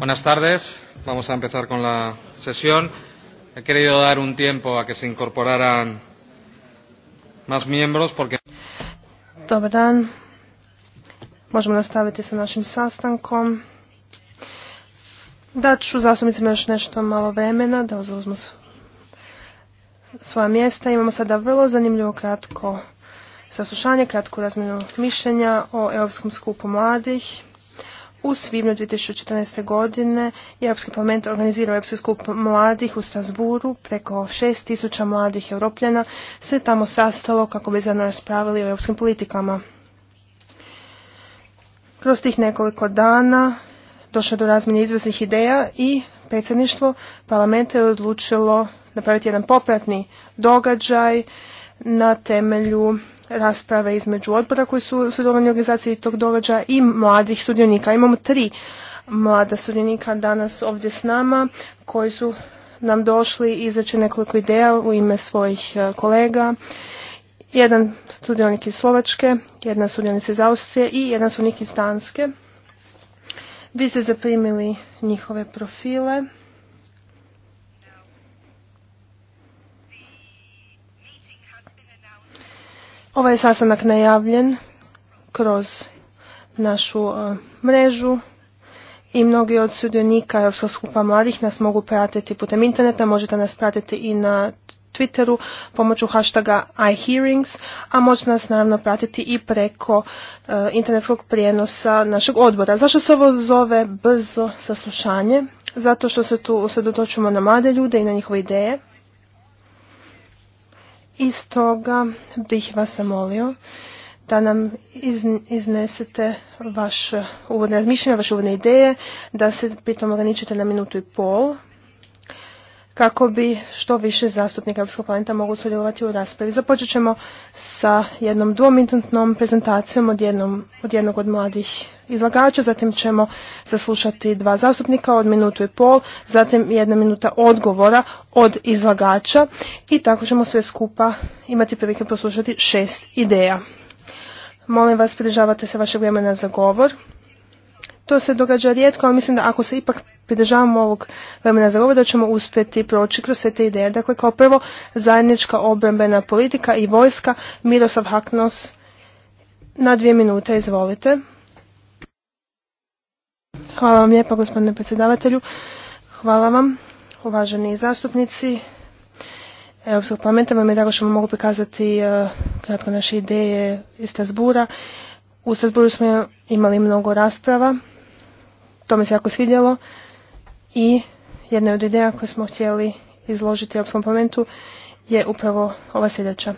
Buenas tardes. Vamos a empezar con la sesión. He querido dar un tiempo a que se incorporaran más miembros porque... Dobar dan. Možemo nastaviti sa našim sastankom. Dat ću zastupnicima još nešto malo vremena da uzmu svoja mjesta. Imamo sada vrlo zanimljivo kratko saslušanje, kratku razmjenu mišljenja o Europskom skupu mladih. U svibnju 2014. godine je Europski parlament organizirao Europski skup mladih u Strasburu. Preko tisuća mladih Europljena se tamo sastalo kako bi zajedno raspravili o europskim politikama. Kroz tih nekoliko dana došlo do razmjene izvesnih ideja i predsjedništvo parlamenta je odlučilo napraviti jedan popratni događaj na temelju rasprave između odbora koji su sudjelovani u organizaciji tog događaja i mladih sudionika. Imamo tri mlada sudionika danas ovdje s nama koji su nam došli izreći nekoliko ideja u ime svojih e, kolega. Jedan sudionik iz Slovačke, jedna sudionica iz Austrije i jedan sudionik iz Danske. Vi ste zaprimili njihove profile. Ovaj sastanak najavljen kroz našu e, mrežu i mnogi od sudionika Europskog skupa mladih nas mogu pratiti putem interneta, možete nas pratiti i na Twitteru pomoću hashtaga iHearings, a možete nas naravno pratiti i preko e, internetskog prijenosa našeg odbora. Zašto se ovo zove brzo saslušanje? Zato što se tu usredotočimo na mlade ljude i na njihove ideje. I stoga bih vas zamolio da nam iznesete vaše uvodne razmišljanja, vaše uvodne ideje, da se pritom ograničite na minutu i pol, kako bi što više zastupnika Europskog parlamenta moglo sudjelovati u raspravi. Započet ćemo sa jednom dvominutnom prezentacijom od, jednom, od jednog od mladih izlagača, zatim ćemo saslušati dva zastupnika od minutu i pol, zatim jedna minuta odgovora od izlagača i tako ćemo sve skupa imati prilike poslušati šest ideja. Molim vas, pridržavate se vašeg vremena za govor. To se događa rijetko, ali mislim da ako se ipak pridržavamo ovog vremena za govor, da ćemo uspjeti proći kroz sve te ideje. Dakle, kao prvo, zajednička obrambena politika i vojska. Miroslav Haknos, na dvije minute, izvolite. Hvala vam lijepa, gospodine predsjedavatelju. Hvala vam, uvaženi zastupnici Europskog parlamenta. Vam je drago što mogu prikazati eh, kratko naše ideje iz Strasbura. U Strasburu smo imali mnogo rasprava to mi se jako svidjelo i jedna od ideja koju smo htjeli izložiti Europskom parlamentu je upravo ova sljedeća.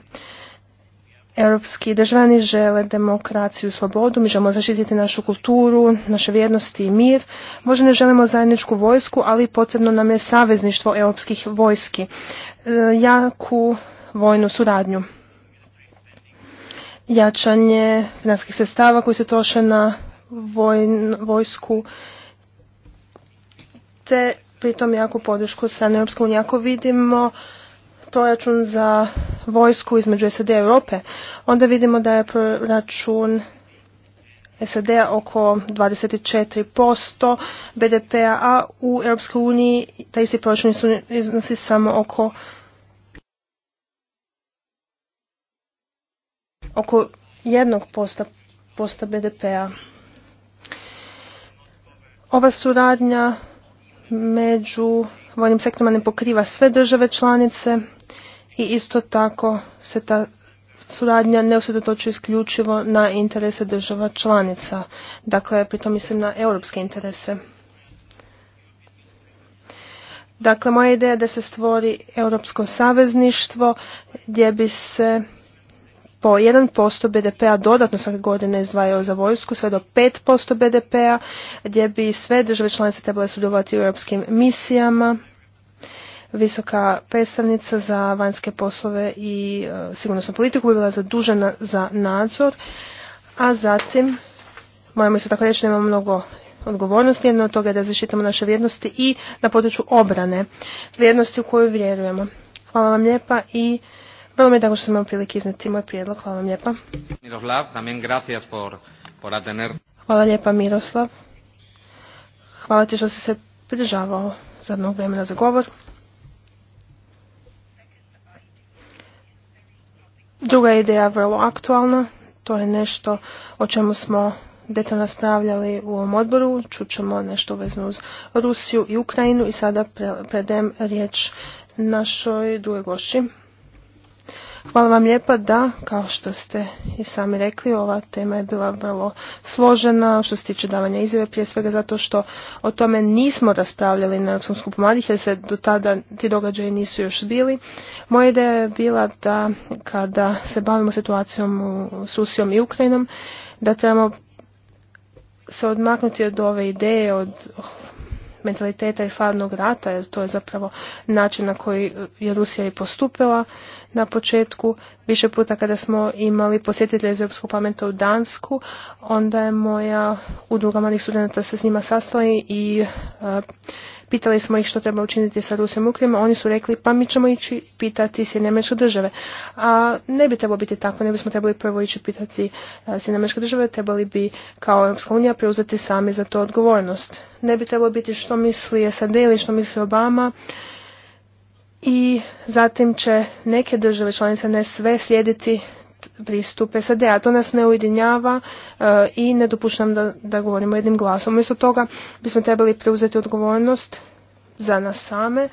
Europski državani žele demokraciju i slobodu, mi želimo zaštititi našu kulturu, naše vrijednosti i mir. Možda ne želimo zajedničku vojsku, ali potrebno nam je savezništvo europskih vojski, e, jaku vojnu suradnju, jačanje finanskih sredstava koji se troše na vojsku pri pritom jaku podršku sa Europskom unije. Ako vidimo proračun za vojsku između SAD i Europe, onda vidimo da je proračun SAD oko 24% BDP-a, a u Europskoj uniji taj isti proračun iznosi samo oko oko jednog posta, posta BDP-a. Ova suradnja među vojnim sektorima ne pokriva sve države članice i isto tako se ta suradnja ne usredotočuje isključivo na interese država članica. Dakle, pritom mislim na europske interese. Dakle, moja ideja je da se stvori europsko savezništvo gdje bi se po 1% BDP-a dodatno svake godine izdvajao za vojsku, sve do 5% BDP-a, gdje bi sve države članice trebale sudjelovati u europskim misijama, visoka predstavnica za vanjske poslove i e, sigurnosnu politiku bi bila zadužena za nadzor, a zatim, moramo isto tako reći, nemamo mnogo odgovornosti, Jedno od toga je da zaštitamo naše vrijednosti i na području obrane, vrijednosti u koju vjerujemo. Hvala vam lijepa i Hvala je što sam imao prilike iznati moj prijedlog. Hvala vam lijepa. Miroslav, gracias por, por atener. Hvala lijepa Miroslav. Hvala ti što si se pridržavao zadnog vremena za govor. Druga ideja je vrlo aktualna. To je nešto o čemu smo detaljno raspravljali u ovom odboru. Čućemo nešto vezano uz Rusiju i Ukrajinu i sada predem riječ našoj drugoj gošći. Hvala vam lijepa. Da, kao što ste i sami rekli, ova tema je bila vrlo složena što se tiče davanja izjave, prije svega zato što o tome nismo raspravljali na Europskom skupu mladih jer se do tada ti događaji nisu još bili. Moja ideja je bila da kada se bavimo situacijom s Rusijom i Ukrajinom, da trebamo se odmaknuti od ove ideje, od mentaliteta i slavnog rata, jer to je zapravo način na koji je Rusija i postupila na početku. Više puta kada smo imali posjetitelje iz Europskog parlamenta u Dansku, onda je moja udruga malih studenta se s njima sastala i e, Pitali smo ih što treba učiniti sa Rusijom Ukrajima, oni su rekli pa mi ćemo ići pitati Sjedinamečke države. A ne bi trebalo biti tako, ne bismo trebali prvo ići pitati e, Sjedinamečke države, trebali bi kao Europska unija preuzeti sami za to odgovornost. Ne bi trebalo biti što misli SAD ili što misli Obama, i zatim će neke države članice, ne sve, slijediti pristup SAD-a. To nas ne ujedinjava eh, i ne dopuštam da, da govorimo jednim glasom. Umjesto toga bismo trebali preuzeti odgovornost za nas same.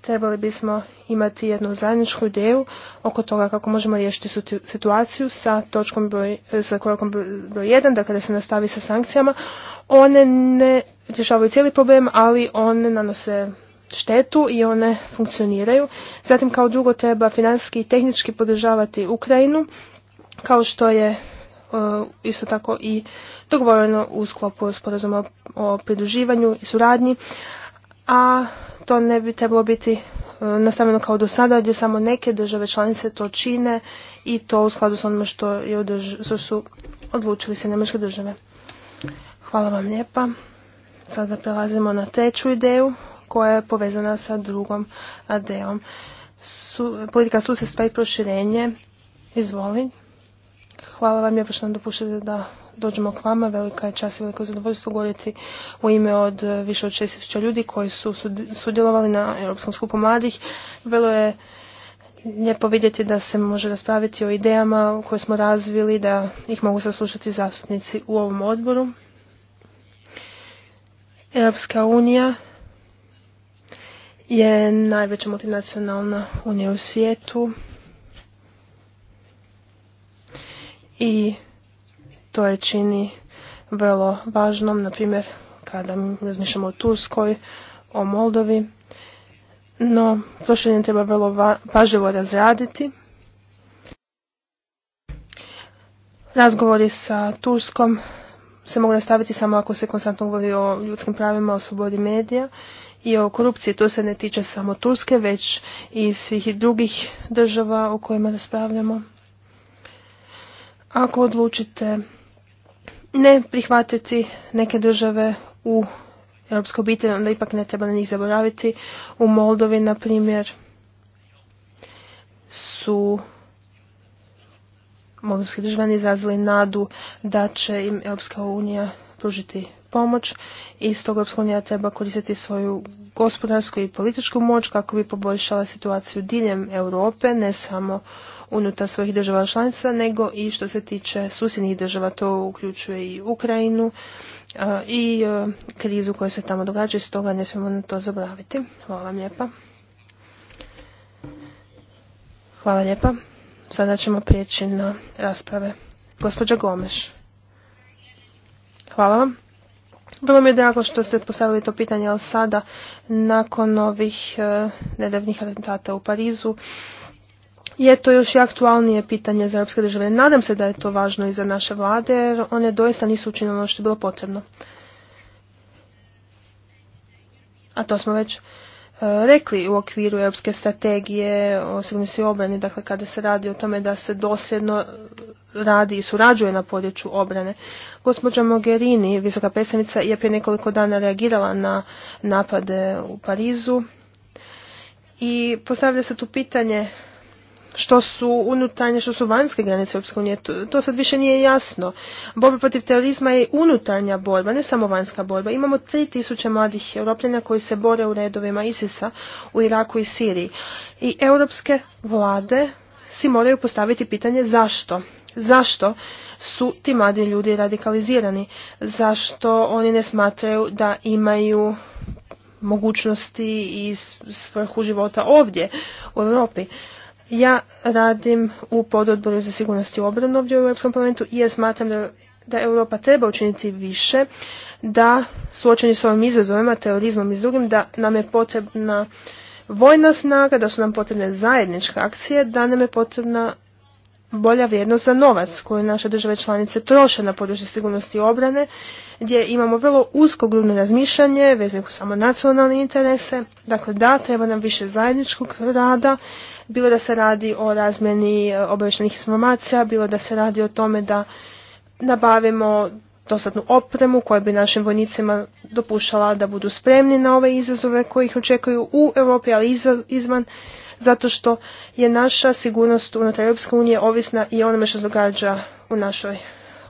Trebali bismo imati jednu zajedničku ideju oko toga kako možemo riješiti situaciju sa točkom broj, eh, sa korakom broj 1, dakle da se nastavi sa sankcijama. One ne rješavaju cijeli problem, ali one nanose štetu i one funkcioniraju. Zatim kao drugo treba financijski i tehnički podržavati Ukrajinu kao što je e, isto tako i dogovoreno u sklopu sporazuma o pridruživanju i suradnji, a to ne bi trebalo biti e, nastavljeno kao do sada gdje samo neke države članice to čine i to u skladu s onima što, je, su odlučili se nemačke države. Hvala vam lijepa. Sada prelazimo na treću ideju koja je povezana sa drugom ideom. Su, politika susjedstva i proširenje. Izvoli, Hvala vam lijepo što nam dopuštate da dođemo k vama. Velika je čast i veliko zadovoljstvo govoriti u ime od e, više od 6000 ljudi koji su sudjelovali na Europskom skupu mladih. Vrlo je lijepo vidjeti da se može raspraviti o idejama koje smo razvili, da ih mogu saslušati zastupnici u ovom odboru. Europska unija je najveća multinacionalna unija u svijetu i to je čini vrlo važnom, na primjer kada razmišljamo o Turskoj, o Moldovi, no proširenje treba vrlo pažljivo razraditi. Razgovori sa Turskom se mogu nastaviti samo ako se konstantno govori o ljudskim pravima, o slobodi medija i o korupciji. To se ne tiče samo Turske, već i svih drugih država o kojima raspravljamo. Ako odlučite ne prihvatiti neke države u europskom obitelji, onda ipak ne treba na njih zaboraviti. U Moldovi, na primjer, su moldovski državani izrazili nadu da će im Europska unija pružiti pomoć i stoga Europska unija treba koristiti svoju gospodarsku i političku moć kako bi poboljšala situaciju diljem Europe, ne samo unutar svojih država članica, nego i što se tiče susjednih država, to uključuje i Ukrajinu e, i e, krizu koja se tamo događa i stoga ne smijemo na to zaboraviti. Hvala vam lijepa. Hvala lijepa. Sada ćemo prijeći na rasprave. Gospođa Gomeš. Hvala vam. Bilo mi je drago što ste postavili to pitanje, ali sada, nakon ovih e, nedavnih atentata u Parizu, je to još i aktualnije pitanje za europske države. Nadam se da je to važno i za naše vlade jer one doista nisu učinile ono što je bilo potrebno. A to smo već e, rekli u okviru europske strategije o sigurnosti obrane, dakle kada se radi o tome da se dosljedno radi i surađuje na području obrane. Gospođa Mogherini, visoka predstavnica, je prije nekoliko dana reagirala na napade u Parizu i postavlja se tu pitanje što su unutarnje, što su vanjske granice Europske unije. To sad više nije jasno. Borba protiv terorizma je unutarnja borba, ne samo vanjska borba. Imamo 3000 mladih europljena koji se bore u redovima ISIS-a u Iraku i Siriji. I europske vlade si moraju postaviti pitanje zašto. Zašto su ti mladi ljudi radikalizirani? Zašto oni ne smatraju da imaju mogućnosti i svrhu života ovdje u Europi? Ja radim u pododboru za sigurnost i obranu ovdje u Europskom parlamentu ja smatram da, da Europa treba učiniti više, da suočeni s ovim izazovima, terorizmom i s drugim, da nam je potrebna vojna snaga, da su nam potrebne zajedničke akcije, da nam je potrebna bolja vrijednost za novac koju naše države članice troše na području sigurnosti i obrane, gdje imamo vrlo usko grubno razmišljanje, vezano samo nacionalne interese. Dakle, da, treba nam više zajedničkog rada, bilo da se radi o razmeni e, obavještenih informacija, bilo da se radi o tome da nabavimo dostatnu opremu koja bi našim vojnicima dopuštala da budu spremni na ove izazove koji ih očekuju u Europi, ali izvan, zato što je naša sigurnost unutar Europske unije ovisna i onome što se događa u našoj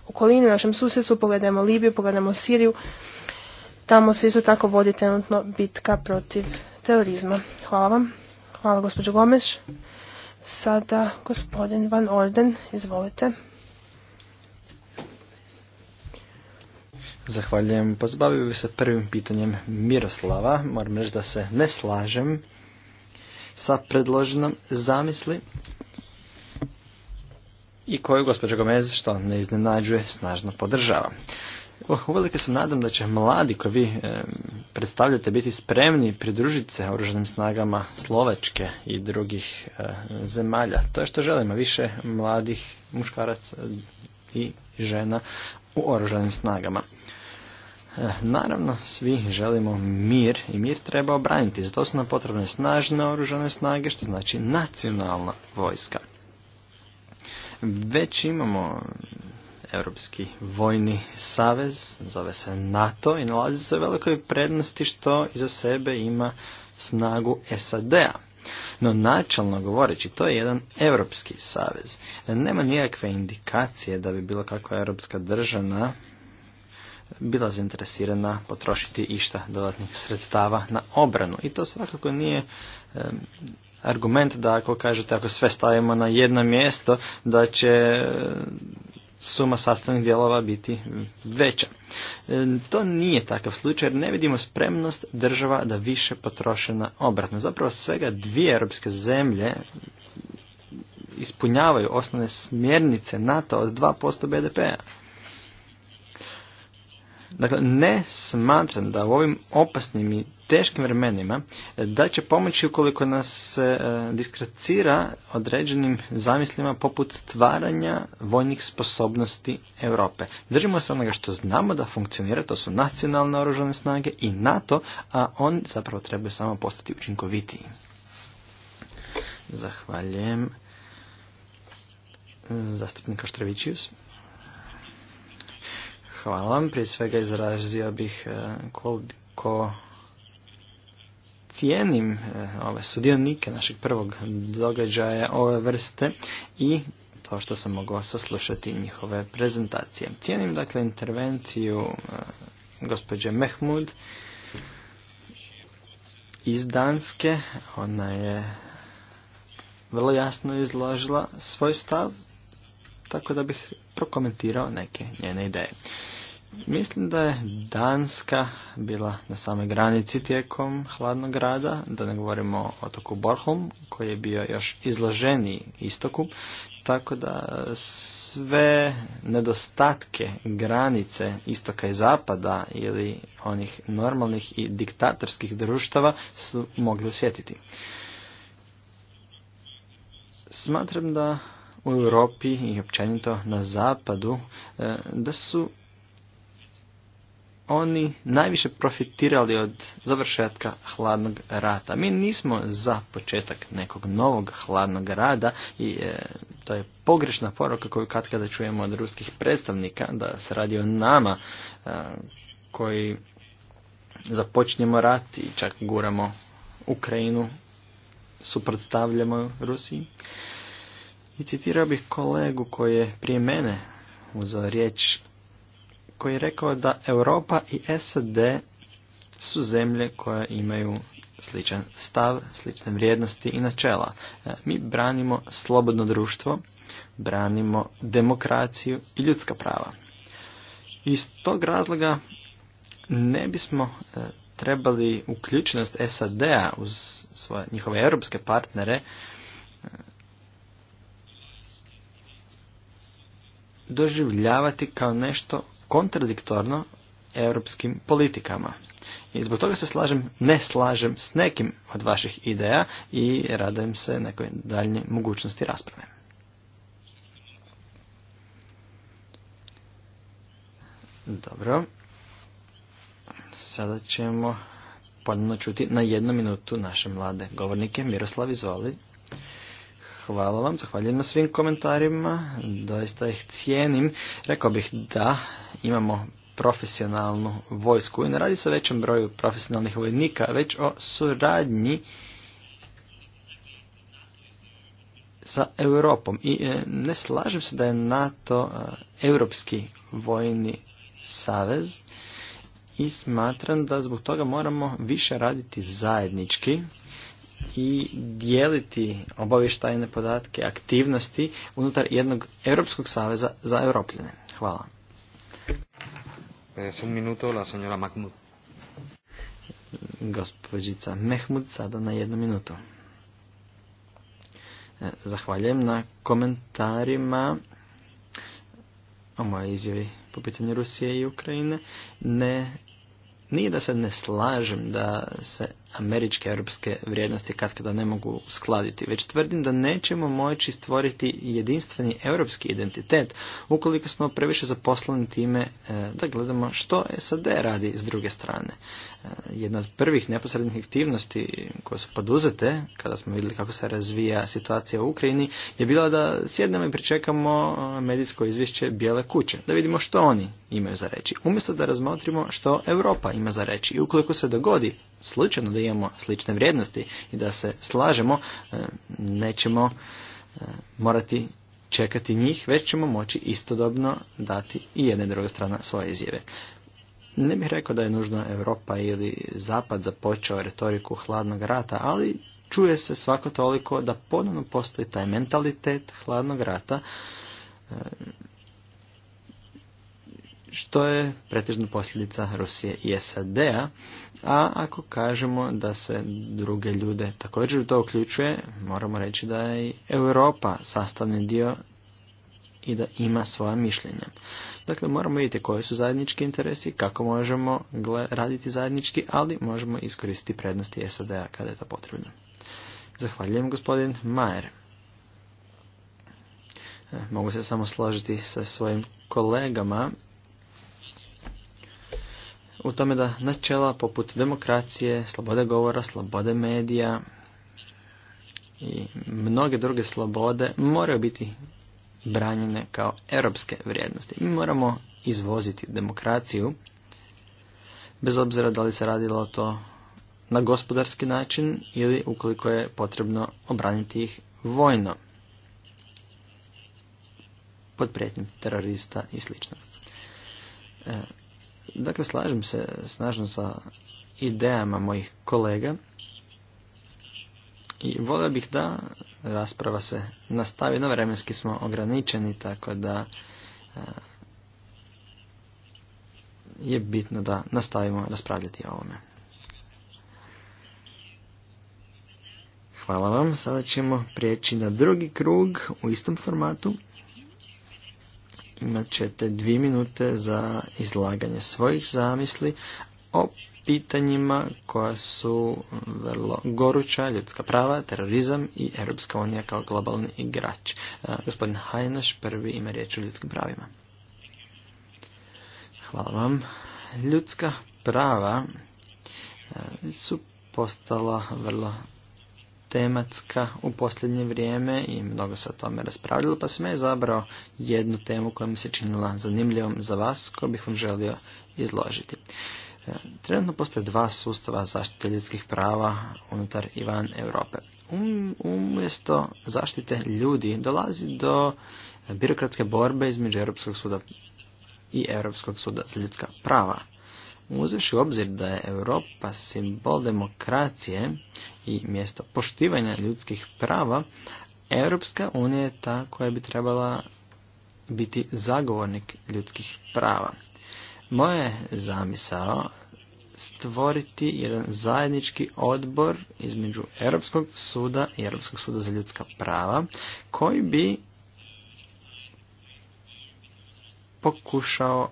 okolini, u našem susjedstvu, pogledajmo Libiju, pogledajmo Siriju, tamo se isto tako vodi trenutno bitka protiv terorizma. Hvala vam. Hvala gospođo Gomeš. Sada gospodin Van Orden, izvolite. Zahvaljujem. Pozbavio pa bi se prvim pitanjem Miroslava. Moram reći da se ne slažem sa predloženom zamisli i koju gospođa Gomez, što ne iznenađuje, snažno podržava. Oh, uvelike se nadam da će mladi koji vi predstavljate biti spremni pridružiti se oružanim snagama Slovačke i drugih e, zemalja. To je što želimo, više mladih muškaraca e, i žena u oružanim snagama. E, naravno, svi želimo mir i mir treba obraniti. Zato su nam potrebne snažne oružane snage, što znači nacionalna vojska. Već imamo Europski vojni savez, zove se NATO i nalazi se u velikoj prednosti što iza sebe ima snagu SAD-a. No načelno govoreći, to je jedan europski savez. Nema nijakve indikacije da bi bilo kakva europska država bila zainteresirana potrošiti išta dodatnih sredstava na obranu. I to svakako nije argument da ako kažete ako sve stavimo na jedno mjesto da će suma sastavnih dijelova biti veća. E, to nije takav slučaj jer ne vidimo spremnost država da više potroše na obratno. Zapravo svega dvije europske zemlje ispunjavaju osnovne smjernice NATO od 2% BDP-a. Dakle, ne smatram da u ovim opasnim i teškim vremenima e, da će pomoći ukoliko nas se e, diskracira određenim zamislima poput stvaranja vojnih sposobnosti Europe. Držimo se onoga što znamo da funkcionira, to su nacionalne oružane snage i NATO, a on zapravo treba samo postati učinkovitiji. Zahvaljujem zastupnika Štrevićius. Hvala vam. Prije svega izrazio bih e, koliko cijenim e, ove sudionike našeg prvog događaja ove vrste i to što sam mogao saslušati njihove prezentacije. Cijenim dakle intervenciju e, gospođe Mehmud iz Danske. Ona je vrlo jasno izložila svoj stav, tako da bih prokomentirao neke njene ideje. Mislim da je Danska bila na samoj granici tijekom hladnog rada, da ne govorimo o otoku Borholm koji je bio još izloženiji istoku, tako da sve nedostatke granice istoka i zapada ili onih normalnih i diktatorskih društava su mogli osjetiti. Smatram da u Europi i općenito na zapadu e, da su oni najviše profitirali od završetka hladnog rata. Mi nismo za početak nekog novog hladnog rada i e, to je pogrešna poruka koju kad kada čujemo od ruskih predstavnika da se radi o nama e, koji započnjemo rat i čak guramo Ukrajinu, suprotstavljamo Rusiji. I citirao bih kolegu koji je prije mene uzao riječ koji je rekao da Europa i SAD su zemlje koje imaju sličan stav, slične vrijednosti i načela. E, mi branimo slobodno društvo, branimo demokraciju i ljudska prava. Iz tog razloga ne bismo e, trebali uključenost SAD-a uz svoje, njihove europske partnere e, doživljavati kao nešto kontradiktorno europskim politikama. I zbog toga se slažem, ne slažem s nekim od vaših ideja i radujem se nekoj daljnje mogućnosti rasprave. Dobro. Sada ćemo ponovno čuti na jednu minutu naše mlade govornike. Miroslav, izvoli. Hvala vam, zahvaljujem na svim komentarima, doista ih cijenim. Rekao bih da imamo profesionalnu vojsku i ne radi se o većem broju profesionalnih vojnika, već o suradnji sa Europom. I e, ne slažem se da je NATO e, europski vojni savez i smatram da zbog toga moramo više raditi zajednički i dijeliti obavještajne podatke, aktivnosti unutar jednog Europskog saveza za Europljene. Hvala. Es un minuto la senjora Mahmud. Gospođica Mehmud sada na jednu minutu. E, zahvaljujem na komentarima o mojoj izjavi po pitanju Rusije i Ukrajine. Ne, nije da se ne slažem da se američke europske vrijednosti kad kada ne mogu skladiti, već tvrdim da nećemo moći stvoriti jedinstveni europski identitet ukoliko smo previše zaposleni time e, da gledamo što SAD radi s druge strane. E, jedna od prvih neposrednih aktivnosti koje su poduzete, kada smo vidjeli kako se razvija situacija u Ukrajini, je bila da sjednemo i pričekamo e, medijsko izvješće Bijele kuće, da vidimo što oni imaju za reći, umjesto da razmotrimo što Europa ima za reći. I ukoliko se dogodi slučajno da imamo slične vrijednosti i da se slažemo, e, nećemo e, morati čekati njih, već ćemo moći istodobno dati i jedne i druga strana svoje izjave. Ne bih rekao da je nužno Europa ili Zapad započeo retoriku hladnog rata, ali čuje se svako toliko da ponovno postoji taj mentalitet hladnog rata, e, što je pretežno posljedica Rusije i SAD-a a ako kažemo da se druge ljude također u to uključuje, moramo reći da je i Europa sastavni dio i da ima svoja mišljenja. Dakle, moramo vidjeti koji su zajednički interesi, kako možemo raditi zajednički, ali možemo iskoristiti prednosti SAD-a kada je to potrebno. Zahvaljujem gospodin Majer. E, mogu se samo složiti sa svojim kolegama u tome da načela poput demokracije, slobode govora, slobode medija i mnoge druge slobode moraju biti branjene kao europske vrijednosti. Mi moramo izvoziti demokraciju, bez obzira da li se radilo to na gospodarski način ili ukoliko je potrebno obraniti ih vojno pod prijetnjem terorista i sl. Dakle, slažem se snažno sa idejama mojih kolega i volio bih da rasprava se nastavi, no vremenski smo ograničeni, tako da eh, je bitno da nastavimo raspravljati o ovome. Hvala vam, sada ćemo prijeći na drugi krug u istom formatu imat ćete dvije minute za izlaganje svojih zamisli o pitanjima koja su vrlo goruća, ljudska prava, terorizam i Europska unija kao globalni igrač. E, gospodin Hajnaš prvi ima riječ o ljudskim pravima. Hvala vam. Ljudska prava e, su postala vrlo tematska u posljednje vrijeme i mnogo se o tome raspravljalo, pa sam ja izabrao jednu temu koja mi se činila zanimljivom za vas, koju bih vam želio izložiti. E, trenutno postoje dva sustava zaštite ljudskih prava unutar i van Europe. Um, umjesto zaštite ljudi dolazi do birokratske borbe između Europskog suda i Europskog suda za ljudska prava. Uzevši obzir da je Europa simbol demokracije i mjesto poštivanja ljudskih prava, Europska unija je ta koja bi trebala biti zagovornik ljudskih prava. Moje zamisao stvoriti jedan zajednički odbor između Europskog suda i Europskog suda za ljudska prava koji bi pokušao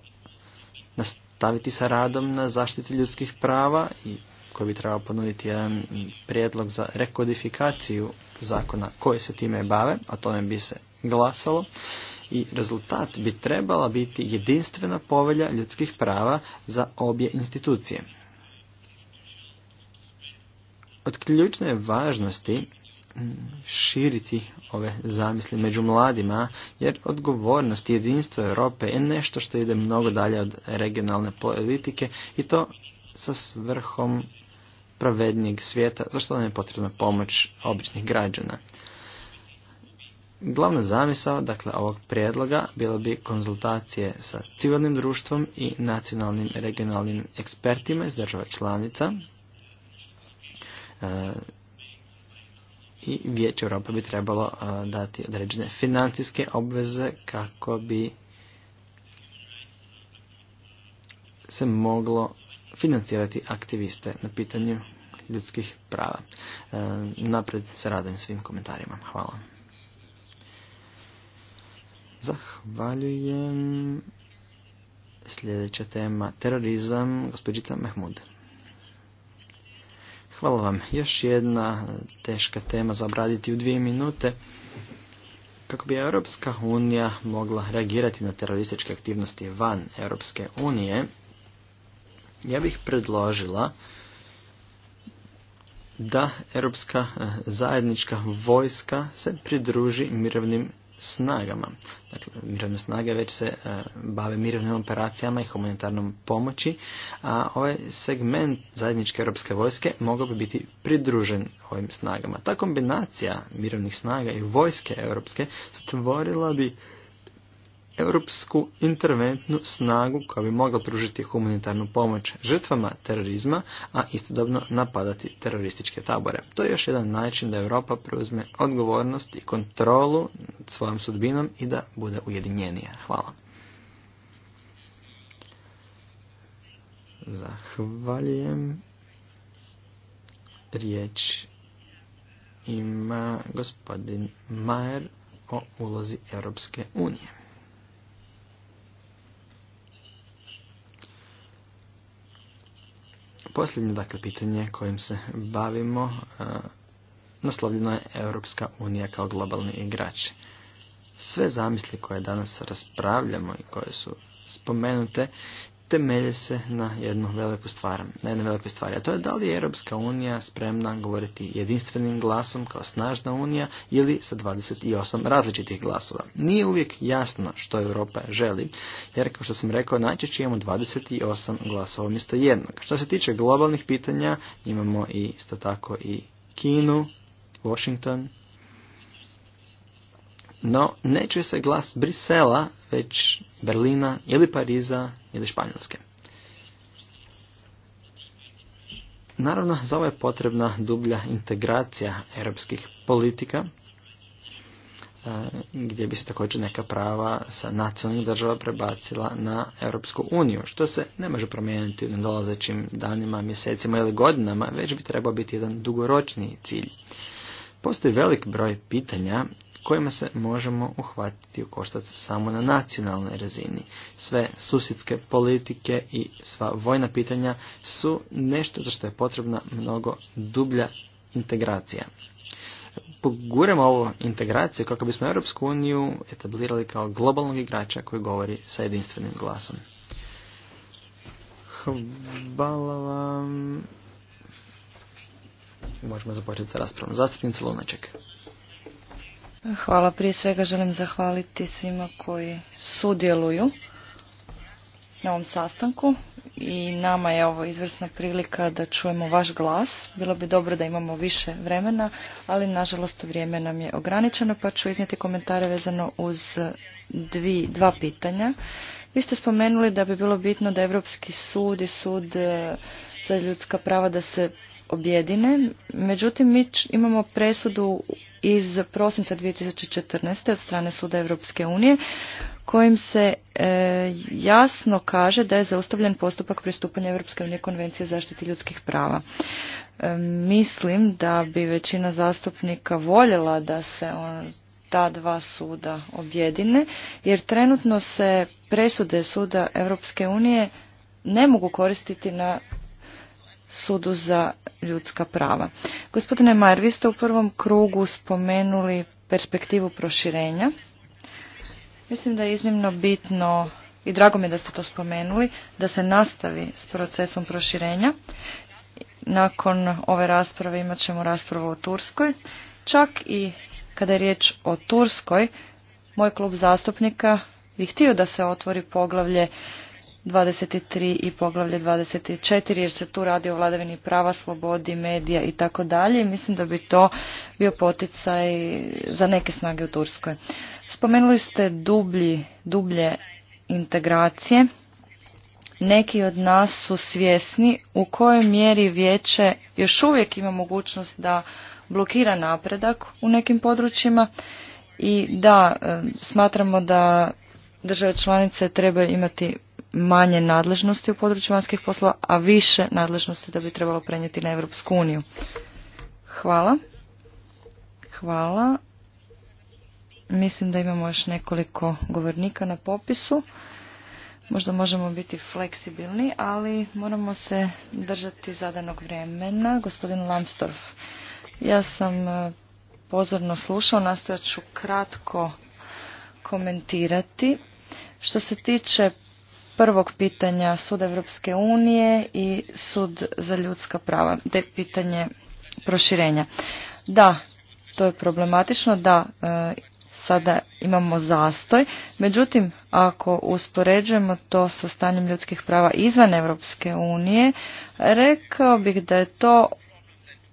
nastaviti sa radom na zaštiti ljudskih prava i koji bi trebao ponuditi jedan prijedlog za rekodifikaciju zakona koje se time bave, a tome bi se glasalo. I rezultat bi trebala biti jedinstvena povelja ljudskih prava za obje institucije. Od ključne važnosti širiti ove zamisli među mladima, jer odgovornost i jedinstvo Europe je nešto što ide mnogo dalje od regionalne politike i to sa svrhom pravednijeg svijeta, zašto nam je potrebna pomoć običnih građana. Glavna zamisao dakle, ovog prijedloga bilo bi konzultacije sa civilnim društvom i nacionalnim regionalnim ekspertima iz država članica, e, i Vijeće Europe bi trebalo dati određene financijske obveze kako bi se moglo financirati aktiviste na pitanju ljudskih prava. E, Napred se radom svim komentarima. Hvala. Zahvaljujem. Sljedeća tema, terorizam, gospođica Mahmude. Hvala vam. Još jedna teška tema za obraditi u dvije minute. Kako bi Europska unija mogla reagirati na terorističke aktivnosti van Europske unije, ja bih predložila da Europska eh, zajednička vojska se pridruži mirovnim snagama. Dakle, mirovne snage već se e, bave mirovnim operacijama i humanitarnom pomoći, a ovaj segment zajedničke europske vojske mogao bi biti pridružen ovim snagama. Ta kombinacija mirovnih snaga i vojske europske stvorila bi europsku interventnu snagu koja bi mogla pružiti humanitarnu pomoć žrtvama terorizma, a istodobno napadati terorističke tabore. To je još jedan način da Europa preuzme odgovornost i kontrolu nad svojom sudbinom i da bude ujedinjenija. Hvala. Zahvaljujem. Riječ ima gospodin Majer o ulozi Europske unije. Posljednje dakle pitanje kojim se bavimo e, naslovljeno je Europska unija kao globalni igrač. Sve zamisli koje danas raspravljamo i koje su spomenute temelje se na jednu veliku stvar, na jednu veliku stvar, a to je da li je Europska unija spremna govoriti jedinstvenim glasom kao snažna unija ili sa 28 različitih glasova. Nije uvijek jasno što Europa želi, jer kao što sam rekao, najčešće imamo 28 glasova umjesto jednog. Što se tiče globalnih pitanja, imamo i isto tako i Kinu, Washington, no, neće se glas Brisela, već Berlina ili Pariza ili Španjolske. Naravno, za ovo je potrebna dublja integracija europskih politika, e, gdje bi se također neka prava sa nacionalnih država prebacila na Europsku uniju, što se ne može promijeniti u dolazećim danima, mjesecima ili godinama, već bi trebao biti jedan dugoročni cilj. Postoji velik broj pitanja kojima se možemo uhvatiti u koštac samo na nacionalnoj razini. Sve susjedske politike i sva vojna pitanja su nešto za što je potrebna mnogo dublja integracija. Poguremo ovo integraciju kako bismo Europsku uniju etablirali kao globalnog igrača koji govori sa jedinstvenim glasom. Hvala vam. Možemo započeti sa raspravom. Zastupnica Lunaček. Hvala. Prije svega želim zahvaliti svima koji sudjeluju na ovom sastanku i nama je ovo izvrsna prilika da čujemo vaš glas. Bilo bi dobro da imamo više vremena, ali nažalost vrijeme nam je ograničeno pa ću iznijeti komentare vezano uz dva pitanja. Vi ste spomenuli da bi bilo bitno da Europski sud i sud za ljudska prava da se objedine. Međutim, mi imamo presudu iz prosinca 2014. od strane Suda Europske unije kojim se e, jasno kaže da je zaustavljen postupak pristupanja Europske unije konvencije o zaštiti ljudskih prava. E, mislim da bi većina zastupnika voljela da se on, ta dva suda objedine, jer trenutno se presude Suda Europske unije ne mogu koristiti na sudu za ljudska prava. Gospodine Majer, vi ste u prvom krugu spomenuli perspektivu proširenja. Mislim da je iznimno bitno i drago mi je da ste to spomenuli, da se nastavi s procesom proširenja. Nakon ove rasprave imat ćemo raspravu o Turskoj. Čak i kada je riječ o Turskoj, moj klub zastupnika bi htio da se otvori poglavlje 23 i poglavlje 24 jer se tu radi o vladavini prava, slobodi, medija i tako dalje. Mislim da bi to bio poticaj za neke snage u Turskoj. Spomenuli ste dublji, dublje integracije. Neki od nas su svjesni u kojoj mjeri vijeće još uvijek ima mogućnost da blokira napredak u nekim područjima i da smatramo da države članice trebaju imati manje nadležnosti u području vanjskih poslova, a više nadležnosti da bi trebalo prenijeti na Europsku uniju. Hvala. Hvala. Mislim da imamo još nekoliko govornika na popisu. Možda možemo biti fleksibilni, ali moramo se držati zadanog vremena. Gospodin Lambsdorff, ja sam e, pozorno slušao, nastojat ću kratko komentirati. Što se tiče prvog pitanja Sud Evropske unije i Sud za ljudska prava, je pitanje proširenja. Da, to je problematično, da e, sada imamo zastoj, međutim ako uspoređujemo to sa stanjem ljudskih prava izvan Evropske unije, rekao bih da je to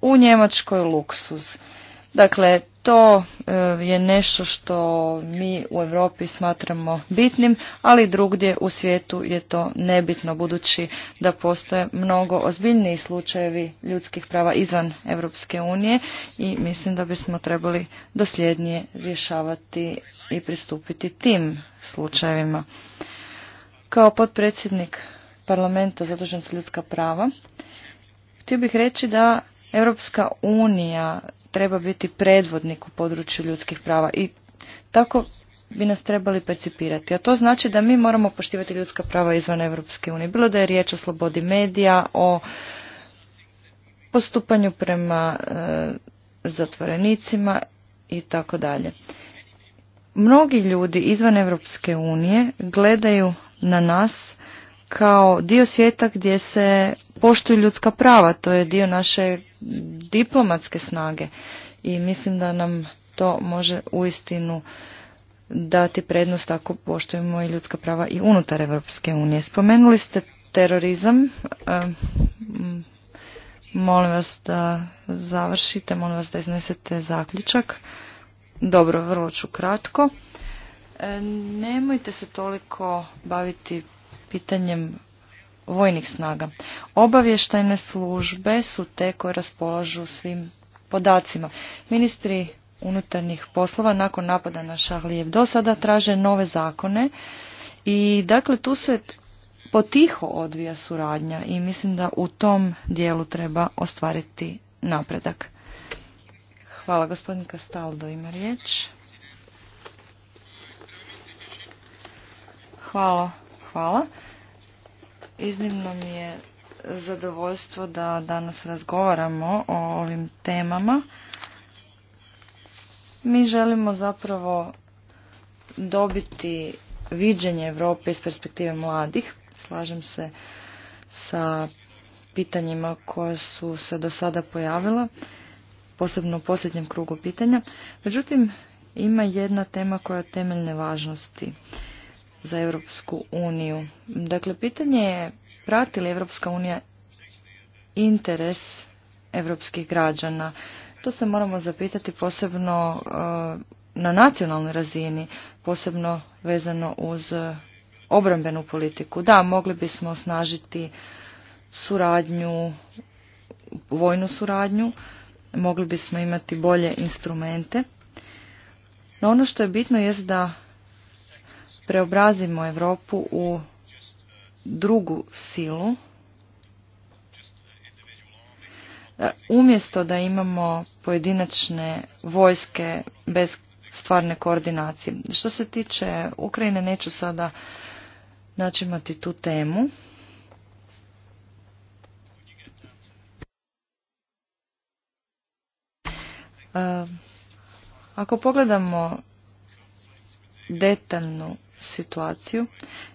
u Njemačkoj luksuz. Dakle, to e, je nešto što mi u Europi smatramo bitnim, ali drugdje u svijetu je to nebitno budući da postoje mnogo ozbiljniji slučajevi ljudskih prava izvan Europske unije i mislim da bismo trebali dosljednije rješavati i pristupiti tim slučajevima. Kao potpredsjednik parlamenta zadužen za ljudska prava, htio bih reći da Europska unija treba biti predvodnik u području ljudskih prava i tako bi nas trebali percipirati. A to znači da mi moramo poštivati ljudska prava izvan Europske unije. Bilo da je riječ o slobodi medija, o postupanju prema e, zatvorenicima i tako dalje. Mnogi ljudi izvan Europske unije gledaju na nas kao dio svijeta gdje se poštuju ljudska prava. To je dio naše diplomatske snage i mislim da nam to može uistinu dati prednost ako poštujemo i ljudska prava i unutar Europske unije. Spomenuli ste terorizam. Molim vas da završite, molim vas da iznesete zaključak. Dobro, vrlo ću kratko. E, nemojte se toliko baviti pitanjem vojnih snaga. Obavještajne službe su te koje raspolažu svim podacima. Ministri unutarnjih poslova nakon napada na Šahlijev do sada traže nove zakone i dakle tu se potiho odvija suradnja i mislim da u tom dijelu treba ostvariti napredak. Hvala gospodin Kastaldo ima riječ. Hvala, hvala. Iznimno mi je zadovoljstvo da danas razgovaramo o ovim temama. Mi želimo zapravo dobiti viđenje Europe iz perspektive mladih. Slažem se sa pitanjima koja su se do sada pojavila, posebno u posljednjem krugu pitanja. Međutim, ima jedna tema koja je temeljne važnosti za Europsku uniju. Dakle, pitanje je prati li Europska unija interes europskih građana. To se moramo zapitati posebno eh, na nacionalnoj razini, posebno vezano uz eh, obrambenu politiku. Da, mogli bismo osnažiti suradnju, vojnu suradnju, mogli bismo imati bolje instrumente. No ono što je bitno je da preobrazimo Europu u drugu silu. E, umjesto da imamo pojedinačne vojske bez stvarne koordinacije. Što se tiče Ukrajine, neću sada imati tu temu. E, ako pogledamo detaljnu situaciju,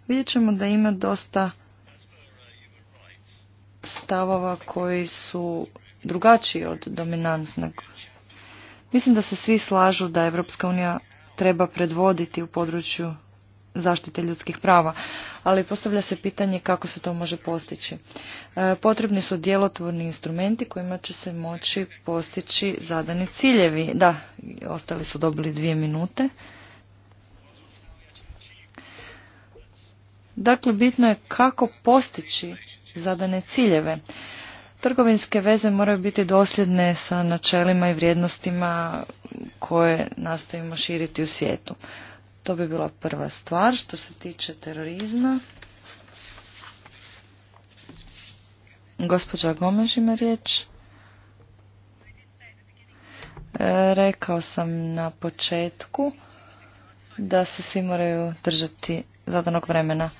vidjet ćemo da ima dosta stavova koji su drugačiji od dominantnog. Mislim da se svi slažu da Evropska unija treba predvoditi u području zaštite ljudskih prava, ali postavlja se pitanje kako se to može postići. E, potrebni su djelotvorni instrumenti kojima će se moći postići zadani ciljevi. Da, ostali su dobili dvije minute. Dakle, bitno je kako postići zadane ciljeve. Trgovinske veze moraju biti dosljedne sa načelima i vrijednostima koje nastojimo širiti u svijetu. To bi bila prva stvar što se tiče terorizma. Gospođa Gomež ima riječ. E, rekao sam na početku da se svi moraju držati zadanog vremena.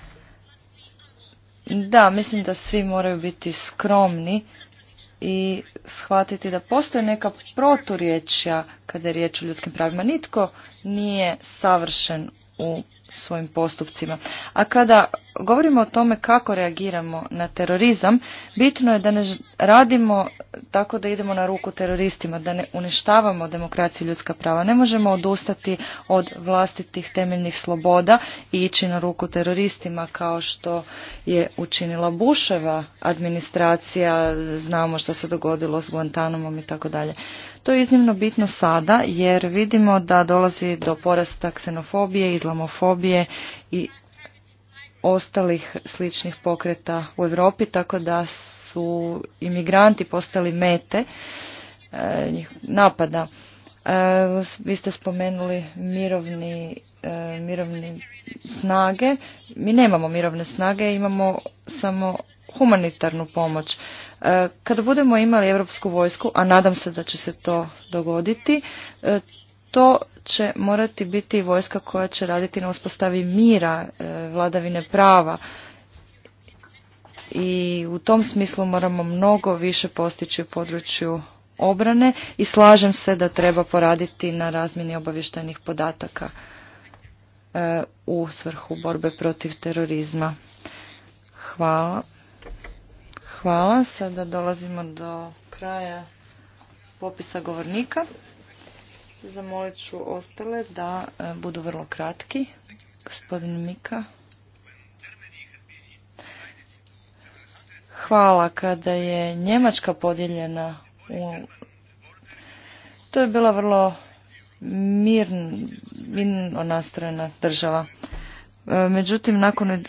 Da, mislim da svi moraju biti skromni i shvatiti da postoje neka proturječja kada je riječ o ljudskim pravima. Nitko nije savršen u svojim postupcima. A kada govorimo o tome kako reagiramo na terorizam, bitno je da ne radimo tako da idemo na ruku teroristima, da ne uništavamo demokraciju i ljudska prava. Ne možemo odustati od vlastitih temeljnih sloboda i ići na ruku teroristima kao što je učinila Buševa administracija, znamo što se dogodilo s Guantanomom i tako dalje. To je iznimno bitno sada jer vidimo da dolazi do porasta ksenofobije, izlamofobije i ostalih sličnih pokreta u Europi, tako da su imigranti postali mete e, napada. E, vi ste spomenuli mirovni, e, mirovni snage. Mi nemamo mirovne snage, imamo samo humanitarnu pomoć. E, Kada budemo imali europsku vojsku, a nadam se da će se to dogoditi, e, to će morati biti vojska koja će raditi na uspostavi mira, e, vladavine prava. I u tom smislu moramo mnogo više postići u području obrane i slažem se da treba poraditi na razmjeni obavještajnih podataka u svrhu borbe protiv terorizma. Hvala. Hvala. Sada dolazimo do kraja popisa govornika. Zamolit ću ostale da e, budu vrlo kratki. Gospodin Mika. Hvala. Kada je Njemačka podijeljena u... To je bila vrlo mirno nastrojena država. E, međutim, nakon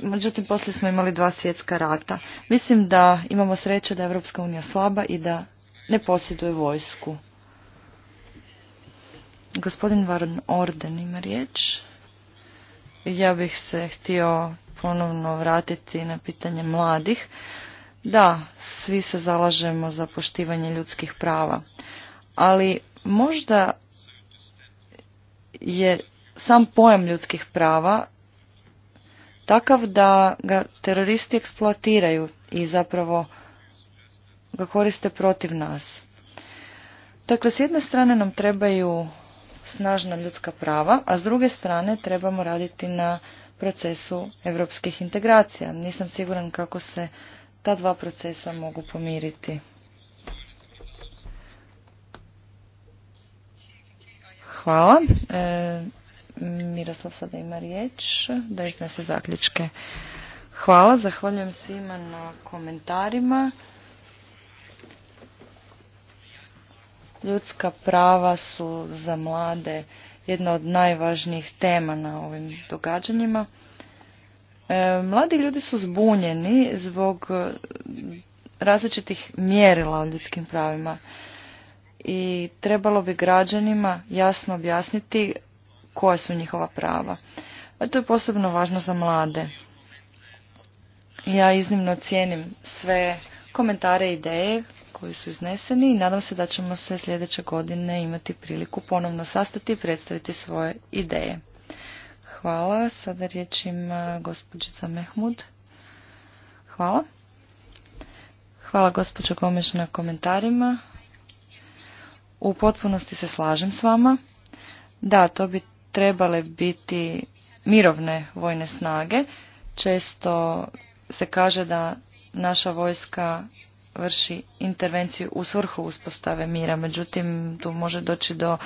međutim poslije smo imali dva svjetska rata. Mislim da imamo sreće da je Europska unija slaba i da ne posjeduje vojsku. Gospodin Varon Orden ima riječ. Ja bih se htio ponovno vratiti na pitanje mladih. Da, svi se zalažemo za poštivanje ljudskih prava, ali možda je sam pojam ljudskih prava takav da ga teroristi eksploatiraju i zapravo ga koriste protiv nas. Dakle, s jedne strane nam trebaju snažna ljudska prava, a s druge strane trebamo raditi na procesu europskih integracija. Nisam siguran kako se ta dva procesa mogu pomiriti. Hvala. E, Miroslav sada ima riječ da iznese zaključke. Hvala, zahvaljujem svima na komentarima. Ljudska prava su za mlade jedna od najvažnijih tema na ovim događanjima. E, mladi ljudi su zbunjeni zbog različitih mjerila o ljudskim pravima i trebalo bi građanima jasno objasniti koja su njihova prava. A to je posebno važno za mlade. Ja iznimno cijenim sve komentare i ideje koji su izneseni i nadam se da ćemo se sljedeće godine imati priliku ponovno sastati i predstaviti svoje ideje. Hvala. Sada riječ ima gospođica Mehmud. Hvala. Hvala gospođo Gomeš na komentarima. U potpunosti se slažem s vama. Da, to bi trebale biti mirovne vojne snage. Često se kaže da naša vojska vrši intervenciju u svrhu uspostave mira, međutim tu može doći do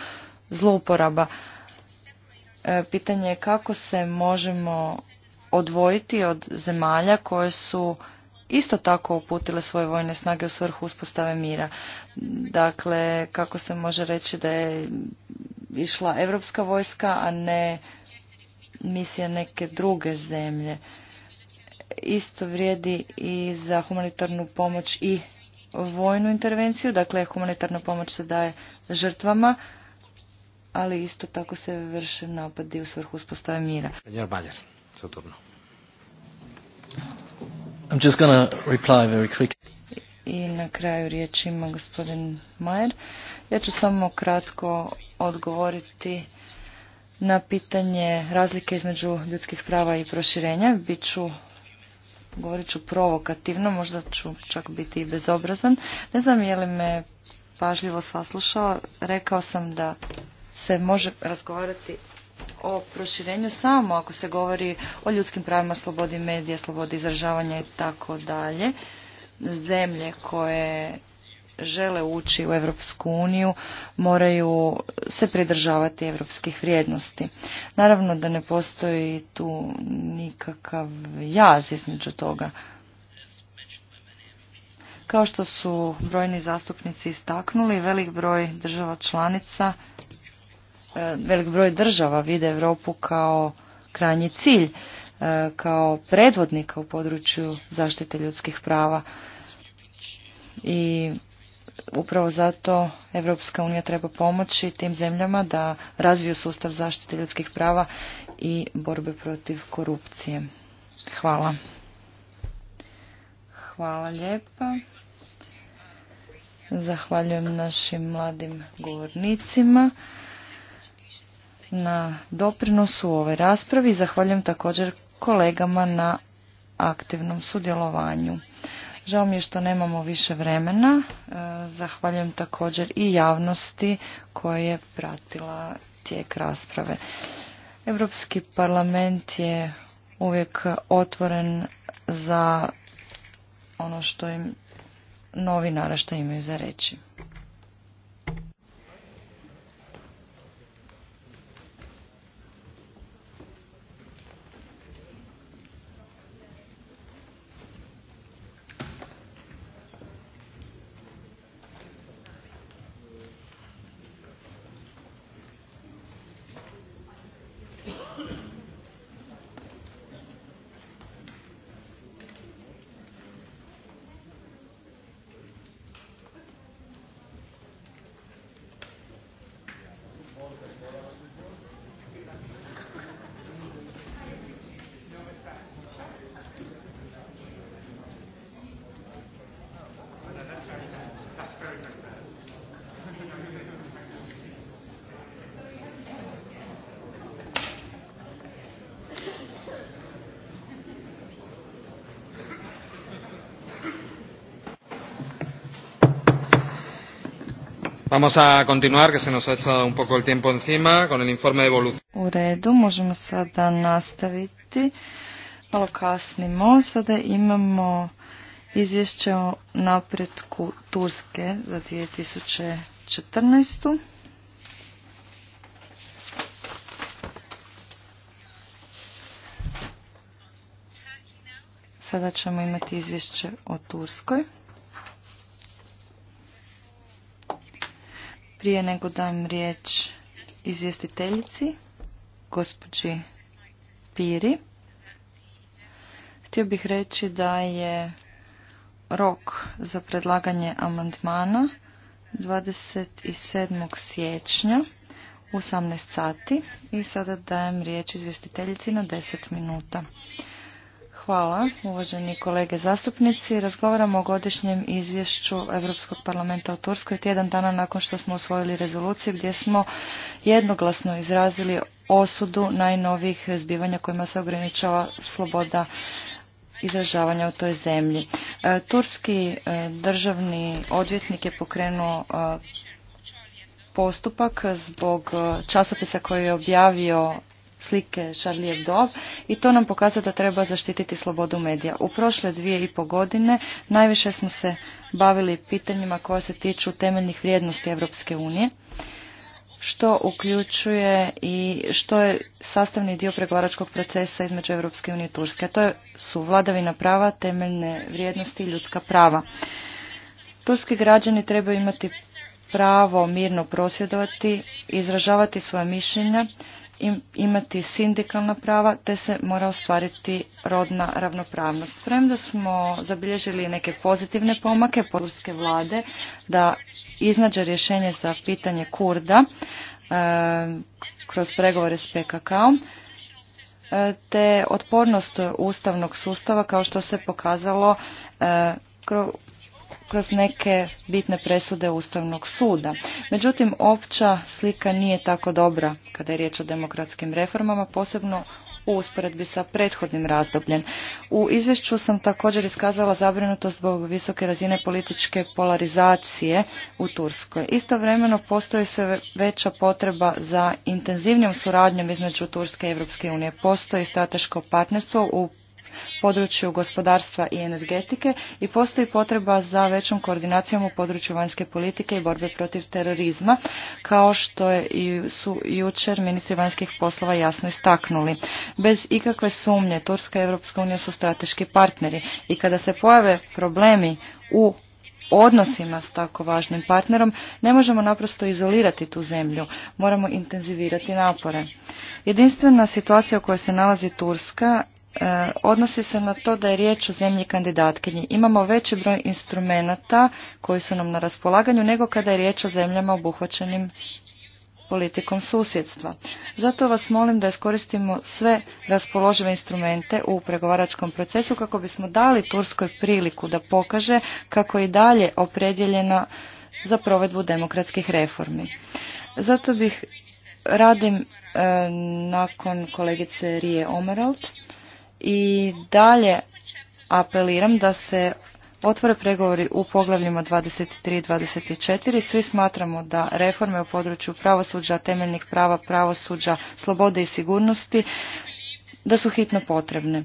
zlouporaba. E, pitanje je kako se možemo odvojiti od zemalja koje su isto tako uputile svoje vojne snage u svrhu uspostave mira. Dakle, kako se može reći da je išla evropska vojska, a ne misija neke druge zemlje. Isto vrijedi i za humanitarnu pomoć i vojnu intervenciju, dakle humanitarna pomoć se daje žrtvama, ali isto tako se vrše napadi u svrhu uspostave mira. I'm just reply very quickly. I na kraju riječi ima gospodin Majer. Ja ću samo kratko odgovoriti na pitanje razlike između ljudskih prava i proširenja. Biću govorit ću provokativno, možda ću čak biti i bezobrazan. Ne znam je li me pažljivo saslušao, rekao sam da se može razgovarati o proširenju samo ako se govori o ljudskim pravima, slobodi medija, slobodi izražavanja i tako dalje. Zemlje koje žele ući u Europsku uniju moraju se pridržavati europskih vrijednosti. Naravno da ne postoji tu nikakav jaz između toga. Kao što su brojni zastupnici istaknuli, velik broj država članica E, velik broj država vide Europu kao krajnji cilj, e, kao predvodnika u području zaštite ljudskih prava. I upravo zato Europska unija treba pomoći tim zemljama da razviju sustav zaštite ljudskih prava i borbe protiv korupcije. Hvala. Hvala lijepa. Zahvaljujem našim mladim govornicima na doprinosu u ovoj raspravi. Zahvaljujem također kolegama na aktivnom sudjelovanju. Žao mi je što nemamo više vremena. E, zahvaljujem također i javnosti koja je pratila tijek rasprave. Europski parlament je uvijek otvoren za ono što im novi naraštaj imaju za reći. Vamos a continuar, que se nos ha echado un poco el tiempo encima, con el informe de evolución. U redu, možemo sada nastaviti. Malo kasnimo. Sada imamo izvješće o napretku Turske za 2014. Sada ćemo imati izvješće o Turskoj. Prije nego dajem riječ izvjestiteljici, gospođi Piri, htio bih reći da je rok za predlaganje amandmana 27. siječnja u 18 sati i sada dajem riječ izvjestiteljici na 10 minuta. Hvala, uvaženi kolege zastupnici. Razgovaramo o godišnjem izvješću Europskog parlamenta u Turskoj tjedan dana nakon što smo usvojili rezoluciju gdje smo jednoglasno izrazili osudu najnovijih zbivanja kojima se ograničava sloboda izražavanja u toj zemlji. E, turski e, državni odvjetnik je pokrenuo e, postupak zbog časopisa koji je objavio slike Charlie Hebdo i to nam pokazuje da treba zaštititi slobodu medija. U prošle dvije i po godine najviše smo se bavili pitanjima koja se tiču temeljnih vrijednosti Europske unije što uključuje i što je sastavni dio pregovaračkog procesa između Europske unije i Turske. to su vladavina prava, temeljne vrijednosti i ljudska prava. Turski građani trebaju imati pravo mirno prosvjedovati, izražavati svoja mišljenja, imati sindikalna prava te se mora ostvariti rodna ravnopravnost. Premda smo zabilježili neke pozitivne pomake polske vlade da iznađe rješenje za pitanje Kurda e, kroz pregovore s PKK-om, e, te otpornost ustavnog sustava kao što se pokazalo e, kroz kroz neke bitne presude Ustavnog suda. Međutim, opća slika nije tako dobra kada je riječ o demokratskim reformama, posebno u usporedbi sa prethodnim razdobljem. U izvješću sam također iskazala zabrinutost zbog visoke razine političke polarizacije u Turskoj. Istovremeno postoji sve veća potreba za intenzivnijom suradnjom između Turske i Europske unije. Postoji strateško partnerstvo u području gospodarstva i energetike i postoji potreba za većom koordinacijom u području vanjske politike i borbe protiv terorizma, kao što je, su jučer ministri vanjskih poslova jasno istaknuli. Bez ikakve sumnje Turska i Europska unija su strateški partneri i kada se pojave problemi u odnosima s tako važnim partnerom ne možemo naprosto izolirati tu zemlju, moramo intenzivirati napore. Jedinstvena situacija u kojoj se nalazi Turska E, odnosi se na to da je riječ o zemlji kandidatkinji. Imamo veći broj instrumenata koji su nam na raspolaganju nego kada je riječ o zemljama obuhvaćenim politikom susjedstva. Zato vas molim da iskoristimo sve raspoložive instrumente u pregovaračkom procesu kako bismo dali Turskoj priliku da pokaže kako je dalje opredjeljena za provedbu demokratskih reformi. Zato bih radim e, nakon kolegice Rije Omerald i dalje apeliram da se otvore pregovori u poglavljima 23 i 24. Svi smatramo da reforme u području pravosuđa, temeljnih prava pravosuđa, slobode i sigurnosti da su hitno potrebne.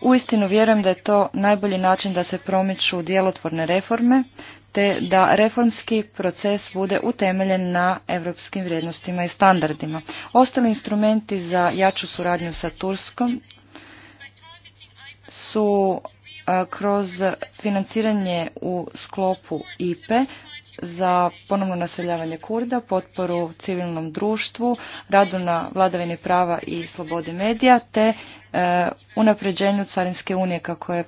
Uistinu vjerujem da je to najbolji način da se promiču djelotvorne reforme, te da reformski proces bude utemeljen na europskim vrijednostima i standardima. Ostali instrumenti za jaču suradnju sa Turskom su e, kroz financiranje u sklopu IPE za ponovno naseljavanje Kurda, potporu civilnom društvu, radu na vladavini prava i slobodi medija, te e, unapređenju Carinske unije kako je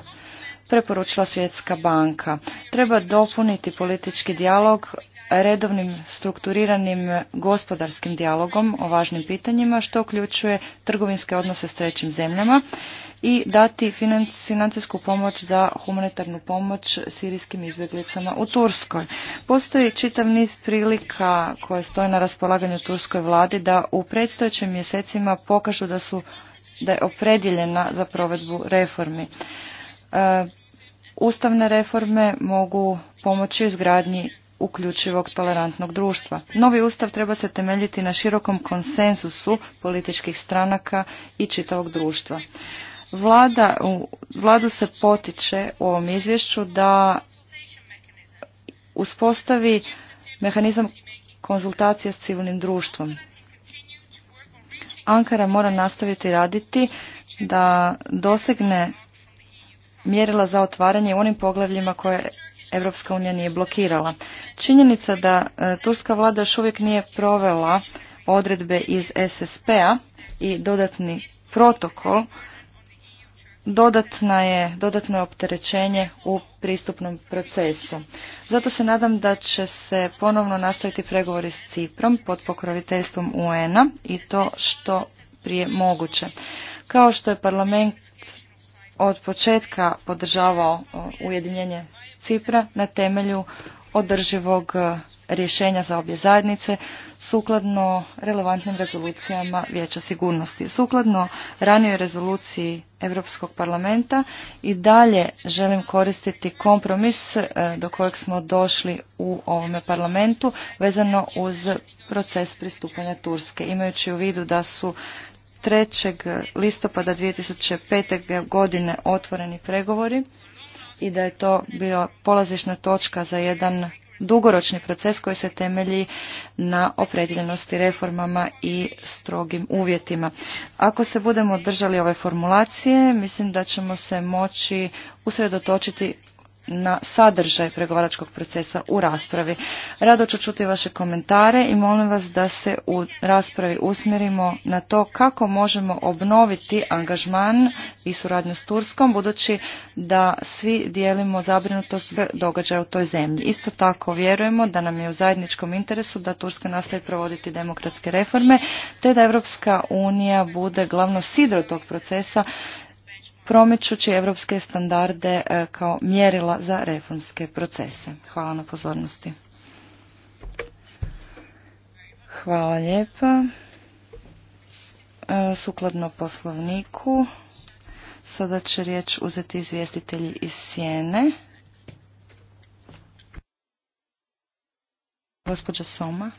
preporučila Svjetska banka. Treba dopuniti politički dijalog redovnim strukturiranim gospodarskim dijalogom o važnim pitanjima što uključuje trgovinske odnose s trećim zemljama i dati financijsku pomoć za humanitarnu pomoć sirijskim izbjeglicama u Turskoj. Postoji čitav niz prilika koje stoje na raspolaganju turskoj vladi da u predstojećim mjesecima pokažu da su da je opredjeljena za provedbu reformi. E, ustavne reforme mogu pomoći izgradnji uključivog tolerantnog društva. Novi ustav treba se temeljiti na širokom konsensusu političkih stranaka i čitavog društva. Vlada, vladu se potiče u ovom izvješću da uspostavi mehanizam konzultacija s civilnim društvom. Ankara mora nastaviti raditi da dosegne mjerila za otvaranje u onim poglavljima koje Europska unija nije blokirala. Činjenica da e, turska vlada još uvijek nije provela odredbe iz SSP-a i dodatni protokol dodatna je, dodatno je opterećenje u pristupnom procesu. Zato se nadam da će se ponovno nastaviti pregovori s Ciprom pod pokroviteljstvom UN-a i to što prije moguće. Kao što je parlament od početka podržavao ujedinjenje Cipra na temelju održivog e, rješenja za obje zajednice sukladno relevantnim rezolucijama Vijeća sigurnosti. Sukladno ranijoj rezoluciji Europskog parlamenta i dalje želim koristiti kompromis e, do kojeg smo došli u ovome parlamentu vezano uz proces pristupanja Turske. Imajući u vidu da su 3. listopada 2005. godine otvoreni pregovori i da je to bila polazišna točka za jedan dugoročni proces koji se temelji na opredjeljenosti reformama i strogim uvjetima. Ako se budemo držali ove formulacije, mislim da ćemo se moći usredotočiti na sadržaj pregovaračkog procesa u raspravi. Rado ću čuti vaše komentare i molim vas da se u raspravi usmjerimo na to kako možemo obnoviti angažman i suradnju s Turskom, budući da svi dijelimo zabrinutost događaja u toj zemlji. Isto tako vjerujemo da nam je u zajedničkom interesu da Turska nastavi provoditi demokratske reforme, te da Europska unija bude glavno sidro tog procesa promičući evropske standarde e, kao mjerila za reformske procese. Hvala na pozornosti. Hvala lijepa. E, sukladno poslovniku, sada će riječ uzeti izvjestitelji iz Sjene. Gospođa Soma.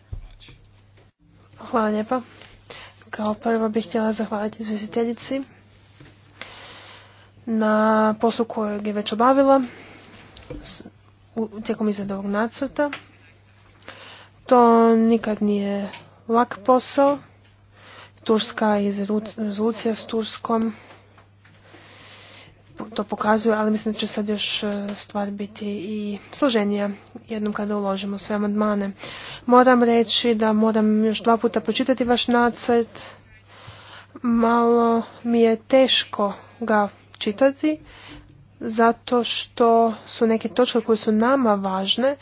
Hvala lijepa. Kao prvo bih htjela zahvaliti izvjestiteljici na poslu kojeg je već obavila tijekom izrade ovog nacrta. To nikad nije lak posao. Turska iz rezolucija s Turskom to pokazuje, ali mislim da će sad još e, stvar biti i složenija jednom kada uložimo sve amandmane. Moram reći da moram još dva puta pročitati vaš nacrt. Malo mi je teško ga čitati zato što su neke točke koje su nama važne e,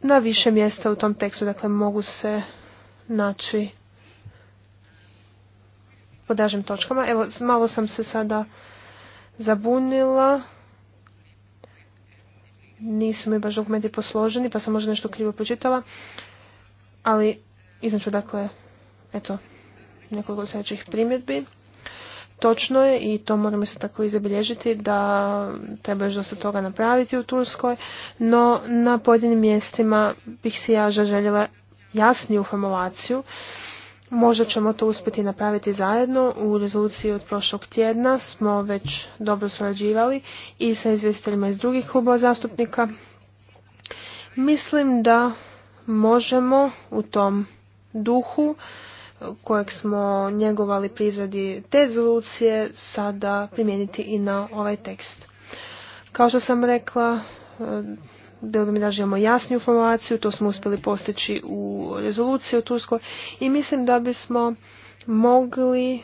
na više mjesta u tom tekstu, dakle mogu se naći po dažim točkama. Evo, malo sam se sada zabunila. Nisu mi baš dokumenti posloženi, pa sam možda nešto krivo počitala, Ali, iznaču dakle, eto, nekoliko sljedećih primjedbi. Točno je i to moramo se tako i zabilježiti da treba još dosta toga napraviti u Turskoj, no na pojedinim mjestima bih si ja željela jasniju formulaciju. Možda ćemo to uspjeti napraviti zajedno. U rezoluciji od prošlog tjedna smo već dobro surađivali i sa izvjestiteljima iz drugih klubova zastupnika. Mislim da možemo u tom duhu kojeg smo njegovali pri te rezolucije sada primijeniti i na ovaj tekst. Kao što sam rekla, e, bilo bi mi da jasniju formulaciju, to smo uspjeli postići u rezoluciji o Turskoj i mislim da bismo mogli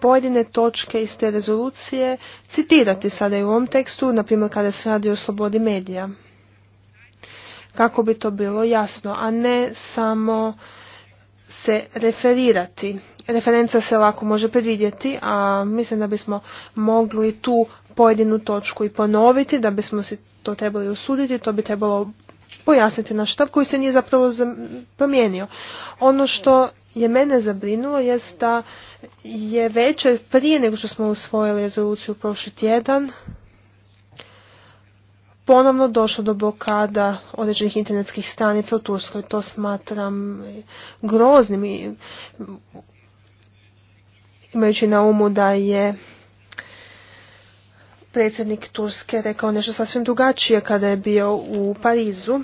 pojedine točke iz te rezolucije citirati sada i u ovom tekstu, na primjer kada se radi o slobodi medija. Kako bi to bilo jasno, a ne samo se referirati. Referenca se lako može predvidjeti, a mislim da bismo mogli tu pojedinu točku i ponoviti, da bismo se to trebali usuditi, to bi trebalo pojasniti naš stav koji se nije zapravo promijenio. Ono što je mene zabrinulo je da je večer prije nego što smo usvojili rezoluciju prošli tjedan, ponovno došlo do blokada određenih internetskih stanica u Turskoj. To smatram groznim i imajući na umu da je predsjednik Turske rekao nešto sasvim drugačije kada je bio u Parizu.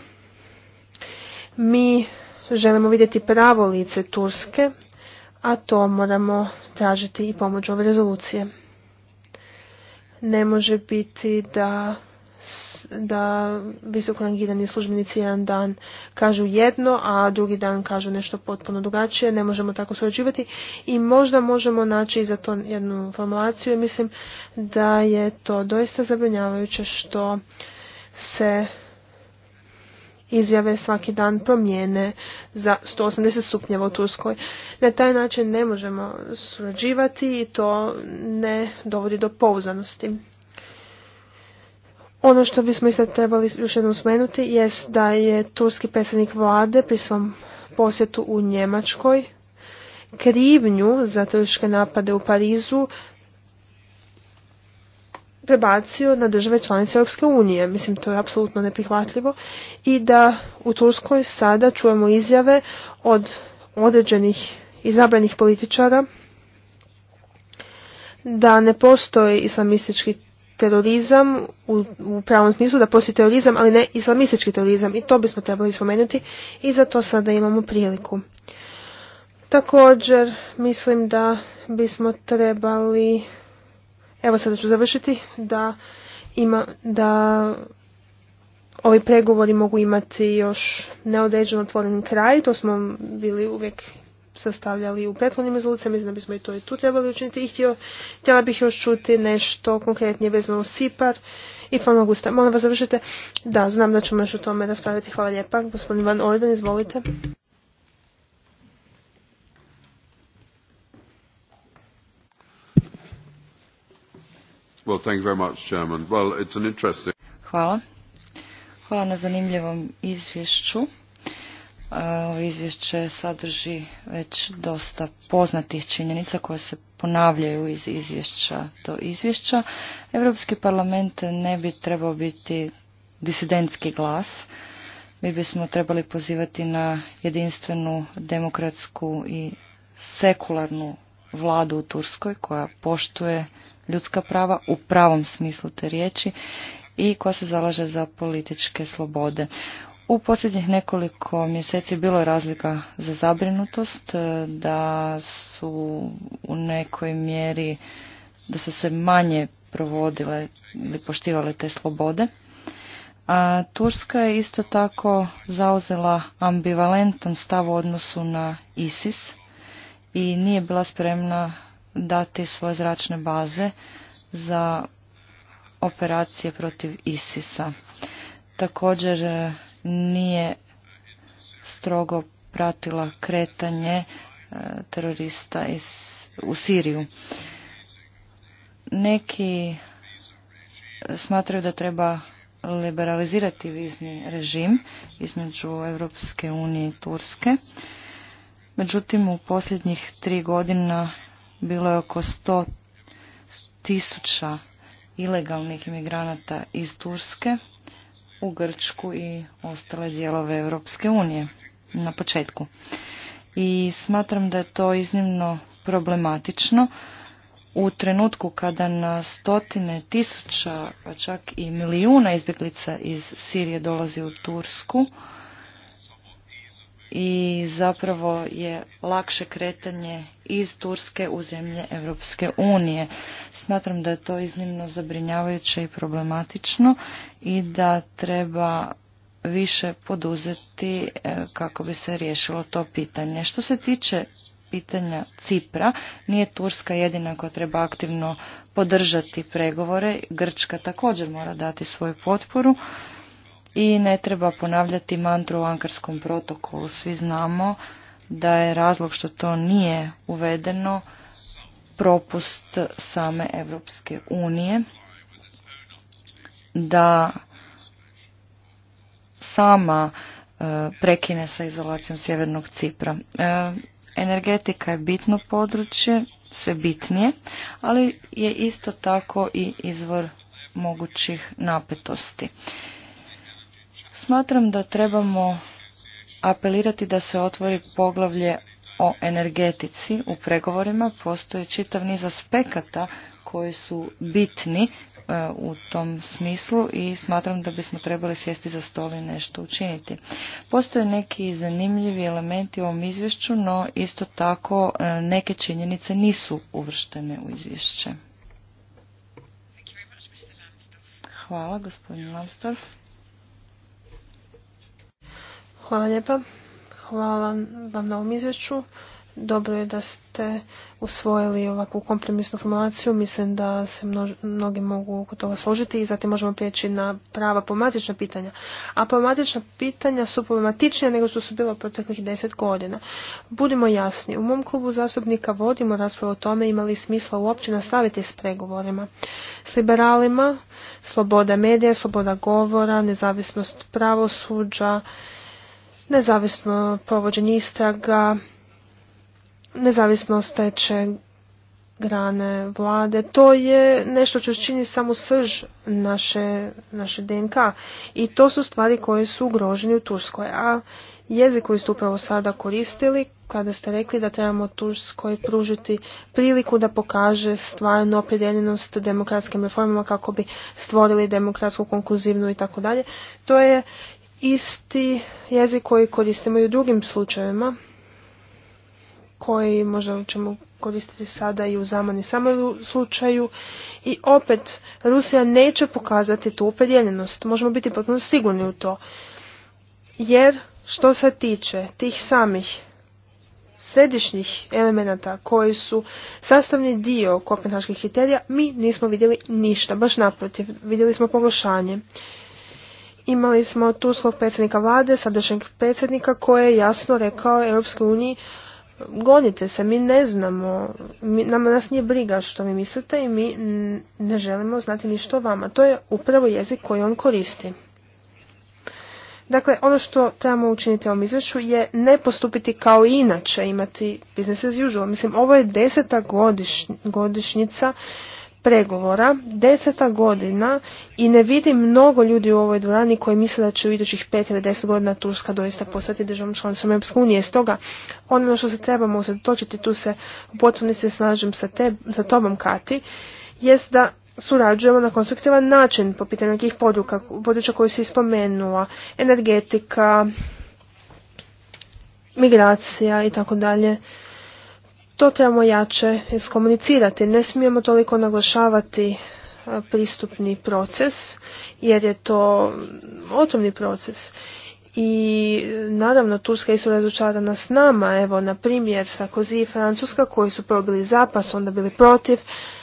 Mi želimo vidjeti pravo lice Turske, a to moramo tražiti i pomoć ove rezolucije. Ne može biti da da visoko rangirani službenici jedan dan kažu jedno, a drugi dan kažu nešto potpuno drugačije, ne možemo tako surađivati i možda možemo naći za to jednu formulaciju. i Mislim da je to doista zabrinjavajuće što se izjave svaki dan promijene za 180 stupnjeva u Turskoj. Na taj način ne možemo surađivati i to ne dovodi do pouzanosti. Ono što bismo isto trebali još jednom spomenuti jest da je turski predsjednik vlade pri svom posjetu u Njemačkoj krivnju za terorističke napade u Parizu prebacio na države članice Europske unije. Mislim, to je apsolutno neprihvatljivo. I da u Turskoj sada čujemo izjave od određenih izabranih političara da ne postoji islamistički terorizam u, u pravom smislu, da postoji terorizam, ali ne islamistički terorizam i to bismo trebali spomenuti i za to sada imamo priliku. Također mislim da bismo trebali, evo sada ću završiti, da ima, da ovi pregovori mogu imati još neodređeno otvoren kraj, to smo bili uvijek sastavljali u prethodnim rezolucijama, mislim da bismo i to i tu trebali učiniti. I htjela bih još čuti nešto konkretnije vezano u SIPAR i Famagusta. Molim vas završite. Da, znam da ćemo još o tome raspraviti. Hvala lijepa. Gospodin Van Orden, izvolite. Well, thank you very much, Hvala. Hvala na zanimljivom izvješću. Ovo izvješće sadrži već dosta poznatih činjenica koje se ponavljaju iz izvješća do izvješća. Europski parlament ne bi trebao biti disidentski glas. Mi bismo trebali pozivati na jedinstvenu demokratsku i sekularnu vladu u Turskoj koja poštuje ljudska prava u pravom smislu te riječi i koja se zalaže za političke slobode. U posljednjih nekoliko mjeseci bilo je razlika za zabrinutost e, da su u nekoj mjeri da su se manje provodile ili poštivale te slobode. A Turska je isto tako zauzela ambivalentan stav u odnosu na ISIS i nije bila spremna dati svoje zračne baze za operacije protiv ISIS-a. Također e, nije strogo pratila kretanje e, terorista iz, u Siriju. Neki smatraju da treba liberalizirati vizni režim između Europske unije i Turske. Međutim, u posljednjih tri godina bilo je oko 100 tisuća ilegalnih imigranata iz Turske u Grčku i ostale dijelove Europske unije na početku. I smatram da je to iznimno problematično u trenutku kada na stotine tisuća, pa čak i milijuna izbjeglica iz Sirije dolazi u Tursku, i zapravo je lakše kretanje iz Turske u zemlje Europske unije. Smatram da je to iznimno zabrinjavajuće i problematično i da treba više poduzeti e, kako bi se riješilo to pitanje. Što se tiče pitanja Cipra, nije Turska jedina koja treba aktivno podržati pregovore, Grčka također mora dati svoju potporu i ne treba ponavljati mantru u Ankarskom protokolu. Svi znamo da je razlog što to nije uvedeno propust same Europske unije da sama e, prekine sa izolacijom Sjevernog Cipra. E, energetika je bitno područje, sve bitnije, ali je isto tako i izvor mogućih napetosti. Smatram da trebamo apelirati da se otvori poglavlje o energetici u pregovorima. Postoje čitav niz aspekata koji su bitni e, u tom smislu i smatram da bismo trebali sjesti za stol i nešto učiniti. Postoje neki zanimljivi elementi u ovom izvješću, no isto tako e, neke činjenice nisu uvrštene u izvješće. Hvala, gospodin Lamstorff. Hvala lijepa. Hvala vam na ovom izveću. Dobro je da ste usvojili ovakvu kompromisnu formulaciju. Mislim da se mnogi mogu oko toga složiti i zatim možemo prijeći na prava problematična pitanja. A problematična pitanja su problematičnija nego što su bila proteklih deset godina. Budimo jasni, u mom klubu zastupnika vodimo raspravu o tome imali smisla uopće nastaviti s pregovorima. S liberalima, sloboda medija, sloboda govora, nezavisnost pravosuđa, nezavisno provođenje istraga, nezavisno steče grane vlade. To je nešto što čini samo srž naše, naše DNK i to su stvari koje su ugrožene u Turskoj. A jezik koji ste upravo sada koristili kada ste rekli da trebamo Turskoj pružiti priliku da pokaže stvarnu opredeljenost demokratskim reformama kako bi stvorili demokratsku konkluzivnu i tako dalje. To je isti jezik koji koristimo i u drugim slučajevima, koji možda ćemo koristiti sada i u zamani samo slučaju. I opet, Rusija neće pokazati tu opredjeljenost. Možemo biti potpuno sigurni u to. Jer što se tiče tih samih središnjih elemenata koji su sastavni dio kopenhaških kriterija, mi nismo vidjeli ništa, baš naprotiv, vidjeli smo poglošanje. Imali smo turskog predsjednika vlade, sadašnjeg predsjednika koji je jasno rekao Europskoj uniji gonite se, mi ne znamo, nama nas nije briga što vi mislite i mi ne želimo znati ništa o vama. To je upravo jezik koji on koristi. Dakle, ono što trebamo učiniti ovom izvješću je ne postupiti kao inače, imati business as usual. Mislim, ovo je deseta godišnjica pregovora, deseta godina i ne vidim mnogo ljudi u ovoj dvorani koji misle da će u idućih pet ili deset godina Turska doista postati državom članicom Europske unije. Stoga ono što se trebamo usredotočiti, tu se u potpunosti slažem sa, te, tobom Kati, jest da surađujemo na konstruktivan način po pitanju nekih područja, područja koje si spomenula, energetika, migracija i tako dalje. To trebamo jače iskomunicirati. Ne smijemo toliko naglašavati e, pristupni proces jer je to otrovni proces. I e, naravno Turska je isto razočarana s nama, evo na primjer sa i Francuska koji su probili zapas, onda bili protiv,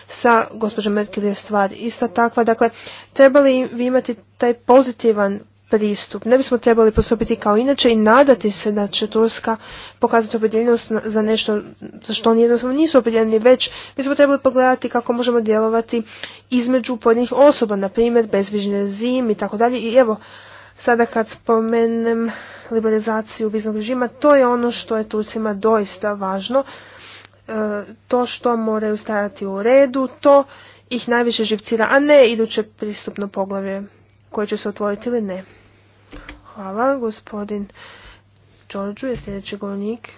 sa gospođom Merkel je stvar ista takva. Dakle, trebali vi imati taj pozitivan pristup. Ne bismo trebali postupiti kao inače i nadati se da će Turska pokazati opredjeljenost za nešto za što oni jednostavno nisu opredjeljeni, već bismo trebali pogledati kako možemo djelovati između pojedinih osoba, na primjer bezvižni rezim i tako dalje. I evo, sada kad spomenem liberalizaciju viznog režima, to je ono što je Turcima doista važno. E, to što moraju stajati u redu, to ih najviše živcira, a ne iduće pristupno poglavlje koje će se otvoriti ili ne. Hvala. Gospodin Đorđu je sljedeći govornik.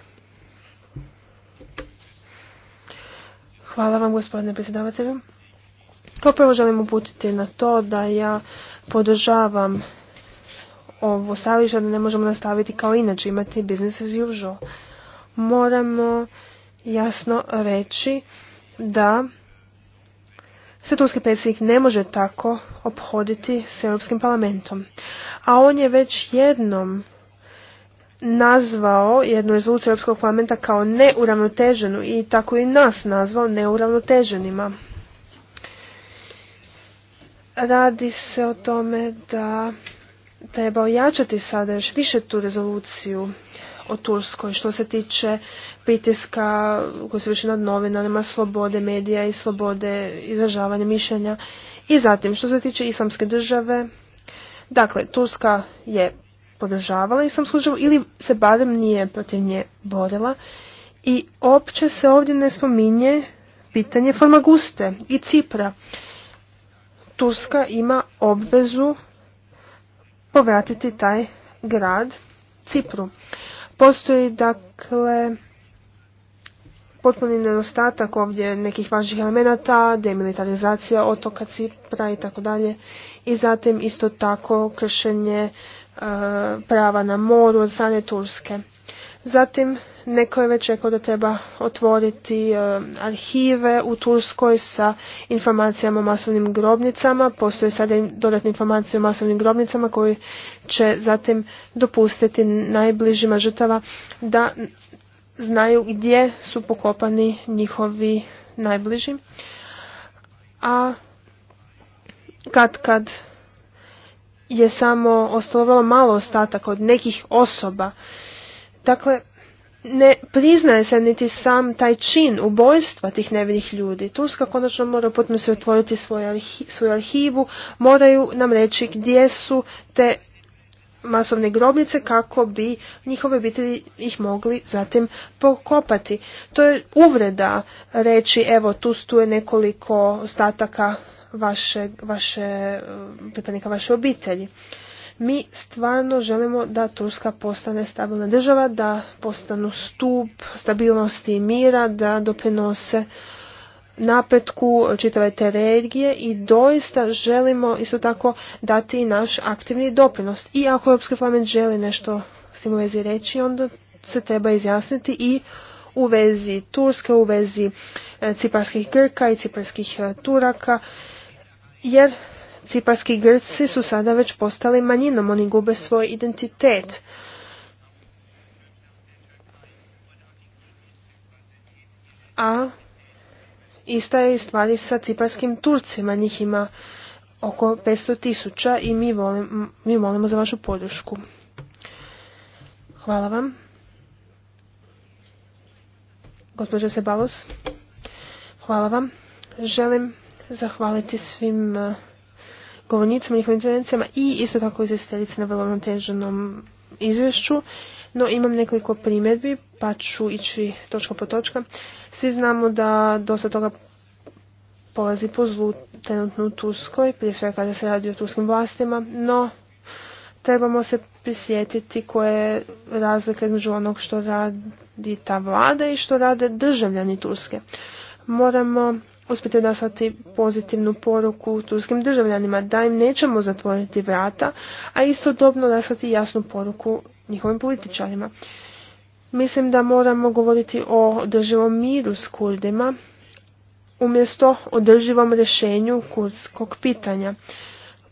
Hvala vam gospodine predsjedavatelju. Kao prvo želim uputiti na to da ja podržavam ovo savježa da ne možemo nastaviti kao inače imati business as usual. Moramo jasno reći da se turski predsjednik ne može tako obhoditi s Europskim parlamentom. A on je već jednom nazvao jednu rezoluciju Europskog parlamenta kao neuravnoteženu i tako i nas nazvao neuravnoteženima. Radi se o tome da treba ojačati sada još više tu rezoluciju o Turskoj što se tiče pritiska koji se više nad novinarima, slobode medija i slobode izražavanja mišljenja. I zatim što se tiče islamske države, dakle Turska je podržavala islamsku državu ili se barem nije protiv nje borila i opće se ovdje ne spominje pitanje Formaguste i Cipra. Turska ima obvezu povratiti taj grad Cipru. Postoji dakle potpuni nedostatak ovdje nekih važnih elemenata, demilitarizacija otoka Cipra i tako dalje. I zatim isto tako kršenje e, prava na moru od strane Turske. Zatim Neko je već rekao da treba otvoriti e, arhive u Turskoj sa informacijama o masovnim grobnicama. Postoje sada dodatne informacije o masovnim grobnicama koji će zatim dopustiti najbližima žrtava da znaju gdje su pokopani njihovi najbliži. A kad kad je samo ostalo malo ostatak od nekih osoba. Dakle, ne priznaje se niti sam taj čin ubojstva tih nevinih ljudi. Turska konačno mora potpuno se otvoriti svoju arhivu, moraju nam reći gdje su te masovne grobnice kako bi njihove obitelji ih mogli zatim pokopati. To je uvreda reći evo tu stuje nekoliko ostataka vaše, vaše, pripadnika vaše obitelji. Mi stvarno želimo da Turska postane stabilna država, da postanu stup stabilnosti i mira, da doprinose napretku čitave te regije i doista želimo isto tako dati naš aktivni doprinos. I ako Europski parlament želi nešto s tim u vezi reći, onda se treba izjasniti i u vezi Turske, u vezi e, ciparskih Grka i ciparskih e, Turaka, jer Ciparski Grci su sada već postali manjinom, oni gube svoj identitet. A ista je i stvari sa ciparskim Turcima, njih ima oko 500 tisuća i mi, molimo za vašu podršku. Hvala vam. Gospodin Sebalos, hvala vam. Želim zahvaliti svim govornicima, njihovim intervencijama i isto tako izvjestiteljice na vrlo nateženom izvješću. No imam nekoliko primjedbi, pa ću ići točka po točka. Svi znamo da dosta toga polazi po zlu trenutno u Turskoj, prije svega kada se radi o turskim vlastima, no trebamo se prisjetiti koja je razlika između onog što radi ta vlada i što rade državljani Turske. Moramo uspjeti naslati pozitivnu poruku turskim državljanima da im nećemo zatvoriti vrata, a istodobno naslati jasnu poruku njihovim političarima. Mislim da moramo govoriti o održivom miru s Kurdima umjesto održivom rješenju kurdskog pitanja.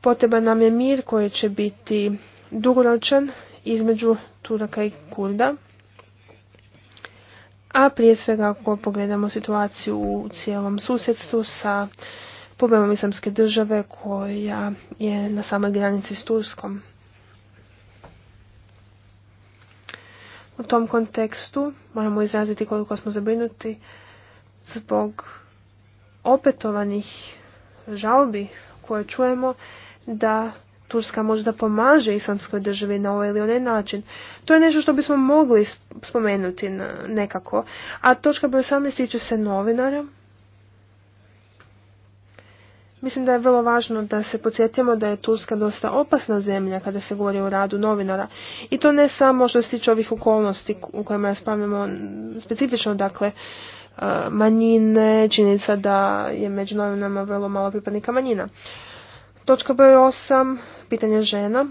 Potreban nam je mir koji će biti dugoročan između Turaka i Kurda a prije svega ako pogledamo situaciju u cijelom susjedstvu sa problemom islamske države koja je na samoj granici s Turskom. U tom kontekstu moramo izraziti koliko smo zabrinuti zbog opetovanih žalbi koje čujemo da Turska možda pomaže islamskoj državi na ovaj ili onaj način. To je nešto što bismo mogli spomenuti nekako. A točka broj 18 tiče se novinara. Mislim da je vrlo važno da se podsjetimo da je Turska dosta opasna zemlja kada se govori o radu novinara. I to ne samo što se tiče ovih okolnosti u kojima raspravljamo specifično, dakle, e, manjine, činjenica da je među novinama vrlo malo pripadnika manjina. Točka broj 8, pitanje žena.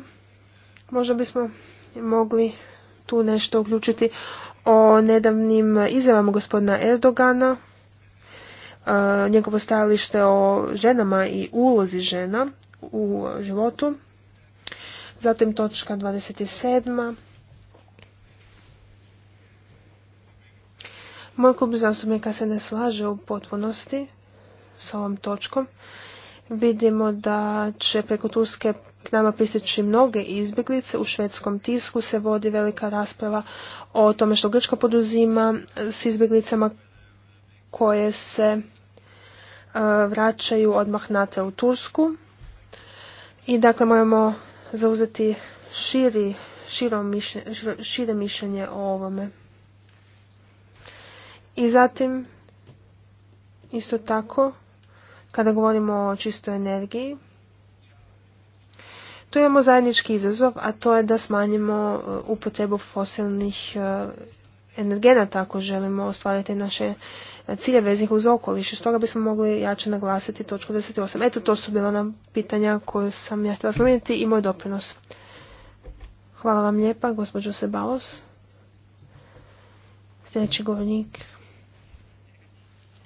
Možda bismo mogli tu nešto uključiti o nedavnim izjavama gospodina Erdogana, e, njegovo stajalište o ženama i ulozi žena u životu. Zatim točka 27. Moj klub zastupnika se ne slaže u potpunosti s ovom točkom Vidimo da će preko Turske k nama pristići mnoge izbjeglice. U švedskom tisku se vodi velika rasprava o tome što Grčka poduzima s izbjeglicama koje se e, vraćaju odmah natrag u Tursku. I dakle moramo zauzeti širi, šire mišljenje o ovome. I zatim isto tako kada govorimo o čistoj energiji, tu imamo zajednički izazov, a to je da smanjimo uh, upotrebu fosilnih uh, energenata ako želimo ostvariti naše uh, cilje veznih uz okoliš. Stoga bismo mogli jače naglasiti točku 28. Eto, to su bila ona pitanja koje sam ja htjela spomenuti i moj doprinos. Hvala vam lijepa, gospođo Sebalos. Sljedeći govornik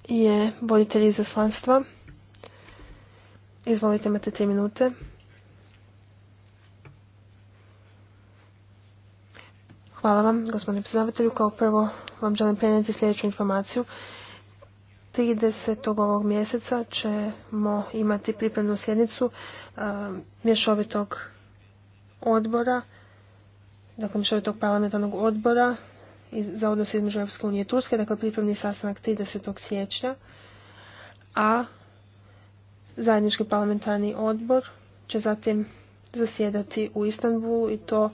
je voditelj izaslanstva Izvolite, imate tri minute. Hvala vam, gospodine predsjedavatelju. Kao prvo vam želim prenijeti sljedeću informaciju. 30. ovog mjeseca ćemo imati pripremnu sjednicu um, mješovitog odbora, dakle mješovitog parlamentarnog odbora za odnos između Europske unije i Turske, dakle pripremni sastanak 30. siječnja, a Zajednički parlamentarni odbor će zatim zasjedati u Istanbulu i to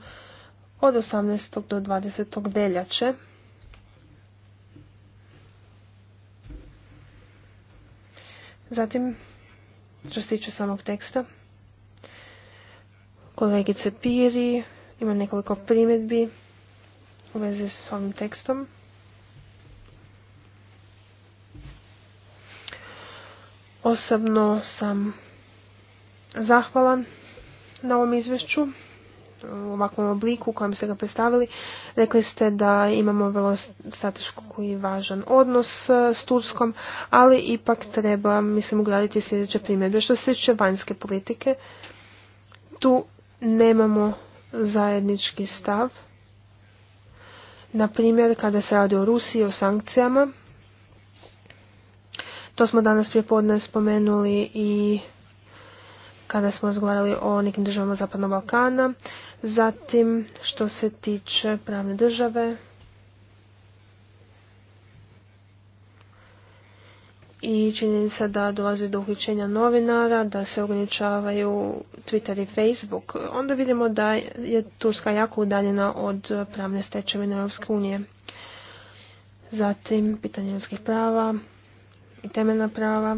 od 18. do 20. veljače. Zatim, što se tiče samog teksta, kolegice Piri, ima nekoliko primjedbi u vezi s ovim tekstom. Osobno sam zahvalan na ovom izvješću u ovakvom obliku u kojem ste ga predstavili. Rekli ste da imamo vrlo strateško i važan odnos s Turskom, ali ipak treba, mislim, ugraditi sljedeće primjedbe. Što se tiče vanjske politike, tu nemamo zajednički stav. Na primjer, kada se radi o Rusiji, o sankcijama, to smo danas prije podne spomenuli i kada smo razgovarali o nekim državama Zapadnog Balkana. Zatim, što se tiče pravne države i činjenica da dolazi do uključenja novinara, da se ograničavaju Twitter i Facebook, onda vidimo da je Turska jako udaljena od pravne stečevine Europske unije. Zatim, pitanje ljudskih prava, i temeljna prava.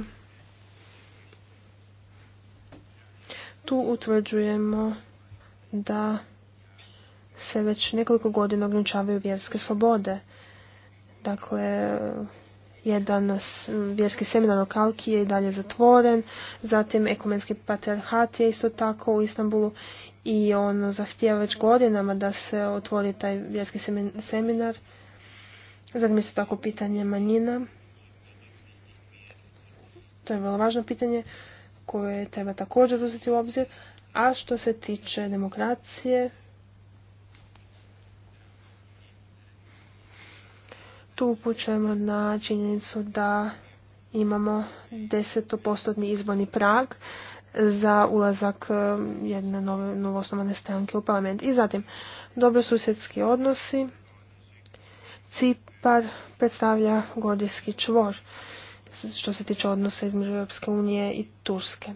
Tu utvrđujemo da se već nekoliko godina ograničavaju vjerske slobode. Dakle, jedan vjerski seminar u Kalki je i dalje zatvoren, zatim ekumenski patriarhat je isto tako u Istanbulu i on zahtijeva već godinama da se otvori taj vjerski seminar. Zatim isto tako pitanje manjina to je vrlo važno pitanje koje treba također uzeti u obzir. A što se tiče demokracije, tu upućujemo na činjenicu da imamo 10% izborni prag za ulazak e, jedne nove, stranke u parlament. I zatim, dobrosusjedski odnosi. Cipar predstavlja gordijski čvor što se tiče odnosa između Europske unije i Turske.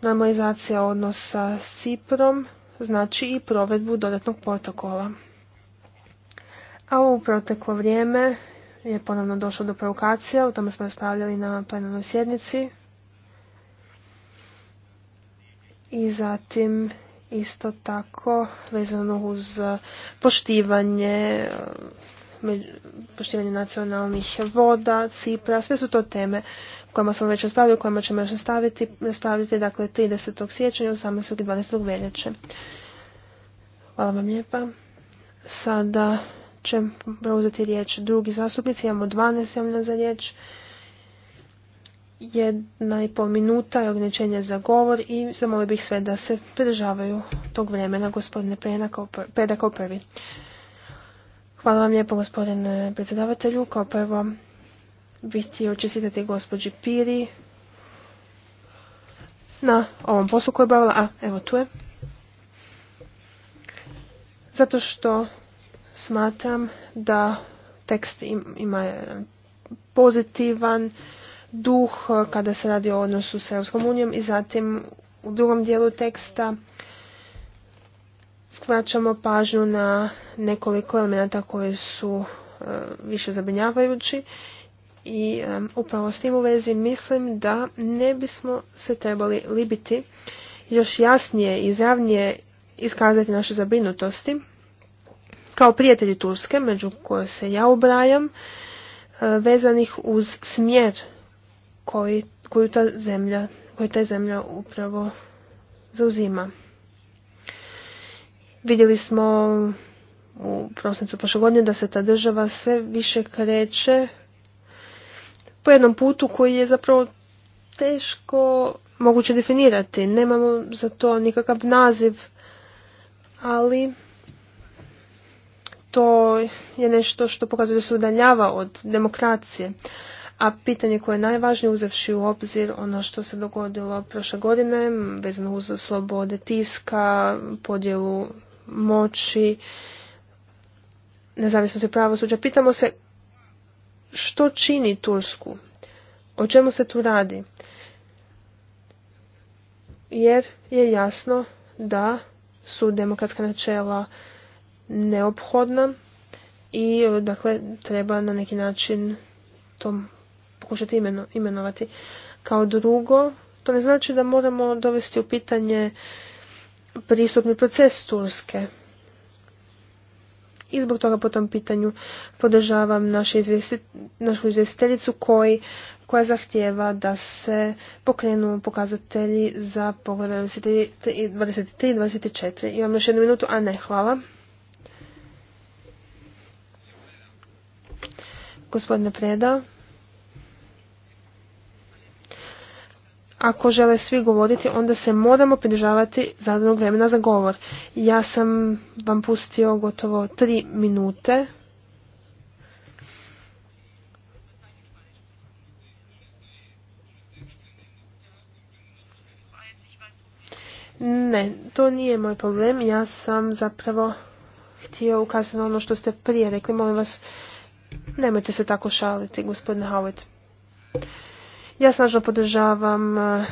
Normalizacija odnosa s Ciprom znači i provedbu dodatnog protokola. A u proteklo vrijeme je ponovno došlo do provokacija, o tome smo raspravljali na plenarnoj sjednici. I zatim isto tako vezano uz poštivanje poštivanje nacionalnih voda, Cipra, sve su to teme kojima smo već raspravili, kojima ćemo još nastaviti, raspraviti, dakle 30. siječnja, 18. i 12. veljače. Hvala vam lijepa. Sada će preuzeti riječ drugi zastupnici, imamo 12 javljena za riječ, jedna i pol minuta je ograničenje za govor i zamolio bih sve da se pridržavaju tog vremena gospodine predako prvi. Hvala vam lijepo gospodine predsjedavatelju. Kao prvo bih htio čestitati gospođi Piri na ovom poslu koju je bavila. A, evo tu je. Zato što smatram da tekst ima pozitivan duh eh, kada se radi o odnosu s Europskom unijom i zatim u drugom dijelu teksta skraćamo pažnju na nekoliko elemenata koji su e, više zabrinjavajući i e, upravo s tim u vezi mislim da ne bismo se trebali libiti još jasnije i izravnije iskazati naše zabrinutosti kao prijatelji Turske, među koje se ja ubrajam, e, vezanih uz smjer koji, koju ta zemlja, koju ta zemlja upravo zauzima. Vidjeli smo u prosincu prošle godine da se ta država sve više kreće po jednom putu koji je zapravo teško moguće definirati. Nemamo za to nikakav naziv, ali to je nešto što pokazuje da se udaljava od demokracije. A pitanje koje je najvažnije uzevši u obzir ono što se dogodilo prošle godine, vezano uz slobode tiska, podjelu moći nezavisnosti pravosuđa. Pitamo se što čini Tursku? O čemu se tu radi? Jer je jasno da su demokratska načela neophodna i dakle treba na neki način to pokušati imenovati. Kao drugo, to ne znači da moramo dovesti u pitanje pristupni proces Turske. I zbog toga po tom pitanju podržavam našu, izvjestiteljicu koji, koja zahtjeva da se pokrenu pokazatelji za pogled 23 i 24. Imam još jednu minutu, a ne, hvala. Gospodine Preda. ako žele svi govoriti, onda se moramo pridržavati zadanog vremena za govor. Ja sam vam pustio gotovo tri minute. Ne, to nije moj problem. Ja sam zapravo htio ukazati na ono što ste prije rekli. Molim vas, nemojte se tako šaliti, gospodine Howard. Ja snažno podržavam e,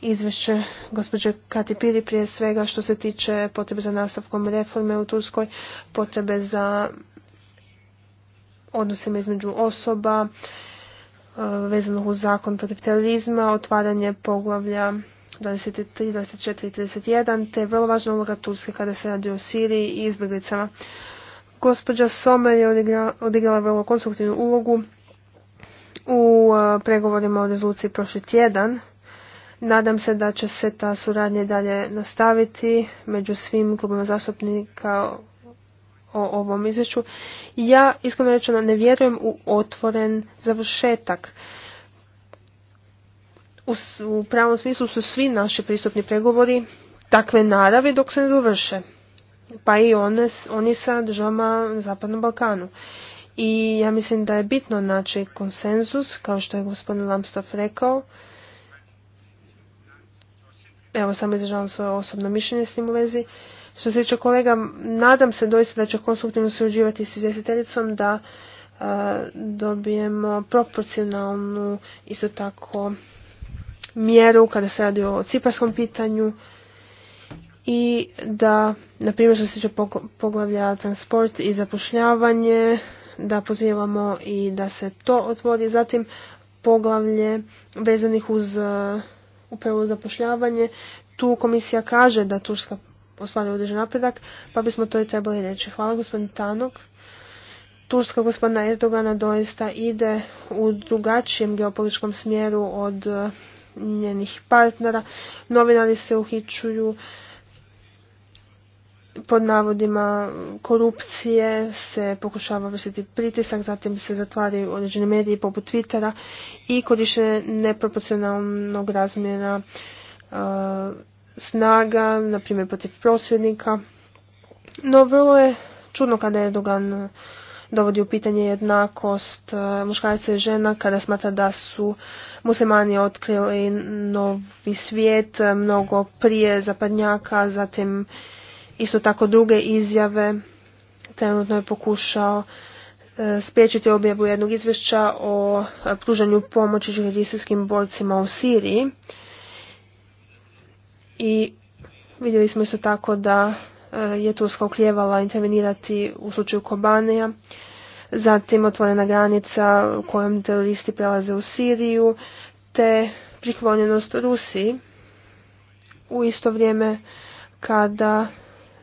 izvješće gospođe Kati Piri prije svega što se tiče potrebe za nastavkom reforme u Turskoj, potrebe za odnosima između osoba, e, vezano uz zakon protiv terorizma, otvaranje poglavlja 23, 24 i 31, te vrlo važna uloga Turske kada se radi o Siriji i izbjeglicama. Gospođa Somer je odigrala vrlo konstruktivnu ulogu u e, pregovorima o rezoluciji prošli tjedan Nadam se da će se ta suradnja dalje nastaviti među svim klubima zastupnika o ovom izveću. Ja iskreno rečeno ne vjerujem u otvoren završetak. U, pravom smislu su svi naši pristupni pregovori takve naravi dok se ne dovrše. Pa i one, oni sa državama na Zapadnom Balkanu i ja mislim da je bitno naći konsenzus, kao što je gospodin Lamstov rekao. Evo, samo izražavam svoje osobno mišljenje s tim u vezi. Što se tiče kolega, nadam se doista da će konstruktivno surađivati s izvjestiteljicom da dobijemo proporcionalnu isto tako mjeru kada se radi o ciparskom pitanju i da, na primjer što se tiče poglavlja transport i zapošljavanje, da pozivamo i da se to otvori. Zatim poglavlje vezanih uz e, upravo zapošljavanje. Tu komisija kaže da Turska ostvaruje određen napredak, pa bismo to i trebali reći. Hvala gospodin Tanok. Turska gospodina Erdogana doista ide u drugačijem geopolitičkom smjeru od e, njenih partnera. Novinari se uhičuju, pod navodima korupcije se pokušava vršiti pritisak, zatim se zatvaraju određene mediji poput Twittera i korištenje neproporcionalnog razmjera e, snaga, na primjer protiv prosvjednika. No vrlo je čudno kada Erdogan dovodi u pitanje jednakost e, muškarca i žena kada smatra da su muslimani otkrili novi svijet mnogo prije zapadnjaka, zatim isto tako druge izjave. Trenutno je pokušao e, spriječiti objavu jednog izvješća o e, pružanju pomoći džihadistskim borcima u Siriji. I vidjeli smo isto tako da e, je Turska okljevala intervenirati u slučaju Kobaneja. Zatim otvorena granica u kojom teroristi prelaze u Siriju te priklonjenost Rusiji u isto vrijeme kada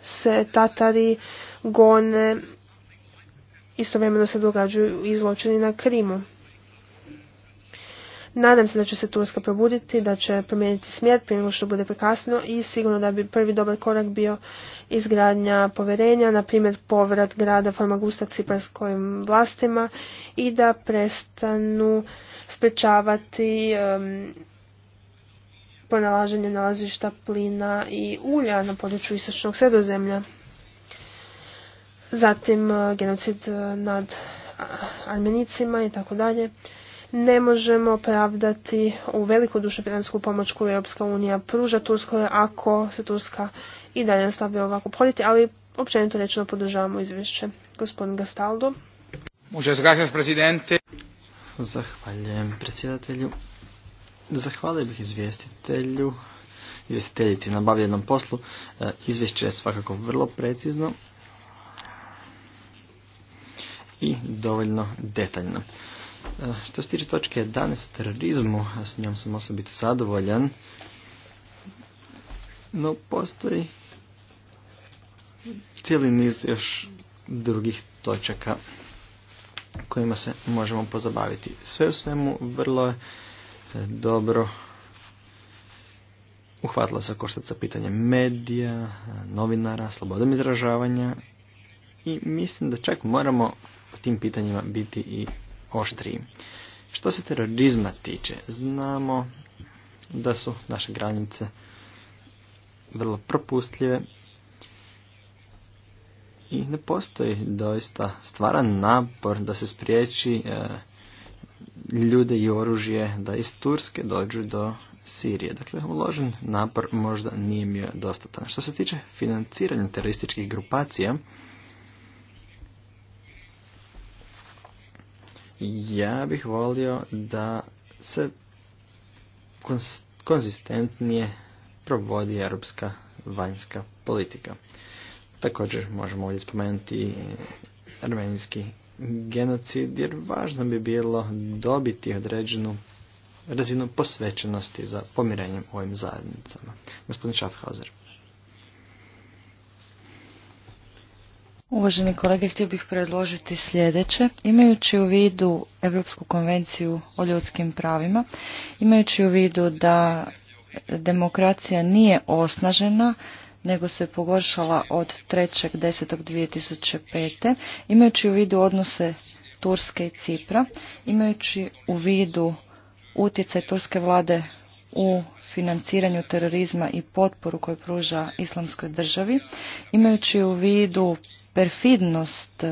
se Tatari gone, istovremeno se događaju i zločini na Krimu. Nadam se da će se Turska probuditi, da će promijeniti smjer prije nego što bude prekasno i sigurno da bi prvi dobar korak bio izgradnja poverenja, na primjer povrat grada Farmagusta ciparskim vlastima i da prestanu sprečavati pronalaženje nalazišta plina i ulja na području istočnog sredozemlja. Zatim e, genocid e, nad Armenicima i tako dalje. Ne možemo pravdati u veliku dušepiransku pomoć koju Europska unija pruža Turskoj ako se Turska i dalje nastavi ovako politi, ali općenito rečeno podržavamo izvješće. Gospodin Gastaldo. Zahvaljujem predsjedatelju. Zahvalio bih izvjestitelju, izvjestiteljici na obavljenom poslu. E, izvješće je svakako vrlo precizno i dovoljno detaljno. E, što se tiče točke 11 o terorizmu, a s njom sam osobito zadovoljan, no postoji cijeli niz još drugih točaka kojima se možemo pozabaviti. Sve u svemu vrlo je dobro uhvatila se koštac sa medija, novinara, slobodom izražavanja i mislim da čak moramo po tim pitanjima biti i oštriji. Što se terorizma tiče, znamo da su naše granice vrlo propustljive i ne postoji doista stvaran napor da se spriječi eh, ljude i oružje da iz Turske dođu do Sirije. Dakle, uložen napor možda nije mi dostatan. Što se tiče financiranja terorističkih grupacija, ja bih volio da se konzistentnije provodi europska vanjska politika. Također možemo ovdje spomenuti armenijski genocid jer važno bi bilo dobiti određenu razinu posvećenosti za pomirenjem ovim zajednicama. Gospodin Schaffhauser. Uvaženi kolege, htio bih predložiti sljedeće. Imajući u vidu Europsku konvenciju o ljudskim pravima, imajući u vidu da demokracija nije osnažena nego se pogoršala od 3.10.2005. Imajući u vidu odnose Turske i Cipra, imajući u vidu utjecaj turske vlade u financiranju terorizma i potporu koju pruža islamskoj državi, imajući u vidu perfidnost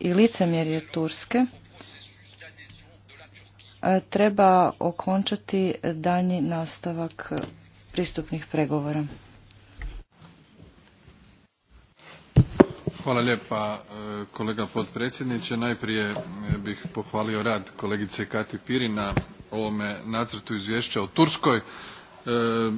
i licemjerje Turske, treba okončati danji nastavak pristupnih pregovora. Hvala lijepa e, kolega potpredsjedniče. Najprije e, bih pohvalio rad kolegice Kati Piri na ovome nacrtu izvješća o Turskoj. E,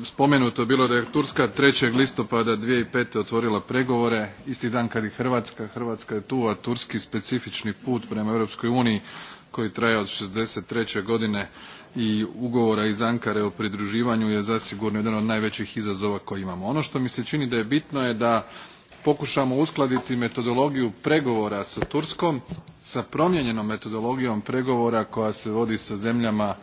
spomenuto je bilo da je Turska 3. listopada 2005. otvorila pregovore, isti dan kad i Hrvatska. Hrvatska je tu, a turski specifični put prema Europskoj uniji koji traje od 63. godine i ugovora iz Ankare o pridruživanju je zasigurno jedan od najvećih izazova koje imamo. Ono što mi se čini da je bitno je da pokušamo uskladiti metodologiju pregovora sa turskom sa promijenjenom metodologijom pregovora koja se vodi sa zemljama e,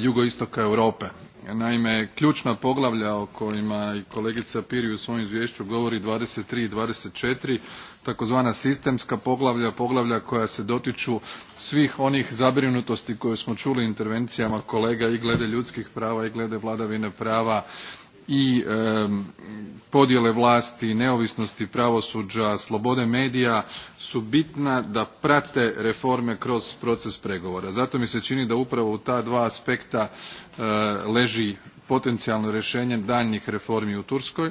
jugoistoka europe. naime ključna poglavlja o kojima i kolegica piri u svom izvješću govori twenty three i twenty four takozvana sistemska poglavlja poglavlja koja se dotiču svih onih zabrinutosti koje smo čuli intervencijama kolega i glede ljudskih prava i glede vladavine prava i podjele vlasti neovisnosti pravosuđa slobode medija su bitna da prate reforme kroz proces pregovora. zato mi se čini da upravo u ta dva aspekta e, leži potencijalno rješenje daljnjih reformi u turskoj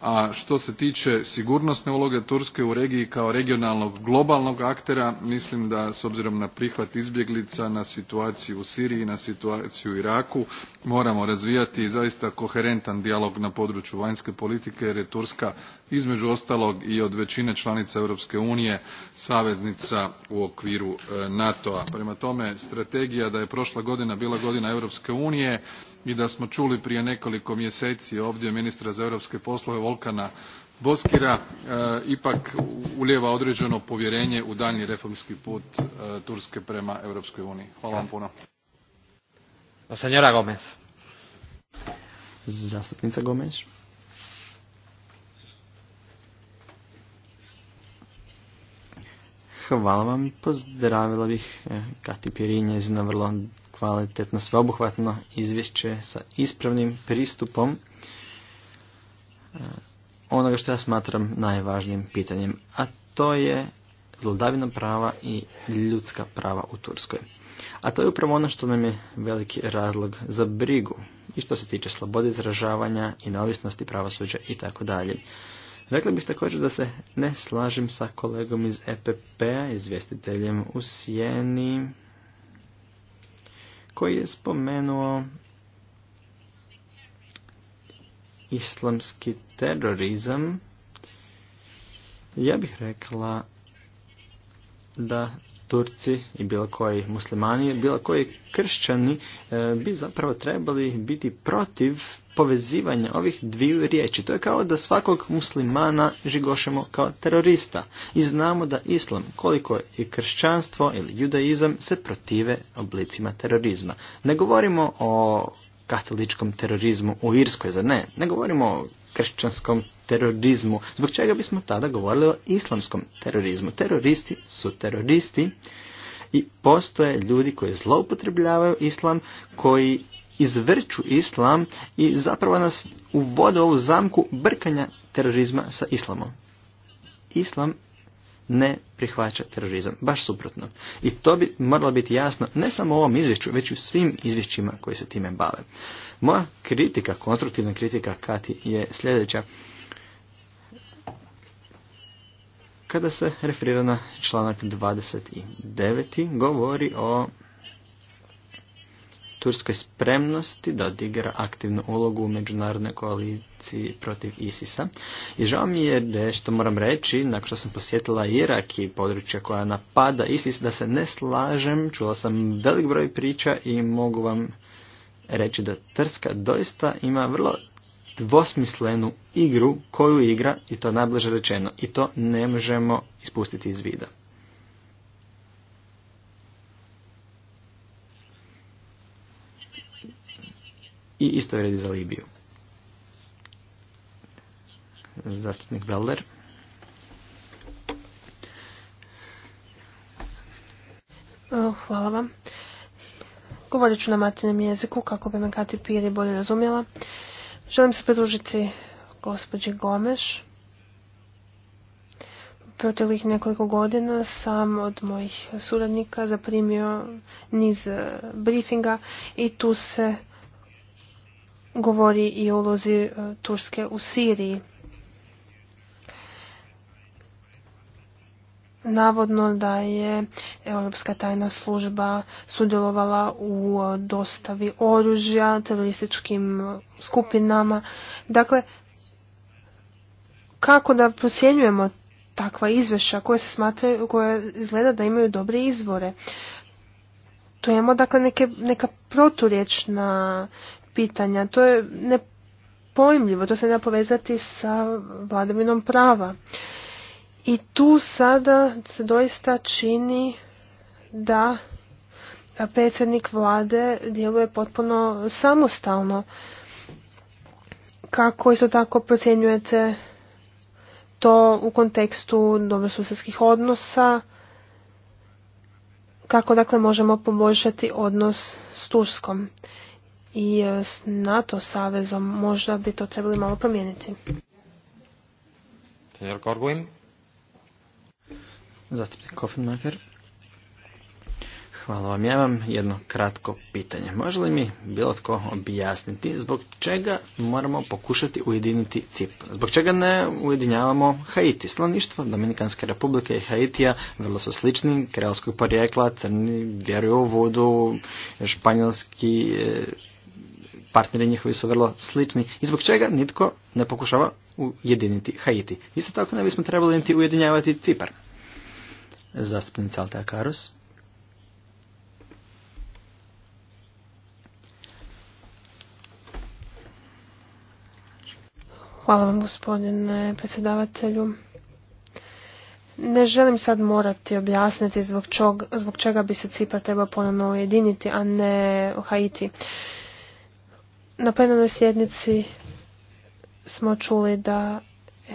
a što se tiče sigurnosne uloge turske u regiji kao regionalnog globalnog aktera mislim da s obzirom na prihvat izbjeglica na situaciju u siriji na situaciju u iraku moramo razvijati zaista koherentan dijalog na području vanjske politike jer je turska između ostalog i od većine članica europske unije saveznica u okviru e, nato a. prema tome strategija da je prošla godina bila godina europske unije i da smo čuli prije nekoliko mjeseci ovdje ministra za europske poslove volkana bozkira e, ipak ulijeva određeno povjerenje u daljnji reformski put e, turske prema europskoj uniji. hvala vam Gomez. pozdravila bih e, Kati Pirinje na vrlo kvalitetno, sveobuhvatno izvješće sa ispravnim pristupom e, onoga što ja smatram najvažnijim pitanjem, a to je vladavina prava i ljudska prava u Turskoj. A to je upravo ono što nam je veliki razlog za brigu i što se tiče slobode izražavanja i neovisnosti pravosuđa i tako dalje. Rekla bih također da se ne slažem sa kolegom iz EPP-a, izvjestiteljem u Sijeni, koji je spomenuo islamski terorizam, ja bih rekla da Turci i bilo koji muslimani, bilo koji kršćani e, bi zapravo trebali biti protiv povezivanja ovih dviju riječi. To je kao da svakog muslimana žigošemo kao terorista. I znamo da islam, koliko i kršćanstvo ili judaizam, se protive oblicima terorizma. Ne govorimo o katoličkom terorizmu u Irskoj, za ne. Ne govorimo o kršćanskom terorizmu. Zbog čega bismo tada govorili o islamskom terorizmu? Teroristi su teroristi i postoje ljudi koji zloupotrebljavaju islam, koji izvrću islam i zapravo nas uvode u ovu zamku brkanja terorizma sa islamom. Islam ne prihvaća terorizam, baš suprotno. I to bi moralo biti jasno ne samo u ovom izvješću, već u svim izvješćima koji se time bave. Moja kritika, konstruktivna kritika Kati je sljedeća. kada se referira na članak 29. govori o turskoj spremnosti da odigra aktivnu ulogu u međunarodnoj koaliciji protiv Isisa I žao mi je što moram reći, nakon što sam posjetila Irak i područja koja napada ISIS, da se ne slažem, čula sam velik broj priča i mogu vam reći da Trska doista ima vrlo dvosmislenu igru koju igra i to najbliže rečeno i to ne možemo ispustiti iz vida. I isto vredi za Libiju. Zastupnik Belder. Hvala vam. Govorit ću na maternom jeziku kako bi me Kati Piri bolje razumjela. Želim se pridružiti gospođi Gomeš. Proteklih nekoliko godina sam od mojih suradnika zaprimio niz e, briefinga i tu se govori i o ulozi e, Turske u Siriji. navodno da je Europska tajna služba sudjelovala u dostavi oružja terorističkim skupinama. Dakle, kako da procjenjujemo takva izvješća koje se smatraju, koje izgleda da imaju dobre izvore. To imamo dakle neke, neka proturječna pitanja. To je nepojmljivo, to se ne povezati sa vladavinom prava. I tu sada se doista čini da predsjednik vlade djeluje potpuno samostalno. Kako isto tako procjenjujete to u kontekstu dobrosusjedskih odnosa? Kako dakle možemo poboljšati odnos s Turskom i e, s NATO savezom? Možda bi to trebali malo promijeniti. Senjor Korguin. Zastupnik Kofenmaker. Hvala vam. Ja vam jedno kratko pitanje. Može li mi bilo tko objasniti zbog čega moramo pokušati ujediniti CIP? Zbog čega ne ujedinjavamo Haiti? Slaništvo Dominikanske republike i Haitija vrlo su slični, kreolskog porijekla, crni vjeruju u vodu, španjolski e, partneri njihovi su vrlo slični. I zbog čega nitko ne pokušava ujediniti Haiti? Isto tako ne bismo trebali niti ujedinjavati Cipar. Zastupnica Altea Karus. Hvala vam gospodine predsjedavatelju. Ne želim sad morati objasniti zbog, čog, zbog čega bi se Cipar treba ponovno ujediniti, a ne Haiti. Na plenarnoj sjednici smo čuli da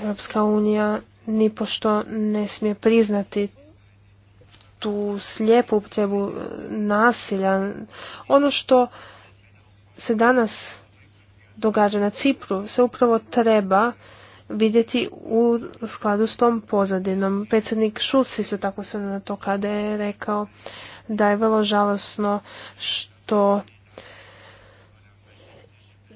Europska unija nipošto ne smije priznati tu slijepu upotrebu e, nasilja. Ono što se danas događa na Cipru se upravo treba vidjeti u skladu s tom pozadinom. Predsjednik Šulc isto tako se na to kada je rekao da je vrlo žalosno što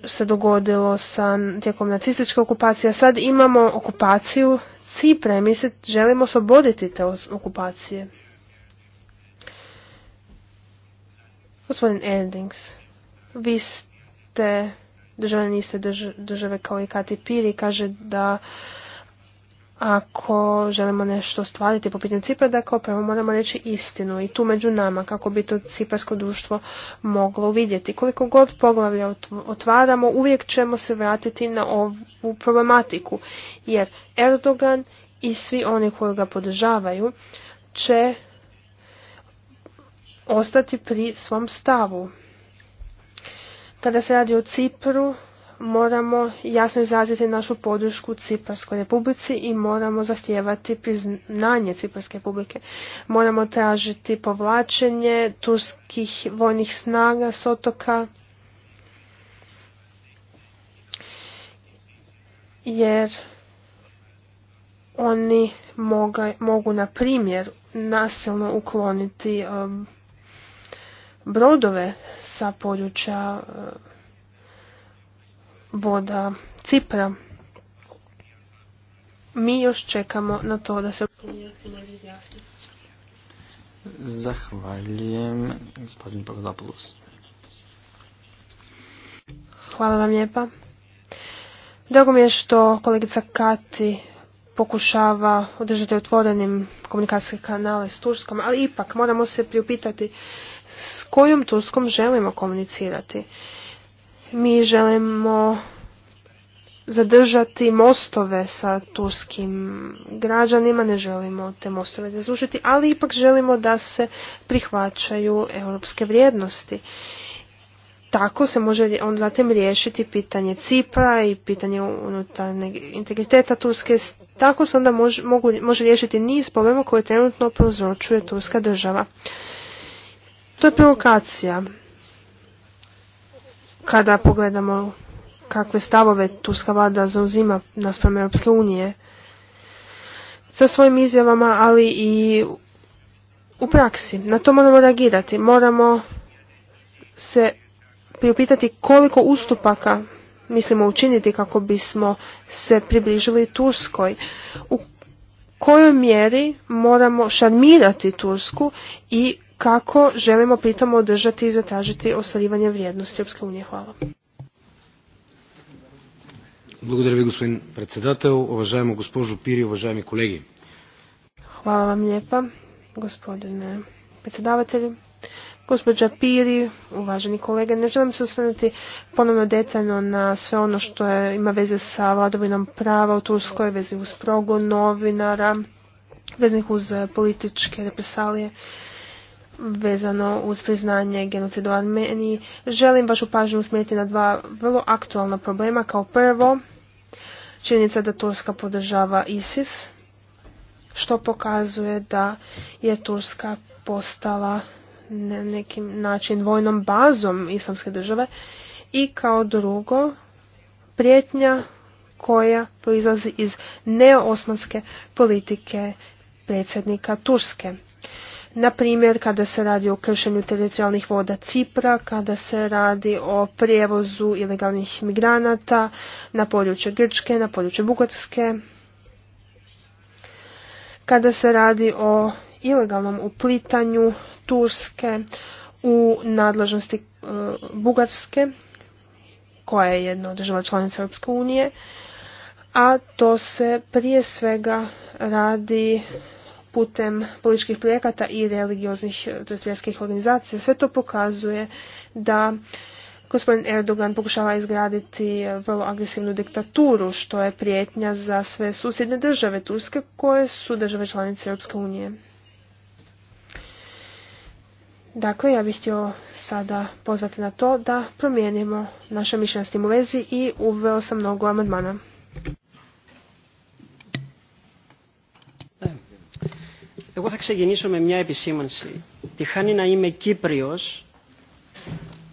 se dogodilo sa tijekom nacističke okupacije. Sad imamo okupaciju Cipre. mi se želimo osloboditi te okupacije. Gospodin Erdings, vi ste državljani iste države kao i Kati Piri kaže da ako želimo nešto stvariti po pitanju Cipra, da kao prvo moramo reći istinu i tu među nama kako bi to ciparsko društvo moglo vidjeti. Koliko god poglavlja otvaramo, uvijek ćemo se vratiti na ovu problematiku jer Erdogan i svi oni koji ga podržavaju će ostati pri svom stavu. Kada se radi o Cipru, moramo jasno izraziti našu podršku Ciparskoj republici i moramo zahtijevati priznanje Ciparske republike. Moramo tražiti povlačenje turskih vojnih snaga s otoka, jer oni mogu, na primjer, nasilno ukloniti um, brodove sa područja e, voda Cipra. Mi još čekamo na to da se... Zahvaljujem, gospodin Hvala vam lijepa. Drago mi je što kolegica Kati pokušava održati otvorenim komunikacijske kanale s Turskom, ali ipak moramo se priupitati s kojom Turskom želimo komunicirati. Mi želimo zadržati mostove sa turskim građanima, ne želimo te mostove zazušiti, ali ipak želimo da se prihvaćaju europske vrijednosti. Tako se može on zatim riješiti pitanje Cipra i pitanje unutarnjeg integriteta Turske. Tako se onda može, može riješiti niz problema koje trenutno prouzročuje Turska država. To je provokacija. Kada pogledamo kakve stavove Turska vlada zauzima naspram Europske unije sa svojim izjavama, ali i u praksi. Na to moramo reagirati. Moramo se priupitati koliko ustupaka mislimo učiniti kako bismo se približili Turskoj. U kojoj mjeri moramo šarmirati Tursku i kako želimo pritom održati i zatražiti ostvarivanje vrijednosti Europske unije. Hvala. vam lijepa, gospodine predsjedavatelju. Gospođa Piri, uvaženi kolege, ne želim se osvrnuti ponovno detaljno na sve ono što ima veze sa vladovinom prava u Turskoj, vezi uz progon novinara, veznih uz političke represalije vezano uz priznanje genocidu u Armeniji. Želim vašu pažnju usmjeriti na dva vrlo aktualna problema. Kao prvo, činjenica da Turska podržava ISIS, što pokazuje da je Turska postala na neki način vojnom bazom islamske države i kao drugo prijetnja koja proizlazi iz neosmanske politike predsjednika Turske. Na primjer, kada se radi o kršenju teritorijalnih voda Cipra, kada se radi o prijevozu ilegalnih migranata na područje Grčke, na područje Bugarske, kada se radi o ilegalnom uplitanju Turske u nadležnosti e, Bugarske, koja je jedna od država članica Europske unije, a to se prije svega radi putem političkih projekata i religioznih, e, to vjerskih organizacija. Sve to pokazuje da gospodin Erdogan pokušava izgraditi e, vrlo agresivnu diktaturu, što je prijetnja za sve susjedne države Turske, koje su države članice Europske unije. Dakle, ja bih htio sada pozvati na to da promijenimo naše mišljenje s tim u vezi i uveo sam mnogo amandmana. Εγώ θα ξεκινήσω με μια επισήμανση. Τη χάνει να είμαι Κύπριος,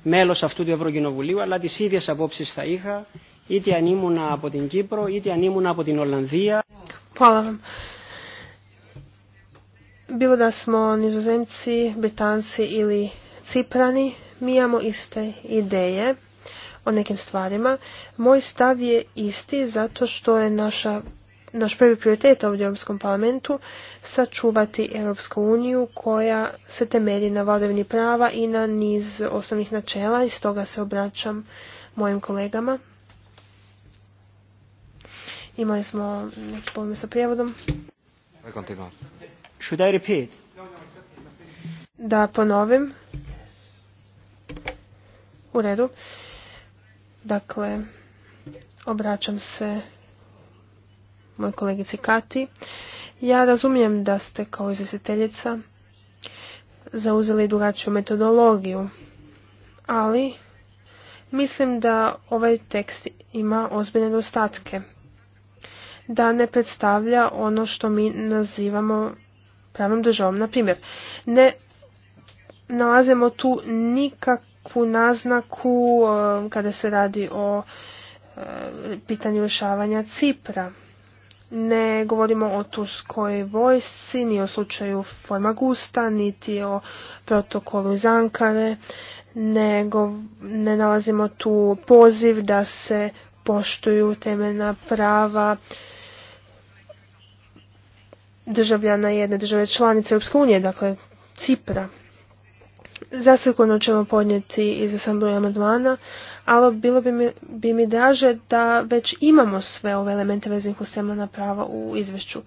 μέλος αυτού του Ευρωκοινοβουλίου, αλλά τις ίδιες απόψεις θα είχα, είτε αν ήμουν από την Κύπρο, είτε αν ήμουν από την Ολλανδία. Bilo da smo nizozemci, britanci ili ciprani, mi imamo iste ideje o nekim stvarima. Moj stav je isti zato što je naša naš prvi prioritet ovdje u Europskom parlamentu sačuvati Europsku uniju koja se temelji na vladavini prava i na niz osnovnih načela i stoga se obraćam mojim kolegama. Imali smo neki problem sa prijevodom. Da ponovim. U redu. Dakle, obraćam se moj kolegici Kati. Ja razumijem da ste kao izvjestiteljica zauzeli drugačiju metodologiju, ali mislim da ovaj tekst ima ozbiljne dostatke. Da ne predstavlja ono što mi nazivamo pravom državom. Na ne nalazimo tu nikakvu naznaku eh, kada se radi o eh, pitanju rješavanja Cipra ne govorimo o turskoj vojsci, ni o slučaju Formagusta, niti o protokolu iz Ankare, nego ne nalazimo tu poziv da se poštuju temeljna prava državljana jedne države članice Europske unije, dakle Cipra. Zasigurno ćemo podnijeti iz asambleja amandmana, ali bilo bi mi, bi mi draže da već imamo sve ove elemente veznih uz na prava u izvješću.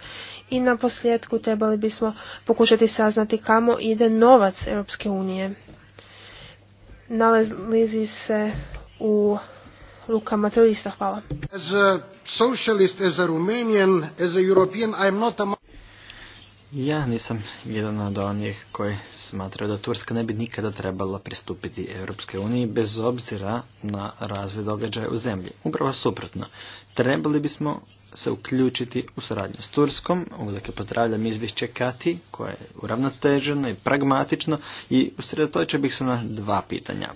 I na posljedku trebali bismo pokušati saznati kamo ide novac Europske unije. Nalazi se u rukama terorista. Hvala. As a socialist, as a Romanian, as a European, not ja nisam jedan od onih koji smatraju da Turska ne bi nikada trebala pristupiti Europskoj uniji bez obzira na razvoj događaja u zemlji. Upravo suprotno, trebali bismo se uključiti u suradnju s Turskom. Uvijek pozdravljam izvješće Kati koje je uravnoteženo i pragmatično i usredotočio bih se na dva pitanja.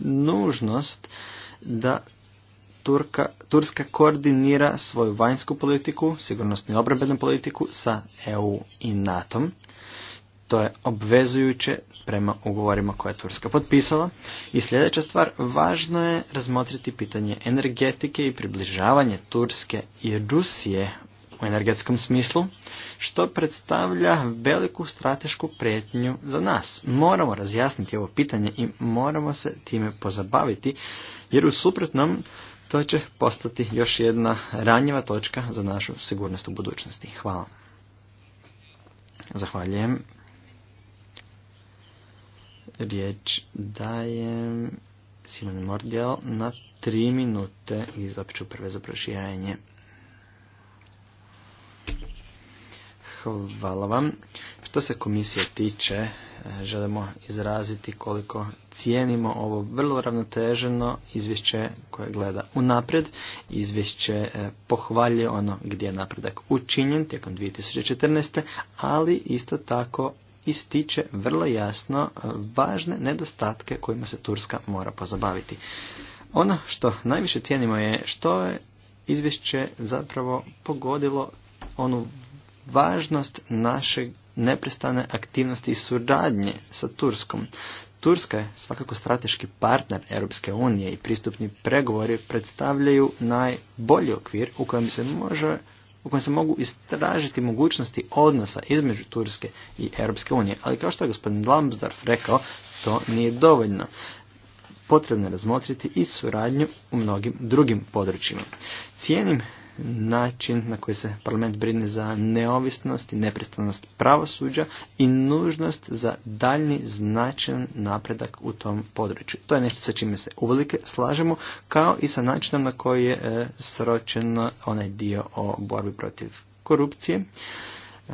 Nužnost da Turka, Turska koordinira svoju vanjsku politiku, sigurnosnu i obrambenu politiku sa EU i nato To je obvezujuće prema ugovorima koje je Turska potpisala. I sljedeća stvar, važno je razmotriti pitanje energetike i približavanje Turske i Rusije u energetskom smislu, što predstavlja veliku stratešku prijetnju za nas. Moramo razjasniti ovo pitanje i moramo se time pozabaviti, jer u suprotnom to će postati još jedna ranjiva točka za našu sigurnost u budućnosti. Hvala. Zahvaljujem. Riječ dajem Simon Mordjel na tri minute iz opću prve za proširanje. Hvala vam. Što se komisije tiče, e, želimo izraziti koliko cijenimo ovo vrlo ravnoteženo izvješće koje gleda unaprijed. Izvješće e, pohvalje ono gdje je napredak učinjen tijekom 2014. ali isto tako ističe vrlo jasno e, važne nedostatke kojima se Turska mora pozabaviti. Ono što najviše cijenimo je što je izvješće zapravo pogodilo onu važnost naše neprestane aktivnosti i suradnje sa Turskom. Turska je svakako strateški partner Europske unije i pristupni pregovori predstavljaju najbolji okvir u kojem se može u kojem se mogu istražiti mogućnosti odnosa između Turske i Europske unije. Ali kao što je gospodin Lambsdorff rekao, to nije dovoljno. Potrebno je razmotriti i suradnju u mnogim drugim područjima. Cijenim način na koji se parlament brine za neovisnost i nepristranost pravosuđa i nužnost za daljni značajan napredak u tom području. To je nešto sa čime se uvelike slažemo, kao i sa načinom na koji je e, sročen onaj dio o borbi protiv korupcije. E,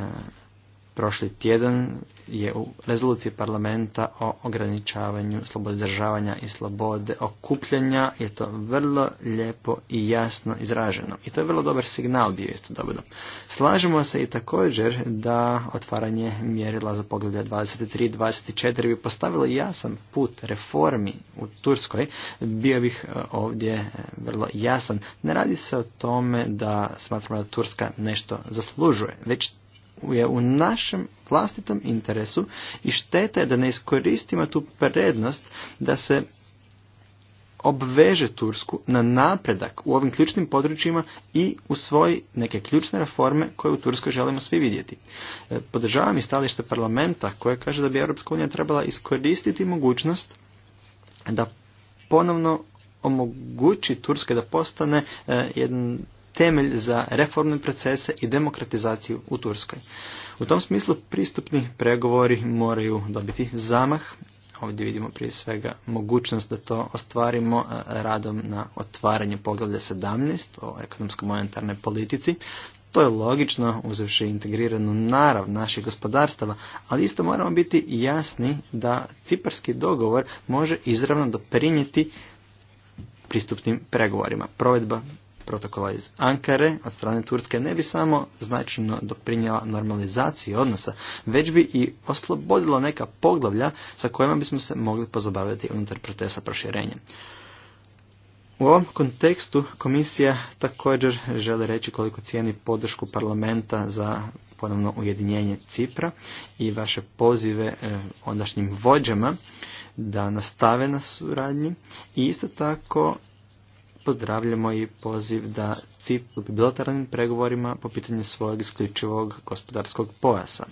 prošli tjedan je u rezoluciji parlamenta o ograničavanju slobode državanja i slobode okupljanja je to vrlo lijepo i jasno izraženo. I to je vrlo dobar signal bio isto dobro. Slažemo se i također da otvaranje mjerila za poglede 23 i 24 bi postavilo jasan put reformi u Turskoj. Bio bih e, ovdje e, vrlo jasan. Ne radi se o tome da smatramo da Turska nešto zaslužuje, već je u našem vlastitom interesu i šteta je da ne iskoristimo tu prednost da se obveže Tursku na napredak u ovim ključnim područjima i u usvoji neke ključne reforme koje u Turskoj želimo svi vidjeti. E, podržavam i stalište parlamenta koje kaže da bi Europska unija trebala iskoristiti mogućnost da ponovno omogući Turske da postane e, jedan temelj za reformne procese i demokratizaciju u Turskoj. U tom smislu pristupni pregovori moraju dobiti zamah. Ovdje vidimo prije svega mogućnost da to ostvarimo e, radom na otvaranje poglavlja 17 o ekonomsko-monetarnoj politici. To je logično uzevši integriranu narav naših gospodarstava, ali isto moramo biti jasni da ciparski dogovor može izravno doprinijeti pristupnim pregovorima. Provedba protokola iz Ankare od strane Turske ne bi samo značajno doprinjela normalizaciji odnosa, već bi i oslobodila neka poglavlja sa kojima bismo se mogli pozabaviti unutar procesa proširenja. U ovom kontekstu komisija također želi reći koliko cijeni podršku parlamenta za ponovno ujedinjenje Cipra i vaše pozive e, ondašnjim vođama da nastave na suradnji i isto tako pozdravljamo i poziv da CIP u bilateralnim pregovorima po pitanju svojeg isključivog gospodarskog pojasa.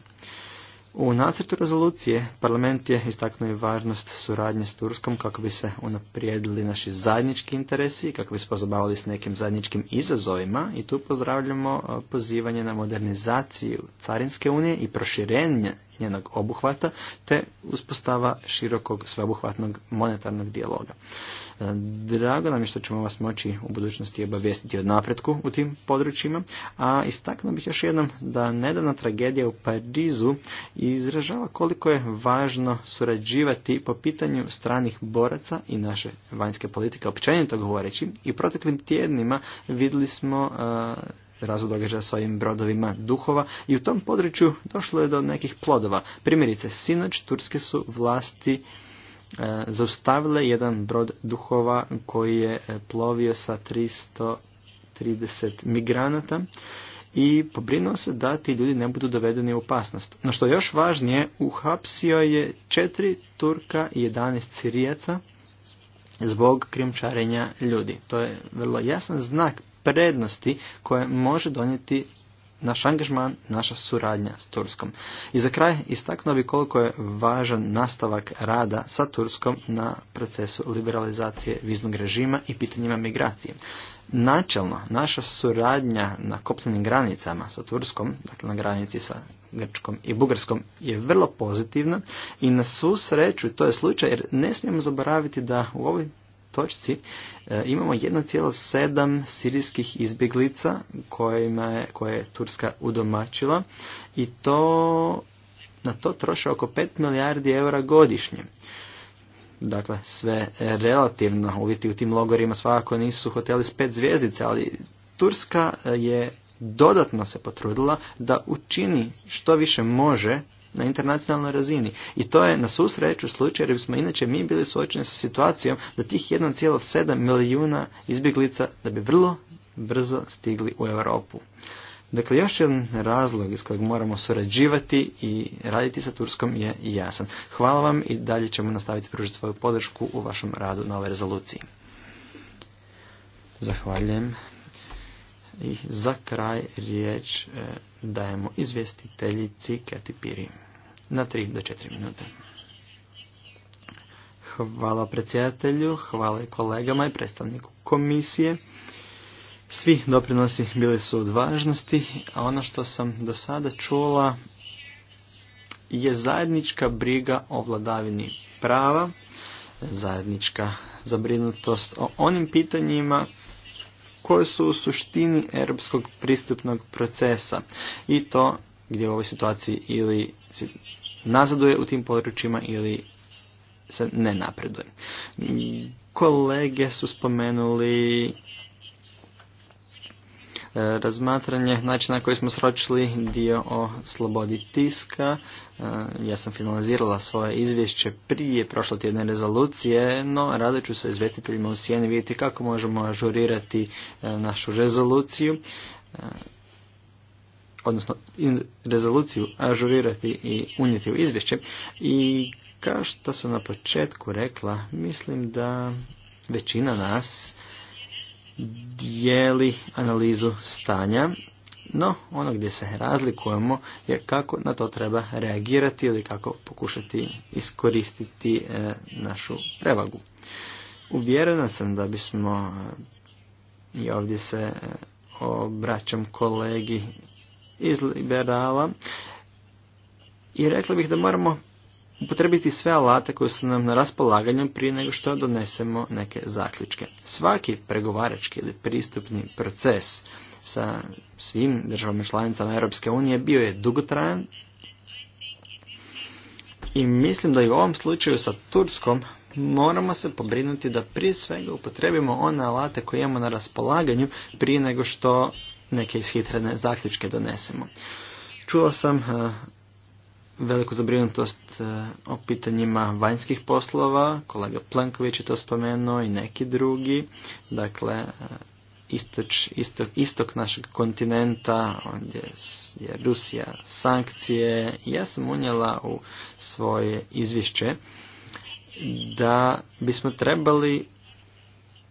U nacrtu rezolucije parlament je istaknuo i važnost suradnje s Turskom kako bi se unaprijedili naši zajednički interesi i kako bi se pozabavili s nekim zajedničkim izazovima i tu pozdravljamo e, pozivanje na modernizaciju Carinske unije i proširenje njenog obuhvata te uspostava širokog sveobuhvatnog monetarnog dijaloga. Drago nam je što ćemo vas moći u budućnosti obavijestiti o napretku u tim područjima, a istaknuo bih još jednom da nedavna tragedija u Parizu izražava koliko je važno surađivati po pitanju stranih boraca i naše vanjske politike, općenito govoreći, i proteklim tjednima vidjeli smo razvoj događaja s ovim brodovima duhova i u tom području došlo je do nekih plodova. Primjerice, sinoć turske su vlasti E, zaustavile jedan brod duhova koji je e, plovio sa 330 migranata i pobrinuo se da ti ljudi ne budu dovedeni u opasnost. No što je još važnije, uhapsio je četiri Turka i 11 Sirijaca zbog krimčarenja ljudi. To je vrlo jasan znak prednosti koje može donijeti naš angažman, naša suradnja s Turskom. I za kraj istaknuo bi koliko je važan nastavak rada sa Turskom na procesu liberalizacije viznog režima i pitanjima migracije. Načelno, naša suradnja na kopnenim granicama sa Turskom, dakle na granici sa Grčkom i Bugarskom, je vrlo pozitivna i na svu sreću to je slučaj jer ne smijemo zaboraviti da u ovoj točci e, imamo 1,7 sirijskih izbjeglica kojima je, koje je Turska udomačila i to na to troše oko 5 milijardi eura godišnje. Dakle, sve relativno, uvjeti u tim logorima svakako nisu hoteli s pet zvijezdice, ali Turska je dodatno se potrudila da učini što više može na internacionalnoj razini. I to je na susreću sreću slučaj jer smo inače mi bili suočeni sa situacijom da tih 1,7 milijuna izbjeglica da bi vrlo brzo stigli u Europu. Dakle, još jedan razlog iz kojeg moramo surađivati i raditi sa Turskom je jasan. Hvala vam i dalje ćemo nastaviti pružiti svoju podršku u vašem radu na ovoj rezoluciji. Zahvaljujem. I za kraj riječ e, dajemo izvjestiteljici Kati Piri na 3 do 4 minute. Hvala predsjedatelju, hvala i kolegama i predstavniku komisije. Svi doprinosi bili su od važnosti, a ono što sam do sada čula je zajednička briga o vladavini prava, zajednička zabrinutost o onim pitanjima koje su u suštini europskog pristupnog procesa i to gdje u ovoj situaciji ili se nazaduje u tim područjima ili se ne napreduje. Kolege su spomenuli E, razmatranje načina na koji smo sročili dio o slobodi tiska. E, ja sam finalizirala svoje izvješće prije prošle tjedne rezolucije, no rado ću sa izvjetiteljima u sjeni vidjeti kako možemo ažurirati e, našu rezoluciju odnosno rezoluciju ažurirati i unijeti u izvješće. I kao što sam na početku rekla, mislim da većina nas dijeli analizu stanja, no ono gdje se razlikujemo je kako na to treba reagirati ili kako pokušati iskoristiti e, našu prevagu. Uvjerena sam da bismo, e, i ovdje se e, obraćam kolegi iz liberala, i rekla bih da moramo upotrebiti sve alate koje su nam na raspolaganju prije nego što donesemo neke zaključke. Svaki pregovarački ili pristupni proces sa svim državama članicama Europske unije bio je dugotrajan i mislim da i u ovom slučaju sa Turskom moramo se pobrinuti da prije svega upotrebimo one alate koje imamo na raspolaganju prije nego što neke ishitrene zaključke donesemo. Čula sam eh, veliku zabrinutost e, o pitanjima vanjskih poslova, kolega Planković je to spomenuo i neki drugi, dakle e, istoč, istok, istok našeg kontinenta, ondje je Rusija sankcije, ja sam unijela u svoje izvješće da bismo trebali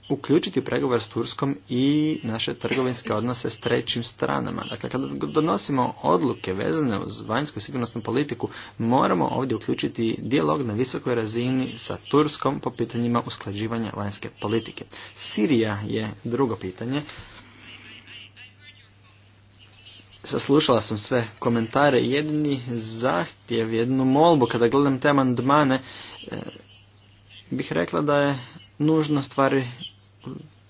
uključiti pregovor s Turskom i naše trgovinske odnose s trećim stranama. Dakle, kada donosimo odluke vezane uz vanjsku sigurnosnu politiku, moramo ovdje uključiti dijalog na visokoj razini sa Turskom po pitanjima usklađivanja vanjske politike. Sirija je drugo pitanje. Saslušala sam sve komentare. Jedini zahtjev, jednu molbu, kada gledam te amandmane, eh, bih rekla da je nužno stvari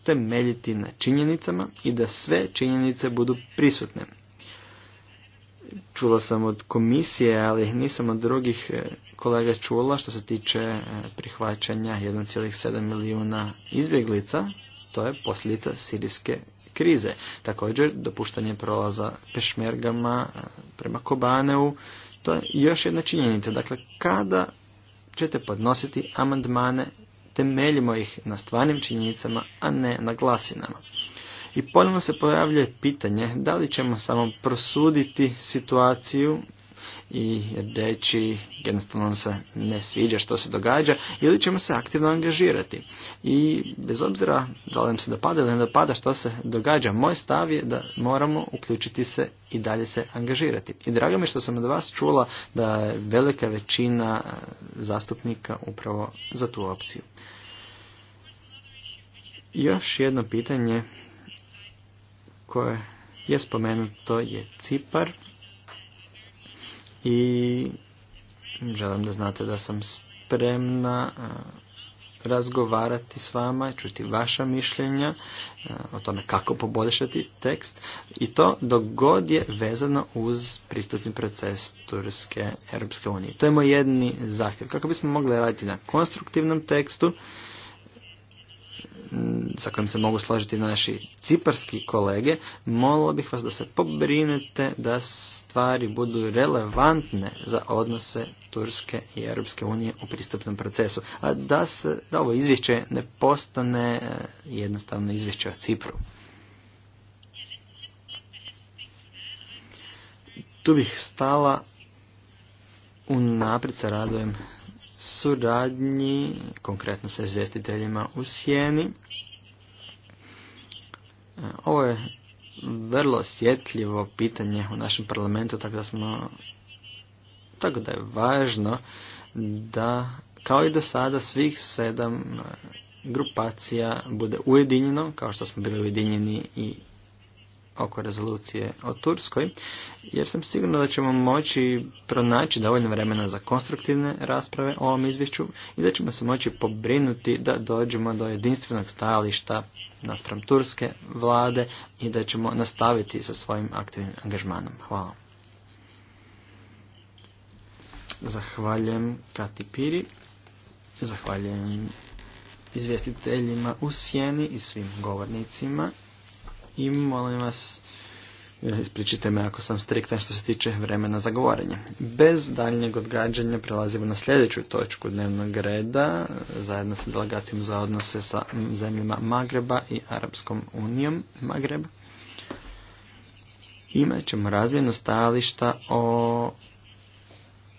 temeljiti na činjenicama i da sve činjenice budu prisutne. Čula sam od komisije, ali nisam od drugih e, kolega čula što se tiče e, prihvaćanja 1,7 milijuna izbjeglica. To je posljedica sirijske krize. Također, dopuštanje prolaza pešmergama e, prema Kobaneu. To je još jedna činjenica. Dakle, kada ćete podnositi amandmane temeljimo ih na stvarnim činjenicama, a ne na glasinama. I ponovno se pojavljuje pitanje da li ćemo samo prosuditi situaciju i reći jednostavno se ne sviđa što se događa ili ćemo se aktivno angažirati. I bez obzira da li nam se dopada ili ne dopada što se događa, moj stav je da moramo uključiti se i dalje se angažirati. I drago mi što sam od vas čula da je velika većina zastupnika upravo za tu opciju. Još jedno pitanje koje je spomenuto je Cipar i želim da znate da sam spremna e, razgovarati s vama, čuti vaša mišljenja e, o tome kako poboljšati tekst i to dogod je vezano uz pristupni proces Turske Europske unije. To je moj jedni zahtjev. Kako bismo mogli raditi na konstruktivnom tekstu sa kojim se mogu složiti naši ciparski kolege, molio bih vas da se pobrinete da stvari budu relevantne za odnose Turske i Europske unije u pristupnom procesu, a da, se, da ovo izvješće ne postane e, jednostavno izvješće o Cipru. Tu bih stala, unaprijed sa radujem suradnji, konkretno sa izvjestiteljima u Sjeni. Ovo je vrlo sjetljivo pitanje u našem parlamentu, tako da smo tako da je važno da kao i do sada svih sedam grupacija bude ujedinjeno, kao što smo bili ujedinjeni i oko rezolucije o Turskoj, jer sam sigurno da ćemo moći pronaći dovoljno vremena za konstruktivne rasprave o ovom izvješću i da ćemo se moći pobrinuti da dođemo do jedinstvenog stajališta naspram turske vlade i da ćemo nastaviti sa svojim aktivnim angažmanom. Hvala. Zahvaljujem Kati Piri. Zahvaljujem izvjestiteljima u Sjeni i svim govornicima i molim vas eh, ispričite me ako sam striktan što se tiče vremena za govorenje. Bez daljnjeg odgađanja prelazimo na sljedeću točku dnevnog reda zajedno sa delegacijom za odnose sa zemljama Magreba i Arabskom unijom Magreb. Imat ćemo razmjenu stajališta o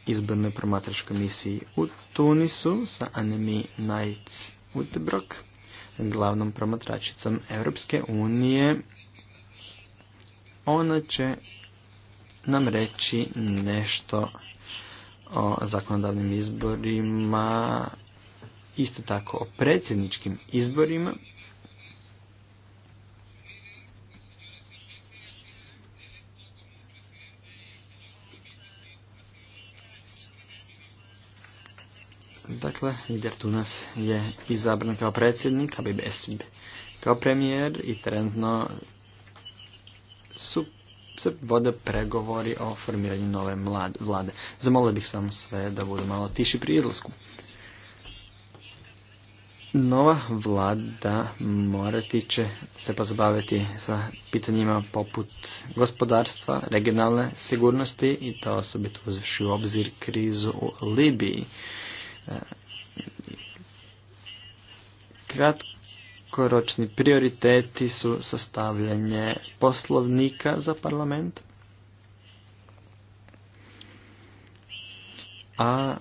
izbornoj promatračkoj misiji u Tunisu sa Anemi Nights Utebrok glavnom promatračicom Europske unije, ona će nam reći nešto o zakonodavnim izborima, isto tako o predsjedničkim izborima Dakle, tu nas je izabran kao predsjednik, a esib. kao premijer i trenutno su se vode pregovori o formiranju nove mlade, vlade. Zamolio bih samo sve da budu malo tiši pri izlasku. Nova vlada morati će se pozabaviti sa pitanjima poput gospodarstva, regionalne sigurnosti i to osobito uzevši u obzir krizu u Libiji. Kratkoročni prioriteti su sastavljanje poslovnika za parlament, a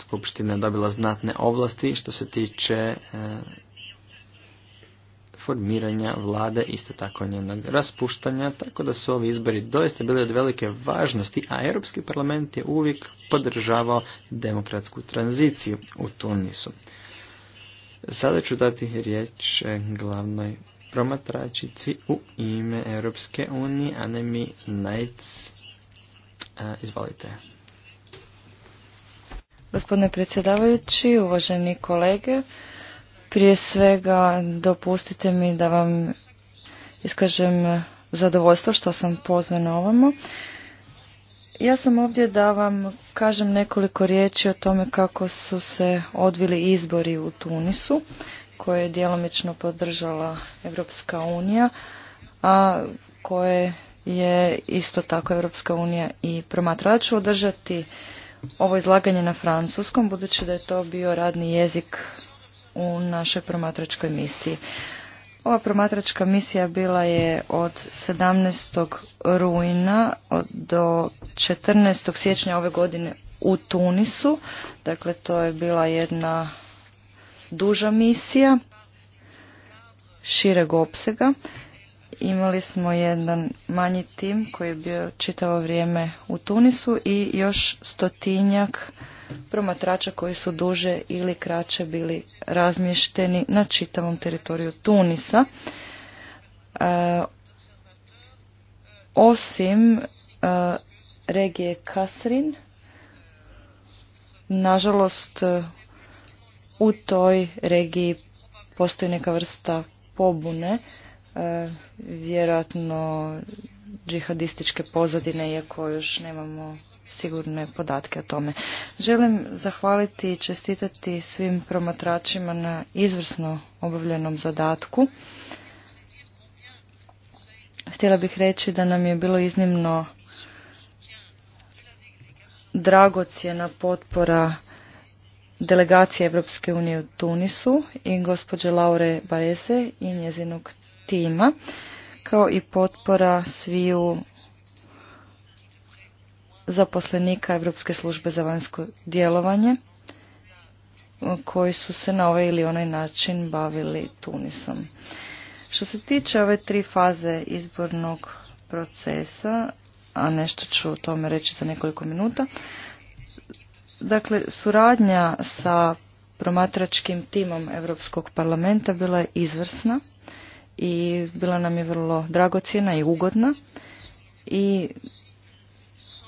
Skupština je dobila znatne ovlasti što se tiče eh, formiranja vlade, isto tako njenog raspuštanja, tako da su ovi izbori doista bili od velike važnosti, a Europski parlament je uvijek podržavao demokratsku tranziciju u Tunisu. Sada ću dati riječ glavnoj promatračici u ime Europske unije, Anemi Najc. Izvolite. Gospodine predsjedavajući, uvaženi kolege, prije svega dopustite mi da vam iskažem zadovoljstvo što sam pozvana ovamo. Ja sam ovdje da vam kažem nekoliko riječi o tome kako su se odvili izbori u Tunisu koje je djelomično podržala Europska unija, a koje je isto tako Europska unija i promatrala. Ja ću održati ovo izlaganje na francuskom, budući da je to bio radni jezik u našoj promatračkoj misiji. Ova promatračka misija bila je od 17. rujna do 14. siječnja ove godine u Tunisu. Dakle, to je bila jedna duža misija šireg opsega. Imali smo jedan manji tim koji je bio čitavo vrijeme u Tunisu i još stotinjak promatrača koji su duže ili kraće bili razmješteni na čitavom teritoriju Tunisa. E, osim e, regije Kasrin, nažalost e, u toj regiji postoji neka vrsta pobune, vjerojatno džihadističke pozadine, iako još nemamo sigurne podatke o tome. Želim zahvaliti i čestitati svim promatračima na izvrsno obavljenom zadatku. Htjela bih reći da nam je bilo iznimno dragocjena potpora delegacije Europske unije u Tunisu i gospođe Laure Baeze i njezinog tima, kao i potpora sviju zaposlenika Europske službe za vanjsko djelovanje koji su se na ovaj ili onaj način bavili Tunisom. Što se tiče ove tri faze izbornog procesa, a nešto ću o tome reći za nekoliko minuta, dakle suradnja sa promatračkim timom Europskog parlamenta bila je izvrsna i bila nam je vrlo dragocjena i ugodna i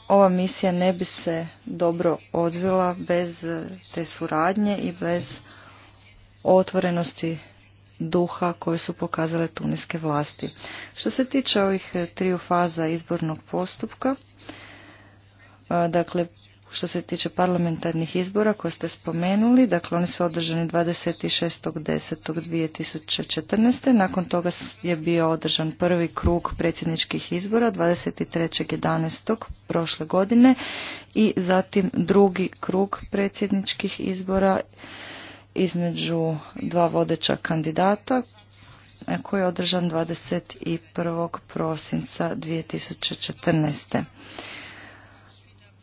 ova misija ne bi se dobro odvila bez eh, te suradnje i bez otvorenosti duha koje su pokazale tuniske vlasti. Što se tiče ovih eh, triju faza izbornog postupka, eh, dakle što se tiče parlamentarnih izbora koje ste spomenuli, dakle oni su održani 26.10.2014. Nakon toga je bio održan prvi krug predsjedničkih izbora 23.11. prošle godine i zatim drugi krug predsjedničkih izbora između dva vodeća kandidata koji je održan 21. prosinca 2014.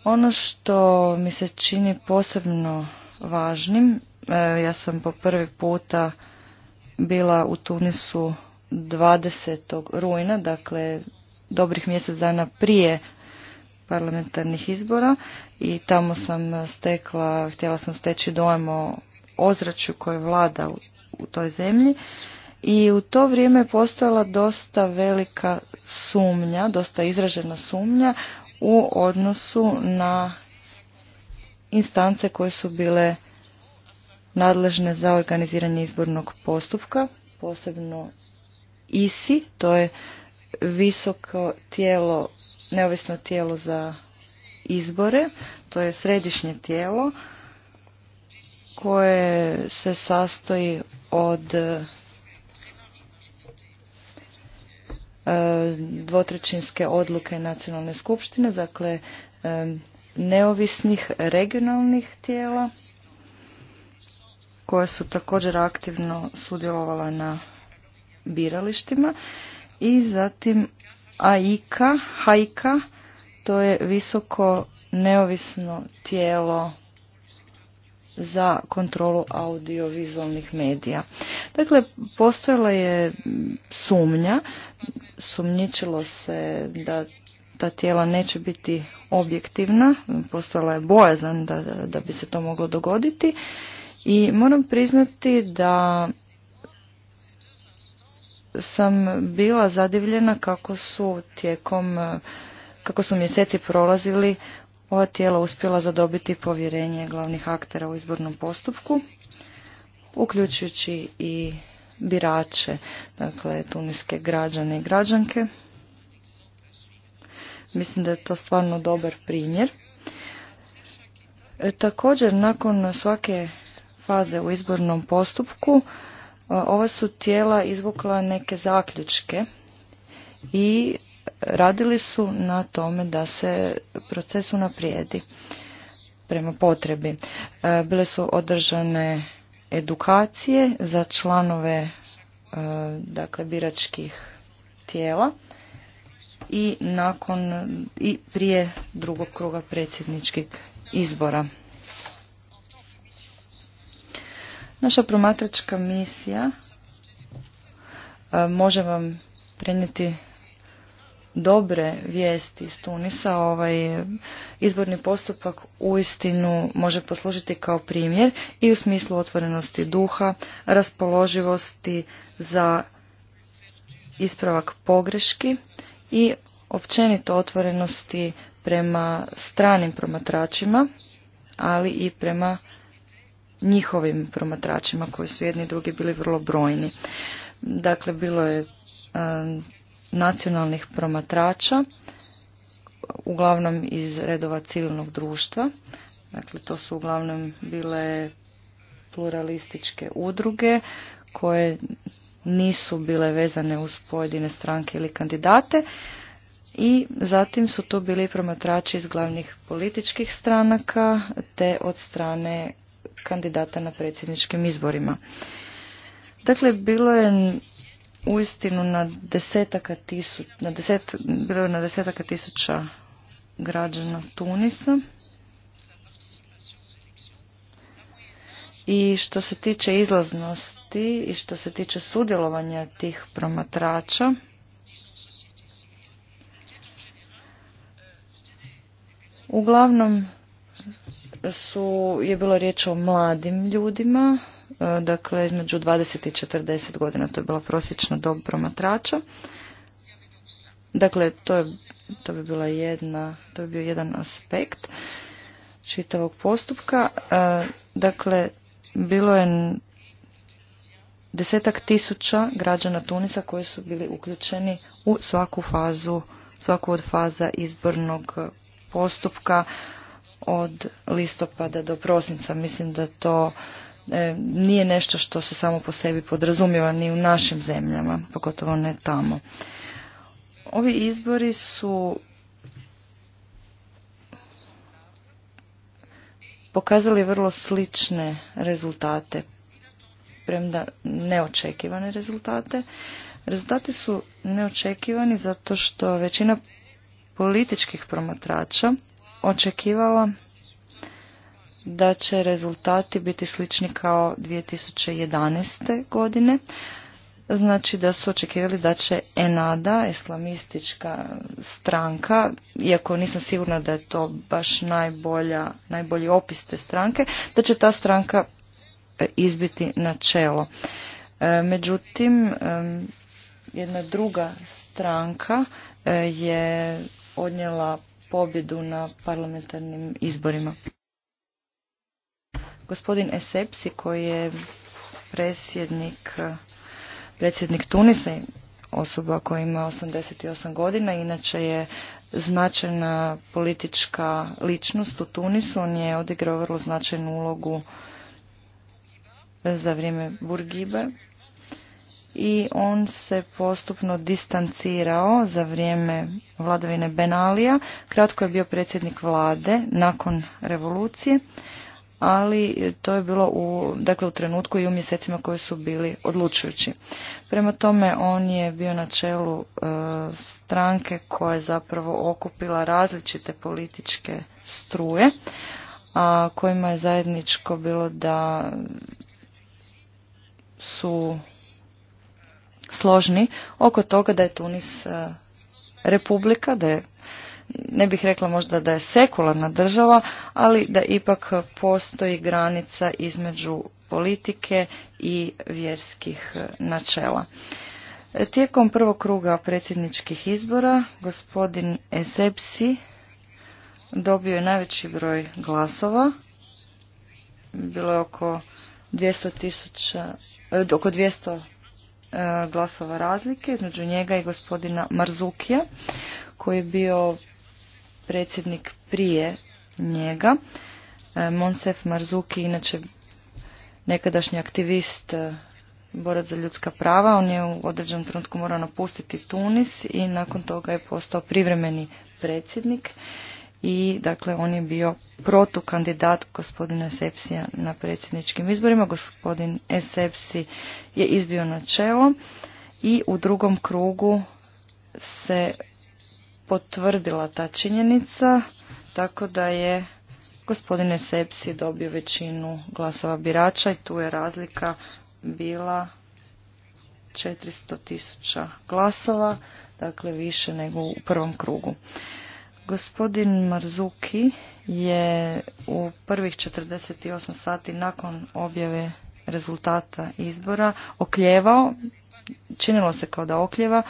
Ono što mi se čini posebno važnim, e, ja sam po prvi puta bila u Tunisu 20. rujna, dakle dobrih mjesec dana prije parlamentarnih izbora i tamo sam stekla, htjela sam steći dojam o ozračju koje vlada u, u toj zemlji i u to vrijeme je postojala dosta velika sumnja, dosta izražena sumnja u odnosu na instance koje su bile nadležne za organiziranje izbornog postupka, posebno ISI, to je visoko tijelo, neovisno tijelo za izbore, to je središnje tijelo koje se sastoji od dvotrećinske odluke nacionalne skupštine, dakle neovisnih regionalnih tijela koja su također aktivno sudjelovala na biralištima i zatim AIKA, HAIKA, to je visoko neovisno tijelo za kontrolu audiovizualnih medija. Dakle, postojala je sumnja, sumnjičilo se da ta tijela neće biti objektivna, postojala je bojazan da, da bi se to moglo dogoditi i moram priznati da sam bila zadivljena kako su tijekom kako su mjeseci prolazili ova tijela uspjela zadobiti povjerenje glavnih aktera u izbornom postupku, uključujući i birače, dakle tuniske građane i građanke. Mislim da je to stvarno dobar primjer. E, također, nakon svake faze u izbornom postupku, e, ova su tijela izvukla neke zaključke i radili su na tome da se proces unaprijedi prema potrebi. E, bile su održane edukacije za članove e, dakle biračkih tijela i nakon i prije drugog kruga predsjedničkih izbora. Naša promatračka misija e, može vam prenijeti dobre vijesti iz Tunisa. Ovaj izborni postupak uistinu može poslužiti kao primjer i u smislu otvorenosti duha, raspoloživosti za ispravak pogreški i općenito otvorenosti prema stranim promatračima, ali i prema njihovim promatračima koji su jedni i drugi bili vrlo brojni. Dakle, bilo je um, nacionalnih promatrača, uglavnom iz redova civilnog društva. Dakle, to su uglavnom bile pluralističke udruge koje nisu bile vezane uz pojedine stranke ili kandidate i zatim su to bili promatrači iz glavnih političkih stranaka te od strane kandidata na predsjedničkim izborima. Dakle, bilo je uistinu na desetaka tisuća, na deset, bilo na desetaka tisuća građana Tunisa. I što se tiče izlaznosti i što se tiče sudjelovanja tih promatrača, uglavnom su, je bilo riječ o mladim ljudima, E, dakle između 20 i 40 godina, to je bila prosječna dob promatrača. Dakle, to, je, to bi bila jedna, to bi bio jedan aspekt čitavog postupka. E, dakle, bilo je desetak tisuća građana Tunisa koji su bili uključeni u svaku fazu, svaku od faza izbornog postupka od listopada do prosinca. Mislim da to E, nije nešto što se samo po sebi podrazumijeva ni u našim zemljama, pogotovo ne tamo. Ovi izbori su pokazali vrlo slične rezultate, premda neočekivane rezultate. Rezultati su neočekivani zato što većina političkih promatrača očekivala da će rezultati biti slični kao 2011. godine. Znači da su očekivali da će Enada, islamistička stranka, iako nisam sigurna da je to baš najbolja, najbolji opis te stranke, da će ta stranka e, izbiti na čelo. E, međutim, e, jedna druga stranka je odnijela pobjedu na parlamentarnim izborima. Gospodin Esepsi koji je predsjednik, predsjednik Tunisa, osoba koja ima 88 godina, inače je značajna politička ličnost u Tunisu, on je odigrao vrlo značajnu ulogu za vrijeme Burgibe i on se postupno distancirao za vrijeme vladavine Benalija. Kratko je bio predsjednik vlade nakon revolucije, ali to je bilo u, dakle, u trenutku i u mjesecima koji su bili odlučujući. Prema tome on je bio na čelu e, stranke koja je zapravo okupila različite političke struje, a kojima je zajedničko bilo da su složni oko toga da je Tunis e, republika, da je ne bih rekla možda da je sekularna država, ali da ipak postoji granica između politike i vjerskih načela. Tijekom prvog kruga predsjedničkih izbora gospodin Esepsi dobio je najveći broj glasova. Bilo je oko 200 tisuća, eh, oko 200 eh, glasova razlike između njega i gospodina Marzukija koji je bio predsjednik prije njega. E, Monsef Marzuki, inače nekadašnji aktivist e, borac za ljudska prava, on je u određenom trenutku morao napustiti Tunis i nakon toga je postao privremeni predsjednik i dakle on je bio protukandidat gospodina Sepsia na predsjedničkim izborima. Gospodin Sepsi je izbio na čelo i u drugom krugu se potvrdila ta činjenica, tako da je gospodine Sepsi dobio većinu glasova birača i tu je razlika bila 400 tisuća glasova, dakle više nego u prvom krugu. Gospodin Marzuki je u prvih 48 sati nakon objave rezultata izbora okljevao, činilo se kao da okljeva,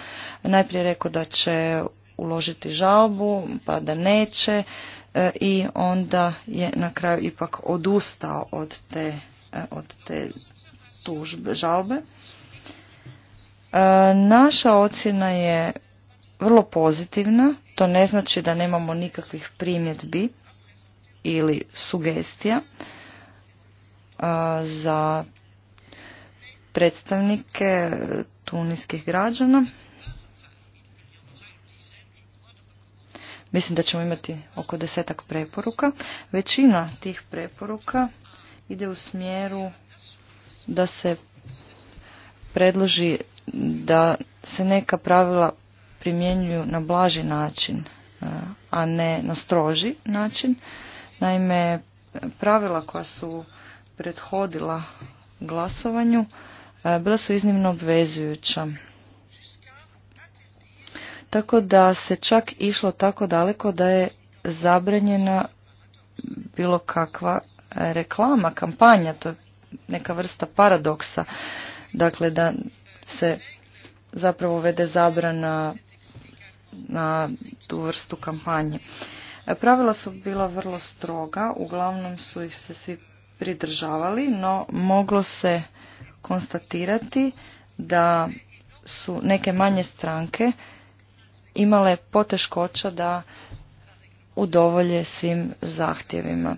najprije rekao da će uložiti žalbu, pa da neće e, i onda je na kraju ipak odustao od te, e, od te tužbe, žalbe. E, naša ocjena je vrlo pozitivna, to ne znači da nemamo nikakvih primjedbi ili sugestija za predstavnike tuniskih građana. Mislim da ćemo imati oko desetak preporuka. Većina tih preporuka ide u smjeru da se predloži da se neka pravila primjenjuju na blaži način, a ne na stroži način. Naime, pravila koja su prethodila glasovanju eh, bila su iznimno obvezujuća tako da se čak išlo tako daleko da je zabranjena bilo kakva reklama, kampanja, to je neka vrsta paradoksa, dakle da se zapravo vede zabrana na tu vrstu kampanje. E, pravila su bila vrlo stroga, uglavnom su ih se svi pridržavali, no moglo se konstatirati da su neke manje stranke imale poteškoća da udovolje svim zahtjevima.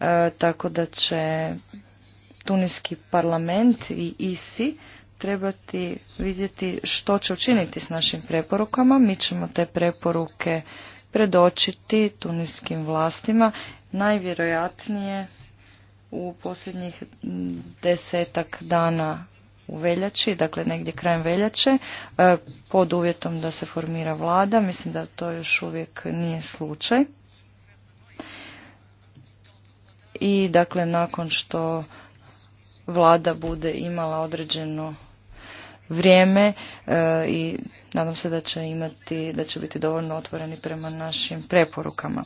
E, tako da će Tunijski parlament i ISI trebati vidjeti što će učiniti s našim preporukama. Mi ćemo te preporuke predočiti tuniskim vlastima najvjerojatnije u posljednjih desetak dana u veljači, dakle negdje krajem veljače, e, pod uvjetom da se formira vlada. Mislim da to još uvijek nije slučaj. I dakle nakon što vlada bude imala određeno vrijeme e, i nadam se da će imati, da će biti dovoljno otvoreni prema našim preporukama.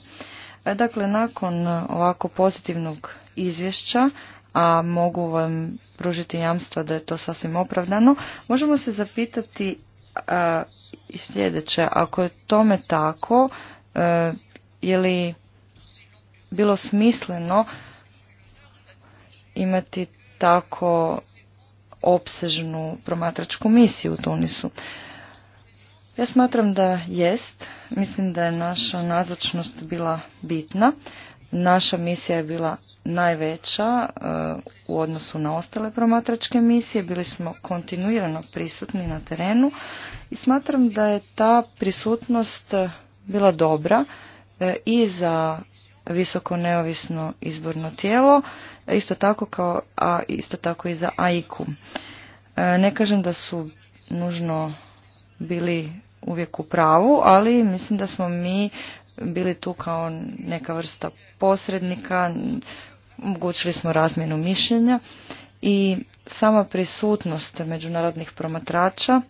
E, dakle, nakon ovako pozitivnog izvješća a mogu vam pružiti jamstva da je to sasvim opravdano, možemo se zapitati i sljedeće, ako je tome tako, e, je li bilo smisleno imati tako opsežnu promatračku misiju u Tunisu. Ja smatram da jest, mislim da je naša nazočnost bila bitna. Naša misija je bila najveća e, u odnosu na ostale promatračke misije. Bili smo kontinuirano prisutni na terenu i smatram da je ta prisutnost bila dobra e, i za visoko neovisno izborno tijelo, e, isto tako kao a isto tako i za AIKU. Ne kažem da su nužno bili uvijek u pravu, ali mislim da smo mi bili tu kao neka vrsta posrednika, omogućili smo razmjenu mišljenja i sama prisutnost međunarodnih promatrača,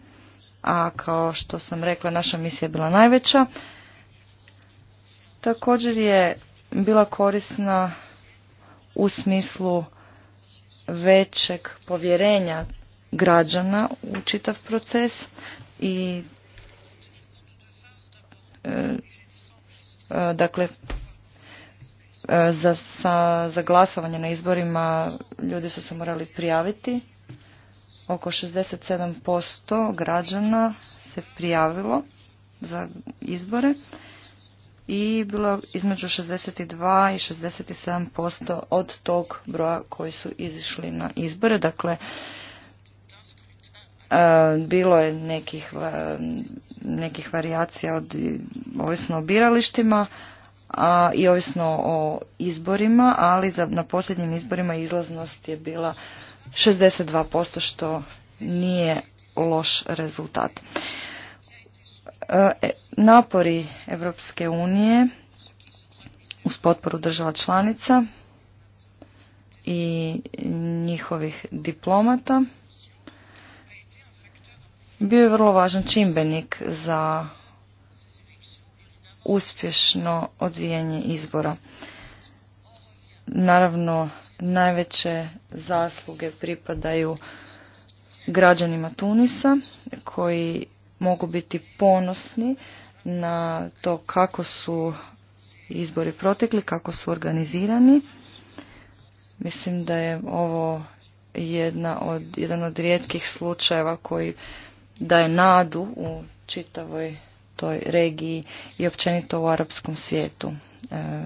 a kao što sam rekla naša misija je bila najveća, također je bila korisna u smislu većeg povjerenja građana u čitav proces i e, E, dakle, e, za, za glasovanje na izborima ljudi su se morali prijaviti. Oko 67% građana se prijavilo za izbore i bilo između 62 i 67% od tog broja koji su izišli na izbore. Dakle, E, bilo je nekih, nekih varijacija od, ovisno o biralištima a, i ovisno o izborima, ali za, na posljednjim izborima izlaznost je bila 62%, što nije loš rezultat. E, e, napori Europske unije uz potporu država članica i njihovih diplomata bio je vrlo važan čimbenik za uspješno odvijanje izbora. Naravno, najveće zasluge pripadaju građanima Tunisa koji mogu biti ponosni na to kako su izbori protekli, kako su organizirani. Mislim da je ovo jedna od, jedan od rijetkih slučajeva koji daje nadu u čitavoj toj regiji i općenito u arapskom svijetu e,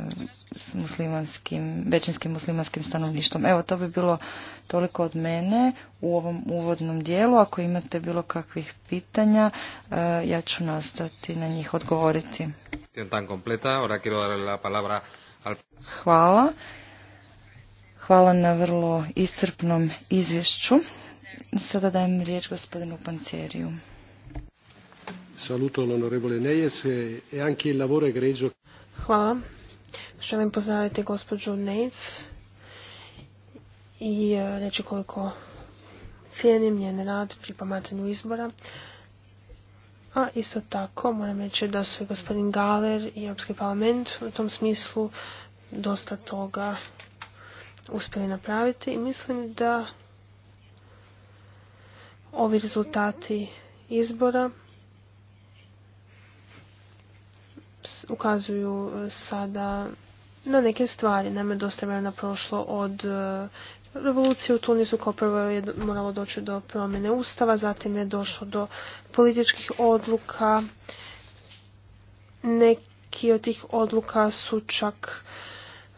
s muslimanskim, većinskim muslimanskim stanovništvom. Evo, to bi bilo toliko od mene u ovom uvodnom dijelu. Ako imate bilo kakvih pitanja, e, ja ću nastojati na njih odgovoriti. Hvala. Hvala na vrlo iscrpnom izvješću. Sada dajem riječ gospodinu panceriju Saluto l'onorevole Nejes e, e anche il lavoro egregio. Hvala. Želim pozdraviti gospođu Nejes i e, reći koliko cijenim njen rad pri pomatranju izbora. A isto tako moram reći da su i gospodin Galer i Europski parlament u tom smislu dosta toga uspjeli napraviti i mislim da ovi rezultati izbora ukazuju e, sada na neke stvari. Nema je dosta vremena prošlo od e, revolucije u Tunisu, kao prvo je moralo doći do promjene ustava, zatim je došlo do političkih odluka. Neki od tih odluka su čak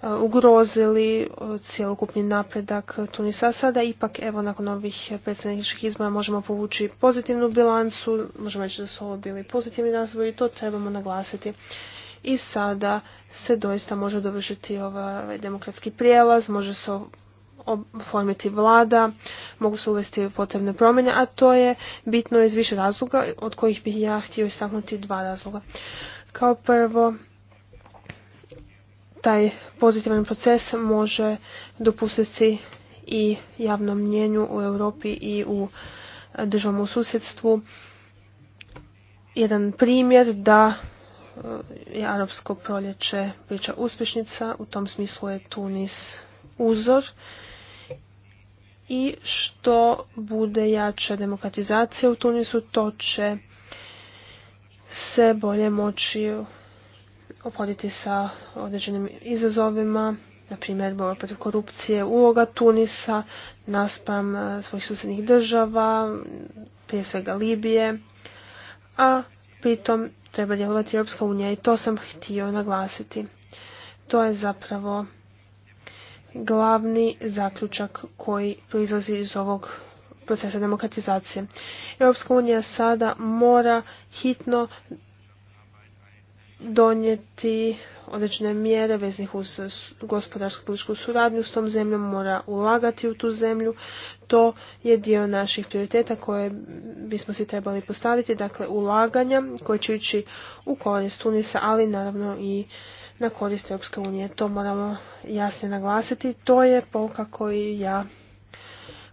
ugrozili e, cjelokupni napredak Tunisa. Sada ipak, evo, nakon ovih predsjedničkih izbora možemo povući pozitivnu bilancu, možemo reći da su ovo bili pozitivni razvoj i to trebamo naglasiti. I sada se doista može dovršiti ovaj demokratski prijelaz, može se oformiti vlada, mogu se uvesti potrebne promjene, a to je bitno iz više razloga, od kojih bih ja htio istaknuti dva razloga. Kao prvo, taj pozitivan proces može dopustiti i javnom mnjenju u Europi i u državnom susjedstvu jedan primjer da e, je arapsko proljeće priča uspješnica, u tom smislu je Tunis uzor i što bude jača demokratizacija u Tunisu, to će se bolje moći opoditi sa određenim izazovima, na primjer borba protiv korupcije, uloga Tunisa naspram e, svojih susjednih država, prije svega Libije, a pritom treba djelovati Europska unija i to sam htio naglasiti. To je zapravo glavni zaključak koji proizlazi iz ovog procesa demokratizacije. Europska unija sada mora hitno donijeti određene mjere veznih uz gospodarsku političku suradnju s tom zemljom, mora ulagati u tu zemlju. To je dio naših prioriteta koje bismo si trebali postaviti, dakle ulaganja koje će ići u korist Tunisa, ali naravno i na korist Europske unije. To moramo jasnije naglasiti. To je polka koju ja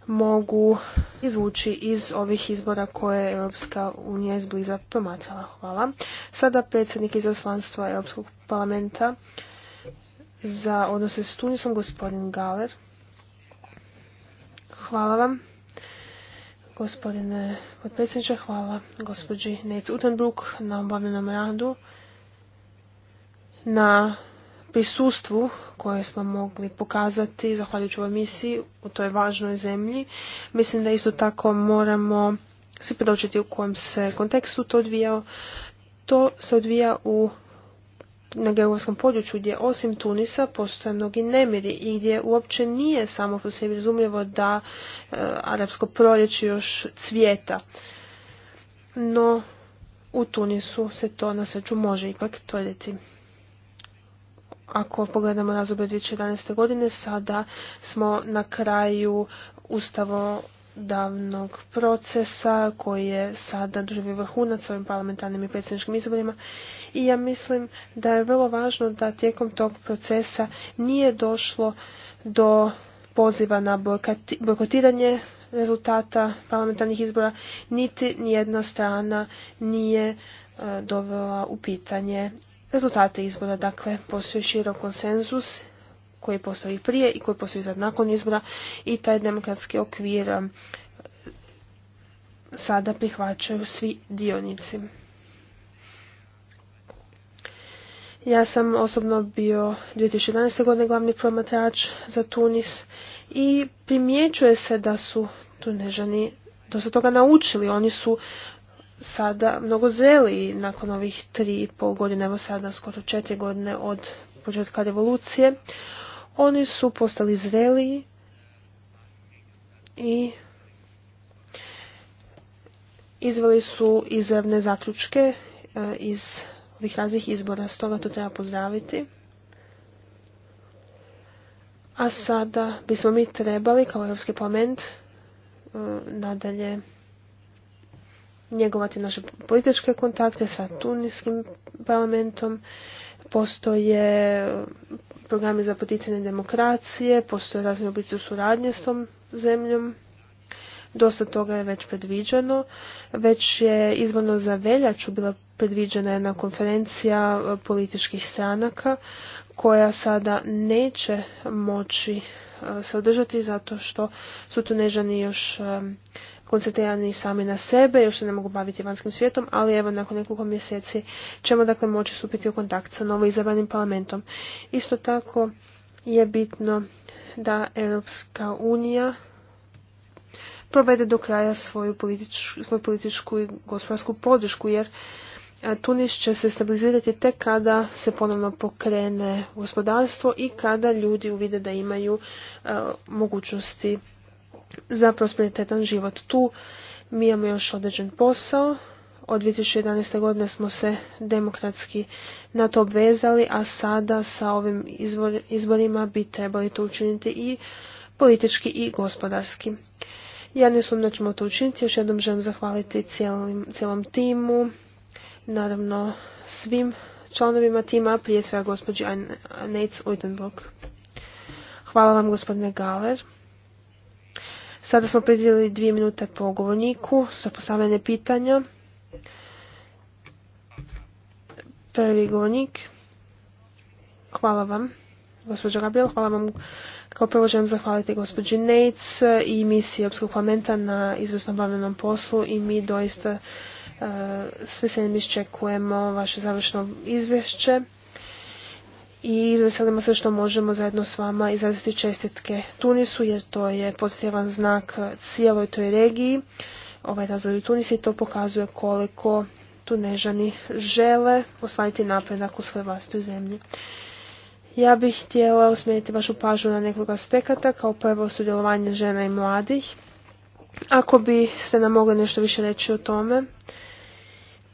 mogu izvući iz ovih izbora koje je Europska unija izbliza promatrala. Hvala. Sada predsjednik izaslanstva Europskog parlamenta za odnose s Tunisom, gospodin Galer. Hvala vam. Gospodine potpredsjedniče, hvala gospođi Nec Utenbruck na obavljenom radu, na prisustvu koje smo mogli pokazati zahvaljujući ovoj misiji u toj važnoj zemlji. Mislim da isto tako moramo se predočiti u kojem se kontekstu to odvijao. To se odvija u na geografskom području gdje osim Tunisa postoje mnogi nemiri i gdje uopće nije samo po sebi razumljivo da e, arapsko proljeće još cvijeta. No u Tunisu se to na sreću može ipak tvrditi ako pogledamo razdoblje 2011. godine, sada smo na kraju ustavodavnog procesa koji je sada doživio vrhunac ovim parlamentarnim i predsjedničkim izborima i ja mislim da je vrlo važno da tijekom tog procesa nije došlo do poziva na bojkotiranje rezultata parlamentarnih izbora, niti nijedna strana nije e, dovela u pitanje rezultate izbora. Dakle, postoji širok konsenzus koji postoji prije i koji postoji sad nakon izbora i taj demokratski okvir um, sada prihvaćaju svi dionici. Ja sam osobno bio 2011. godine glavni promatrač za Tunis i primjećuje se da su Tunežani dosta toga naučili. Oni su sada mnogo zreliji nakon ovih tri i pol godine, evo sada skoro četiri godine od početka revolucije. Oni su postali zreliji i izveli su izravne zaključke e, iz ovih raznih izbora, stoga to treba pozdraviti. A sada bismo mi trebali kao Europski parlament e, nadalje njegovati naše političke kontakte sa tunijskim parlamentom. Postoje programi za poticanje demokracije, postoje razne oblici suradnje s tom zemljom. Dosta toga je već predviđeno. Već je izvorno za veljaču bila predviđena jedna konferencija e, političkih stranaka koja sada neće moći E, se održati zato što su tunežani još e, koncentrirani sami na sebe, još se ne mogu baviti vanjskim svijetom, ali evo nakon nekoliko mjeseci ćemo dakle moći stupiti u kontakt sa novo izabranim parlamentom. Isto tako je bitno da Europska unija provede do kraja svoju političku, svoju političku i gospodarsku podršku, jer Tunis će se stabilizirati tek kada se ponovno pokrene gospodarstvo i kada ljudi uvide da imaju e, mogućnosti za prosperitetan život. Tu mi imamo još određen posao. Od 2011. godine smo se demokratski na to obvezali, a sada sa ovim izborima bi trebali to učiniti i politički i gospodarski. Ja ne sumnjam da ćemo to učiniti. Još jednom želim zahvaliti cijelom timu, naravno svim članovima tima, prije svega gospođi Nates Uitenbog. Hvala vam gospodine Galer. Sada smo predvijeli dvije minute po govorniku za postavljanje pitanja. Prvi govornik. Hvala vam, gospođo Gabriel. Hvala vam kao prvo želim zahvaliti gospođi Nates i misiji Europskog parlamenta na izvrsno obavljenom poslu i mi doista E, s veseljem iščekujemo vaše završno izvješće i veselimo se što možemo zajedno s vama izraziti čestitke Tunisu jer to je pozitivan znak cijeloj toj regiji. Ovaj razvoj u Tunisi to pokazuje koliko Tunežani žele ostvariti napredak u svojoj vlastitoj zemlji. Ja bih htjela usmjeriti vašu pažnju na nekog aspekata, kao prvo sudjelovanje žena i mladih. Ako biste nam mogli nešto više reći o tome,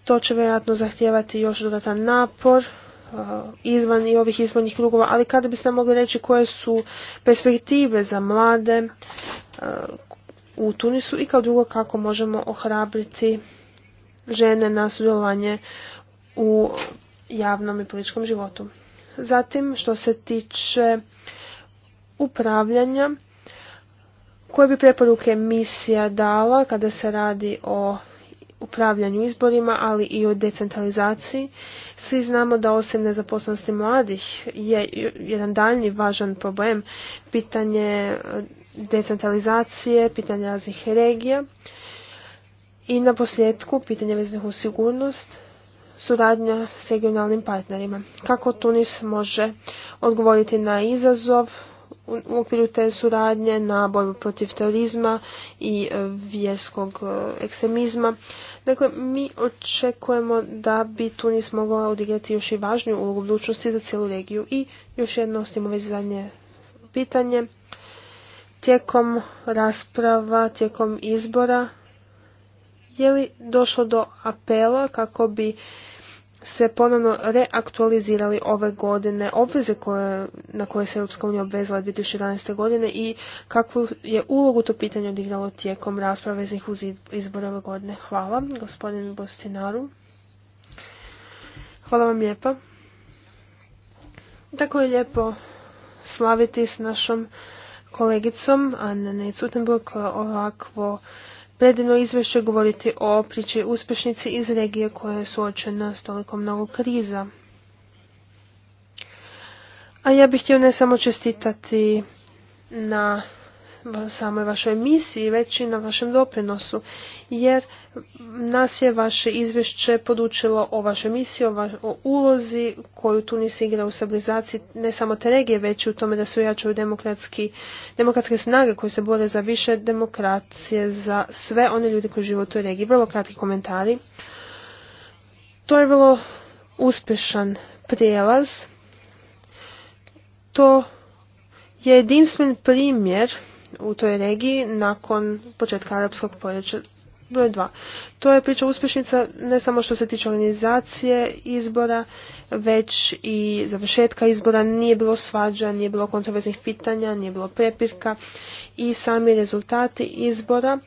to će vjerojatno zahtijevati još dodatan napor e, izvan i ovih izvornih krugova, ali kada biste mogli reći koje su perspektive za mlade e, u Tunisu i kao drugo kako možemo ohrabriti žene na sudjelovanje u javnom i političkom životu. Zatim, što se tiče upravljanja, koje bi preporuke misija dala kada se radi o upravljanju izborima, ali i o decentralizaciji. Svi znamo da osim nezaposlenosti mladih je jedan daljnji važan problem pitanje e, decentralizacije, pitanje raznih regija i na posljedku pitanje veznih u sigurnost, suradnja s regionalnim partnerima. Kako Tunis može odgovoriti na izazov u okviru te suradnje na borbu protiv terorizma i e, vjerskog e, ekstremizma. Dakle, mi očekujemo da bi Tunis mogla odigrati još i važniju ulogu budućnosti za cijelu regiju. I još jedno s tim pitanje. Tijekom rasprava, tijekom izbora, je li došlo do apela kako bi se ponovno reaktualizirali ove godine obveze koje, na koje se Europska unija obvezala 2011. godine i kakvu je ulogu to pitanje odigralo tijekom rasprave njih uz izbore ove godine. Hvala, gospodin Bostinaru. Hvala vam lijepa. Tako je lijepo slaviti s našom kolegicom Anne Necutenburg ovakvo predivno izvješće govoriti o priči uspješnici iz regije koja je suočena s toliko mnogo kriza. A ja bih htio ne samo čestitati na samoj vašoj misiji, već i na vašem doprinosu, jer nas je vaše izvješće podučilo o vašoj misiji, o, ulozi koju tu nisi igra u stabilizaciji ne samo te regije, već i u tome da se ojačaju demokratske snage koje se bore za više demokracije za sve one ljudi koji žive u toj regiji. Vrlo kratki komentari. To je vrlo uspješan prijelaz. To je jedinstven primjer u toj regiji nakon početka arapskog proljeća broj dva To je priča uspješnica ne samo što se tiče organizacije izbora, već i završetka izbora nije bilo svađa, nije bilo kontroverznih pitanja, nije bilo prepirka i sami rezultati izbora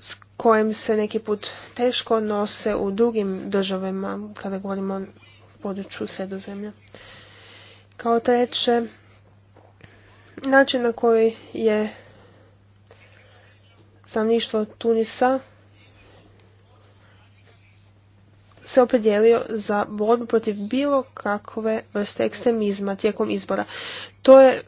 s kojim se neki put teško nose u drugim državama kada govorimo o području sredozemlja. Kao treće, Način na koji je stanovništvo Tunisa se opredijelio za borbu protiv bilo kakve vrste ekstremizma tijekom izbora. To je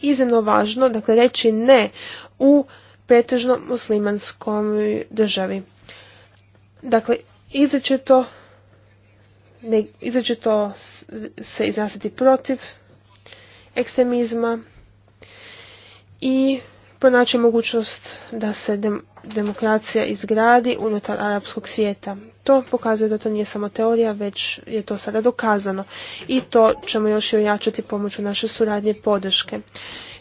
iznimno važno, dakle reći ne u pretežno muslimanskom državi. Dakle, izrečito to se izrasiti protiv ekstremizma i pronaći mogućnost da se demokracija izgradi unutar arapskog svijeta. To pokazuje da to nije samo teorija, već je to sada dokazano. I to ćemo još i ojačati pomoću naše suradnje podrške.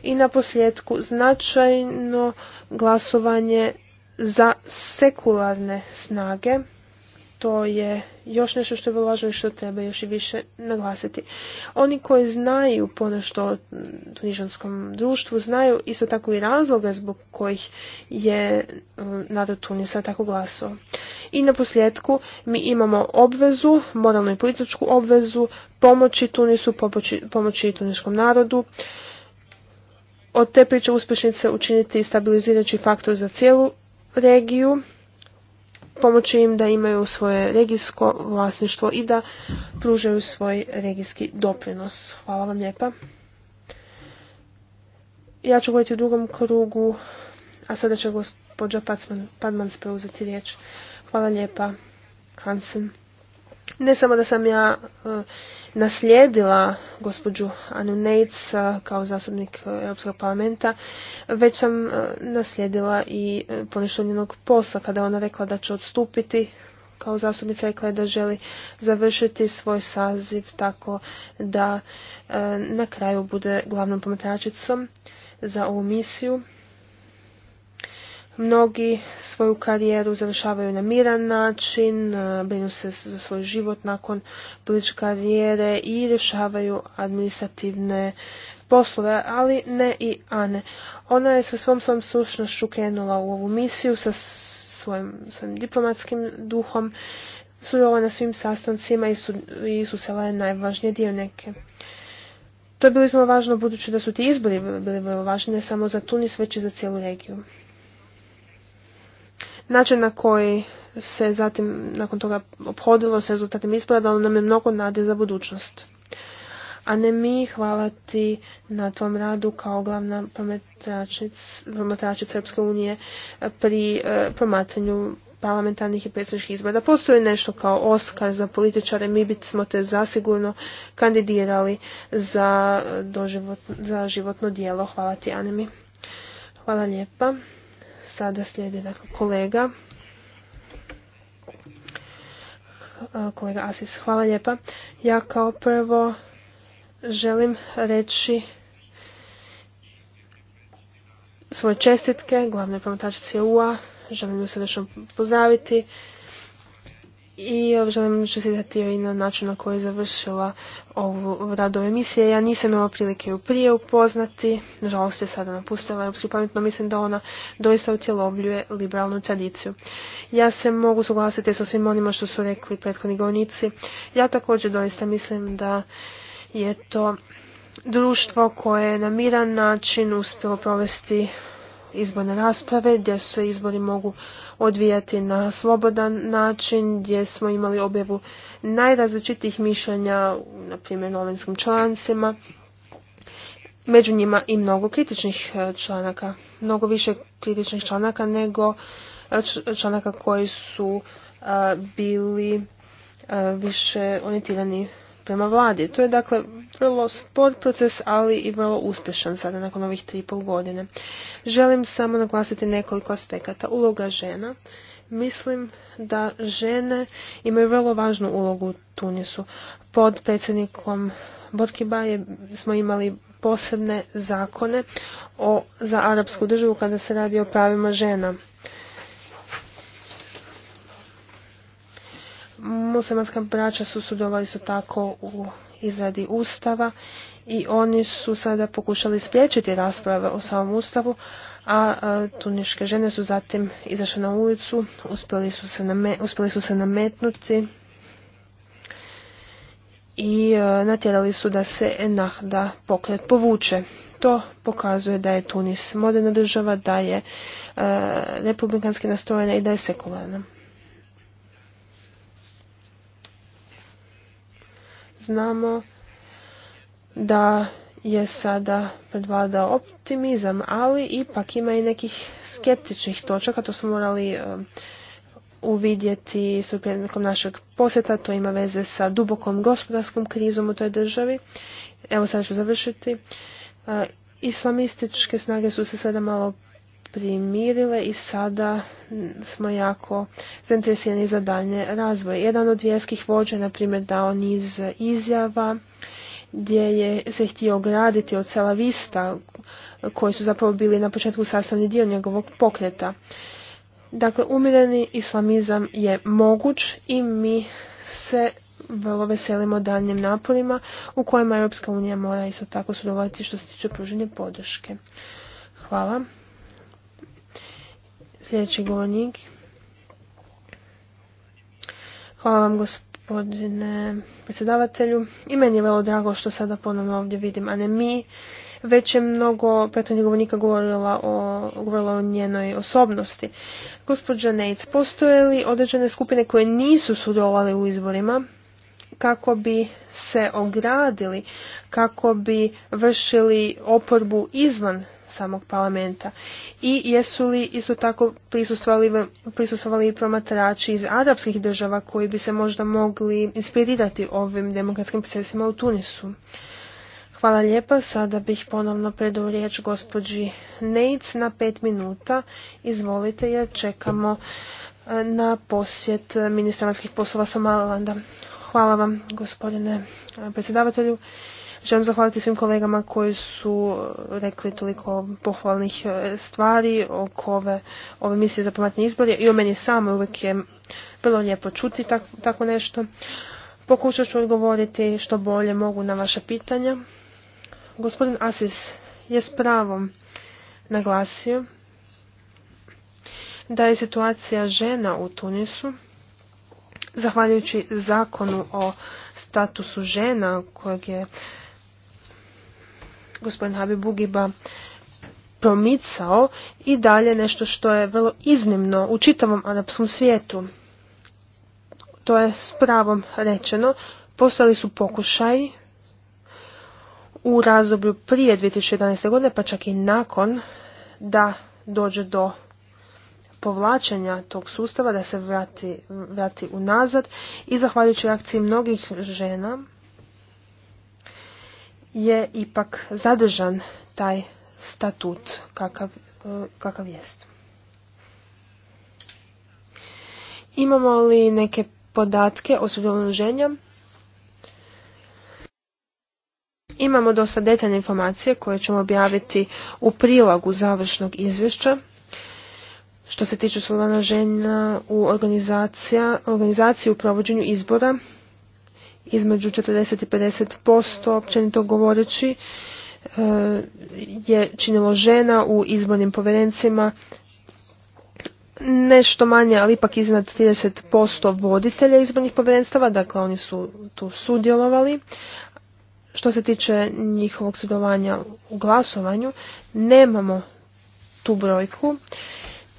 I na posljedku značajno glasovanje za sekularne snage to je još nešto što je vrlo važno i što treba još i više naglasiti. Oni koji znaju ponešto o tunižanskom društvu, znaju isto tako i razloga zbog kojih je e, narod Tunisa tako glasao. I na posljedku mi imamo obvezu, moralnu i političku obvezu, pomoći Tunisu, pomoći, pomoći tuniškom narodu, od te priče uspješnice učiniti stabilizirajući faktor za cijelu regiju pomoći im da imaju svoje regijsko vlasništvo i da pružaju svoj regijski doprinos. Hvala vam lijepa. Ja ću govoriti u drugom krugu, a sada će gospođa Padmans preuzeti riječ. Hvala lijepa, Hansen. Ne samo da sam ja e, naslijedila gospođu Anu Neitz e, kao zastupnik e, Europskog parlamenta, već sam naslijedila i ponešto njenog posla kada ona rekla da će odstupiti kao zastupnica rekla je da želi završiti svoj saziv tako da na kraju bude glavnom pomatračicom za ovu misiju Mnogi svoju karijeru završavaju na miran način, e, brinu se za svoj život nakon političke karijere i rješavaju administrativne poslove, ali ne i Ane. Ona je sa svom svom stručnošću krenula u ovu misiju, sa svojim, diplomatskim duhom, sudjelovala na svim sastancima i, su, i susela je najvažnije dionike. To je bilo smo važno budući da su ti izbori bili, vrlo važni ne samo za Tunis, već i za cijelu regiju. Način na koji se zatim nakon toga obhodilo sa rezultatima izbora nam je mnogo nade za budućnost. A ne mi hvala ti na tom radu kao glavna promatračica Srpske unije pri e, promatranju parlamentarnih i predsjedničkih izbora. postoji nešto kao Oskar za političare, mi bismo te zasigurno kandidirali za, doživot, za životno dijelo. Hvala ti, Anemi. Hvala lijepa. Sada slijedi dakle, kolega. E, kolega Asis, hvala lijepa. Ja kao prvo želim reći svoje čestitke glavne promotačice EU-a. Želim ju srdečno pozdraviti i e, želim čestitati i na način na koji je završila ovu radove emisije. Ja nisam imala prilike ju prije upoznati, nažalost je sada napustila Europsku pametno, mislim da ona doista utjelovljuje liberalnu tradiciju. Ja se mogu suglasiti sa svim onima što su rekli prethodni govornici. Ja također doista mislim da je to društvo koje je na miran način uspjelo provesti izborne rasprave gdje se izbori mogu odvijati na slobodan način, gdje smo imali objevu najrazličitih mišljenja, na primjer novinskim člancima, među njima i mnogo kritičnih e, članaka, mnogo više kritičnih članaka nego e, članaka koji su e, bili više orijentirani prema vladi. To je dakle vrlo spor proces, ali i vrlo uspješan sada nakon ovih tri pol godine. Želim samo naglasiti nekoliko aspekata. Uloga žena. Mislim da žene imaju vrlo važnu ulogu u Tunisu. Pod predsjednikom Borkiba smo imali posebne zakone o, za arapsku državu kada se radi o pravima žena. muslimanska braća su sudovali su tako u izradi ustava i oni su sada pokušali spriječiti rasprave o samom ustavu, a tuniške žene su zatim izašle na ulicu, uspjeli su se, nametnuti i e, natjerali su da se enahda pokret povuče. To pokazuje da je Tunis moderna država, da je e, republikanski nastrojena i da je sekularna. Znamo da je sada predvladao optimizam, ali ipak ima i nekih skeptičnih točaka, to smo morali e, uvidjeti s našeg posjeta, to ima veze sa dubokom gospodarskom krizom u toj državi. Evo sad ću završiti. E, islamističke snage su se sada malo primirile i sada smo jako zainteresirani za dalje razvoj. Jedan od vjerskih vođa, na primjer, dao niz izjava gdje je se htio graditi od salavista koji su zapravo bili na početku sastavni dio njegovog pokreta. Dakle, umireni islamizam je moguć i mi se vrlo veselimo daljnjim naporima u kojima Europska unija mora isto tako sudovati što se tiče pružanja podrške. Hvala. Sljedeći govornik. Hvala vam gospodine predsjedavatelju. I meni je vrlo drago što sada ponovno ovdje vidim, a ne mi. Već je mnogo prethodnih govornika govorila o, govorila o njenoj osobnosti. Gospođa Neitz, postoje li određene skupine koje nisu sudovali u izborima, kako bi se ogradili, kako bi vršili oporbu izvan samog parlamenta? I jesu li isto tako prisustvovali i promatrači iz arapskih država koji bi se možda mogli inspirirati ovim demokratskim procesima u Tunisu? Hvala lijepa. Sada bih ponovno predao riječ gospođi Nejc na pet minuta. Izvolite jer čekamo e, na posjet ministranskih vanjskih poslova Somalilanda. Hvala vam gospodine e, predsjedavatelju. Želim zahvaliti svim kolegama koji su uh, rekli toliko pohvalnih uh, stvari oko ove, ove misije za pamatne izbore i o meni samo. uvijek je vrlo lijepo čuti tako nešto. Pokušat ću odgovoriti što bolje mogu na vaše pitanja. Gospodin Asis je s pravom naglasio da je situacija žena u Tunisu, zahvaljujući zakonu o statusu žena kojeg je gospodin Habib Bugiba promicao i dalje nešto što je vrlo iznimno u čitavom arapskom svijetu. To je s pravom rečeno. Postojali su pokušaj u razdoblju prije 2011. godine, pa čak i nakon da dođe do povlačenja tog sustava, da se vrati, vrati unazad i zahvaljujući akciji mnogih žena je ipak zadržan taj statut kakav, e, kakav jest. Imamo li neke podatke o sudjelovanju Imamo dosta detaljne informacije koje ćemo objaviti u prilagu završnog izvješća što se tiče sudjelovanja žena u organizaciji u provođenju izbora između 40 i 50% općenito govoreći e, je činilo žena u izbornim povjerencima nešto manje, ali ipak iznad 30% voditelja izbornih povjerenstava, dakle oni su tu sudjelovali. Što se tiče njihovog sudjelovanja u glasovanju, nemamo tu brojku.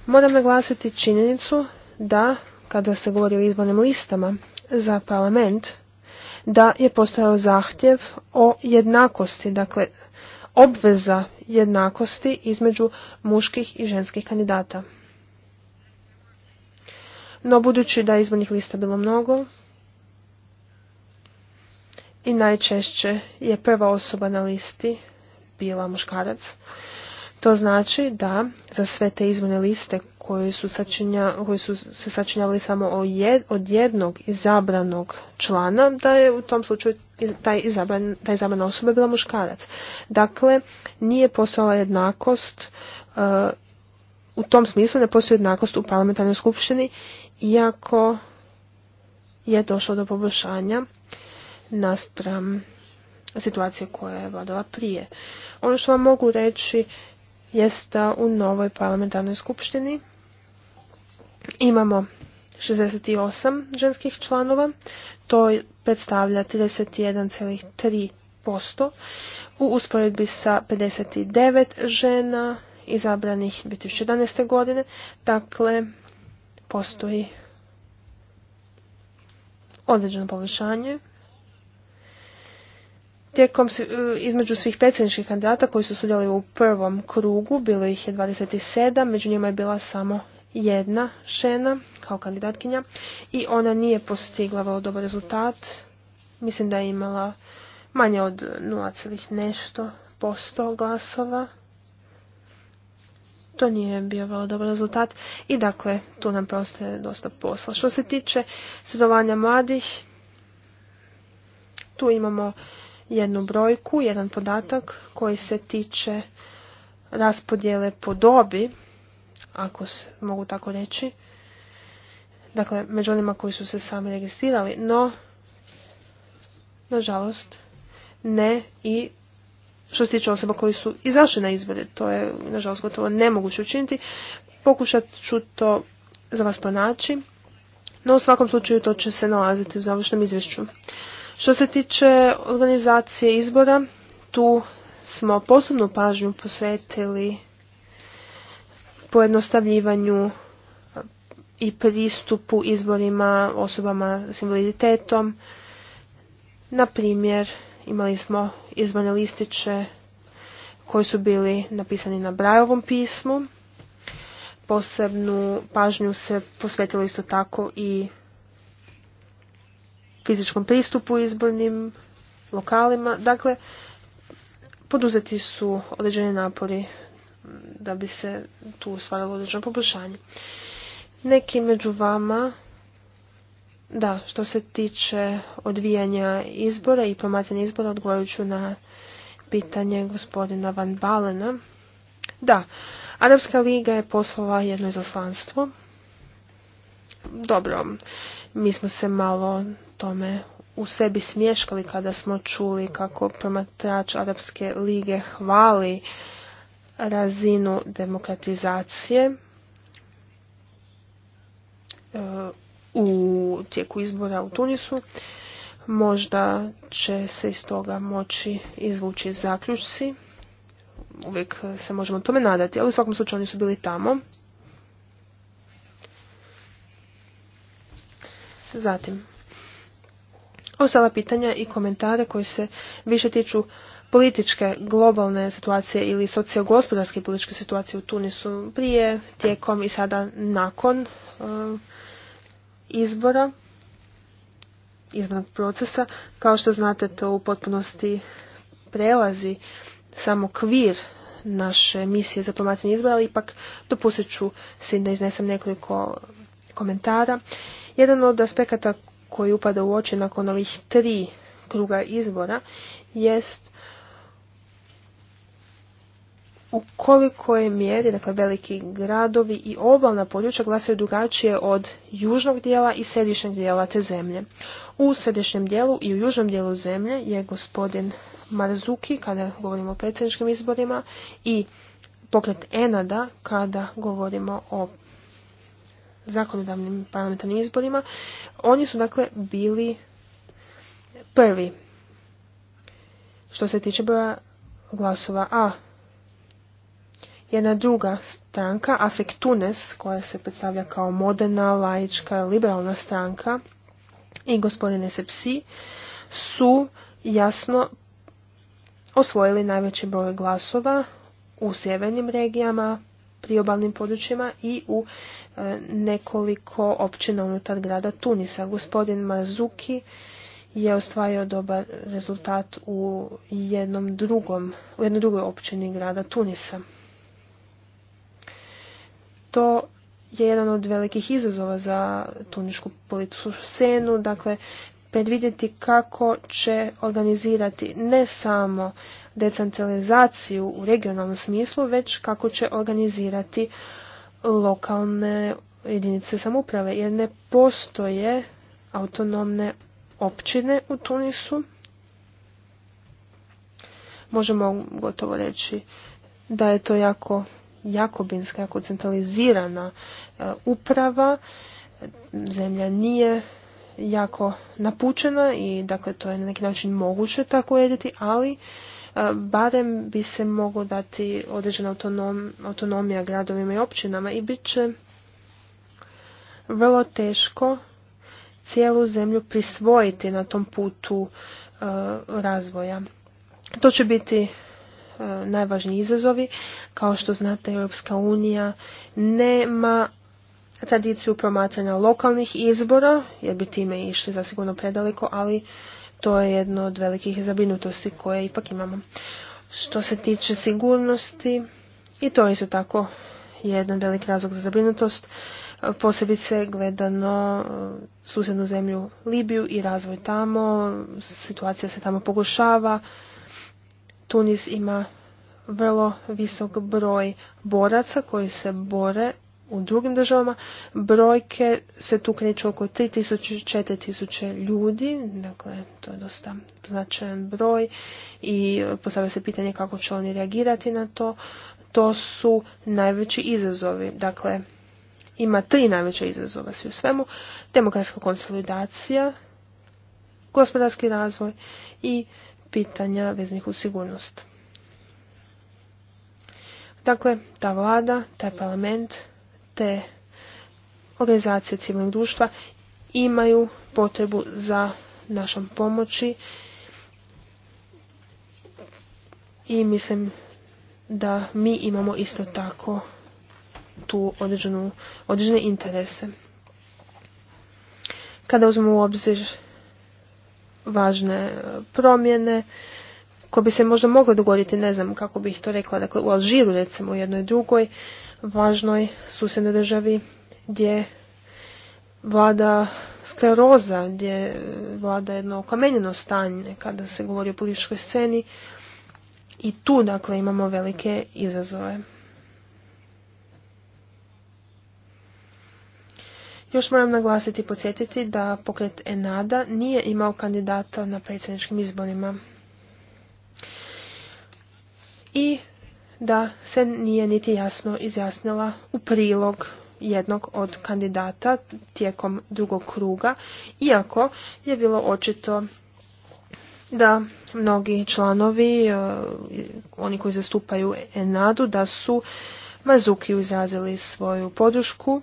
Moram naglasiti činjenicu da kada se govori o izbornim listama za parlament, da je postojao zahtjev o jednakosti, dakle obveza jednakosti između muških i ženskih kandidata. No budući da je izbornih lista bilo mnogo i najčešće je prva osoba na listi bila muškarac, to znači da za sve te izborne liste koji su, koji su se sačinjavali samo jed, od jednog izabranog člana, da je u tom slučaju taj izabran, ta izabrana osoba bila muškarac. Dakle, nije postojala jednakost, uh, u tom smislu ne postoji jednakost u parlamentarnoj skupštini, iako je došlo do poboljšanja naspram situacije koja je vladala prije. Ono što vam mogu reći jest u novoj parlamentarnoj skupštini imamo 68 ženskih članova, to predstavlja 31,3% u usporedbi sa 59 žena izabranih 2011. godine, dakle postoji određeno poboljšanje. Tijekom e, između svih predsjedničkih kandidata koji su sudjeli u prvom krugu, bilo ih je 27, među njima je bila samo jedna žena kao kandidatkinja i ona nije postigla vrlo dobar rezultat. Mislim da je imala manje od 0, nešto posto glasova. To nije bio vrlo dobar rezultat i dakle tu nam preostaje dosta posla. Što se tiče sudovanja mladih, tu imamo jednu brojku, jedan podatak koji se tiče raspodjele po dobi ako mogu tako reći. Dakle, među onima koji su se sami registrirali, no, nažalost, ne i što se tiče osoba koji su izašli na izbore, to je, nažalost, gotovo nemoguće učiniti. Pokušat ću to za vas pronaći, no u svakom slučaju to će se nalaziti u završnom izvješću. Što se tiče organizacije izbora, tu smo posebnu pažnju posvetili pojednostavljivanju i pristupu izborima osobama s invaliditetom. Na primjer, imali smo izborne listiće koji su bili napisani na brajovom pismu. Posebnu pažnju se posvetilo isto tako i fizičkom pristupu izbornim lokalima. Dakle, poduzeti su određeni napori da bi se tu stvaralo određeno poboljšanje. Neki među vama, da, što se tiče odvijanja izbora i promatranja izbora, odgovorit na pitanje gospodina Van Balena. Da, Arabska liga je poslala jedno izaslanstvo. Dobro, mi smo se malo tome u sebi smješkali kada smo čuli kako promatrač Arabske lige hvali razinu demokratizacije e, u tijeku izbora u Tunisu. Možda će se iz toga moći izvući zaključci. Uvijek se možemo tome nadati, ali u svakom slučaju oni su bili tamo. Zatim, ostala pitanja i komentare koji se više tiču političke globalne situacije ili sociogospodarske i političke situacije u Tunisu prije, tijekom i sada nakon e, izbora, izbornog procesa. Kao što znate, to u potpunosti prelazi samo kvir naše misije za promacanje izbora, ali ipak dopustit ću si da iznesem nekoliko komentara. Jedan od aspekata koji upada u oči nakon ovih tri kruga izbora jest u kolikoj mjeri, dakle veliki gradovi i obalna područja glasaju drugačije od južnog dijela i središnjeg dijela te zemlje. U središnjem dijelu i u južnom dijelu zemlje je gospodin Marzuki, kada govorimo o predsjedničkim izborima, i pokret Enada, kada govorimo o zakonodavnim parlamentarnim izborima, oni su dakle bili prvi što se tiče broja glasova, a jedna druga stranka, Afektunes, koja se predstavlja kao moderna, laička, liberalna stranka, i gospodine Sepsi su jasno osvojili najveći broj glasova u sjevernim regijama, priobalnim područjima i u e, nekoliko općina unutar grada Tunisa. Gospodin Marzuki je ostvario dobar rezultat u jednom drugom, u jednoj drugoj općini grada Tunisa to je jedan od velikih izazova za tunišku političku scenu, dakle predvidjeti kako će organizirati ne samo decentralizaciju u regionalnom smislu, već kako će organizirati lokalne jedinice samouprave, jer ne postoje autonomne općine u Tunisu. Možemo gotovo reći da je to jako jakobinska, jako centralizirana e, uprava. Zemlja nije jako napučena i dakle to je na neki način moguće tako urediti, ali e, barem bi se moglo dati određena autonomija gradovima i općinama i bit će vrlo teško cijelu zemlju prisvojiti na tom putu e, razvoja. To će biti E, najvažniji izazovi. Kao što znate, Europska unija nema tradiciju promatranja lokalnih izbora, jer bi time išli zasigurno predaleko, ali to je jedno od velikih zabrinutosti koje ipak imamo. Što se tiče sigurnosti, i to je isto tako jedan velik razlog za zabrinutost, posebice gledano e, susjednu zemlju Libiju i razvoj tamo, situacija se tamo pogošava, Tunis ima vrlo visok broj boraca koji se bore u drugim državama. Brojke se tu kreću oko 3000-4000 ljudi, dakle to je dosta značajan broj i postavlja se pitanje kako će oni reagirati na to. To su najveći izazovi, dakle ima tri najveća izazova svi u svemu, demokratska konsolidacija, gospodarski razvoj i pitanja veznih u sigurnost. Dakle, ta vlada, taj parlament, te organizacije civilnog društva imaju potrebu za našom pomoći i mislim da mi imamo isto tako tu određene interese. Kada uzmemo u obzir važne e, promjene koje bi se možda mogle dogoditi, ne znam kako bih to rekla, dakle u Alžiru recimo u jednoj drugoj važnoj susjednoj državi gdje vlada skleroza, gdje vlada jedno okamenjeno stanje kada se govori o političkoj sceni i tu dakle imamo velike izazove. Još moram naglasiti i podsjetiti da pokret Enada nije imao kandidata na predsjedničkim izborima. I da se nije niti jasno izjasnila u prilog jednog od kandidata tijekom drugog kruga, iako je bilo očito da mnogi članovi, e, oni koji zastupaju Enadu, da su mazuki izrazili svoju podršku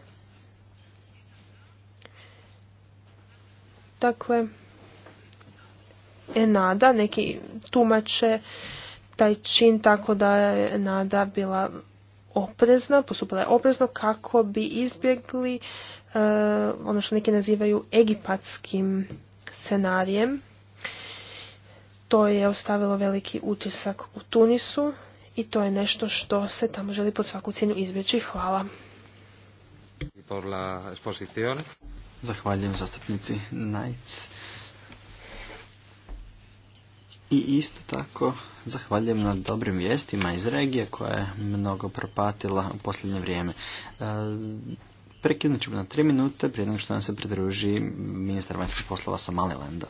Dakle, Enada, neki tumače taj čin tako da je Enada bila oprezna, postupila je oprezno kako bi izbjegli e, ono što neki nazivaju egipatskim scenarijem. To je ostavilo veliki utisak u Tunisu i to je nešto što se tamo želi pod svaku cijenu izbjeći. Hvala. Zahvaljujem zastupnici Najc. I isto tako zahvaljujem na dobrim vijestima iz regije koja je mnogo propatila u posljednje vrijeme. E, prekinut ćemo na tri minute prije nego što nam se pridruži ministar vanjskih poslova Somalilanda.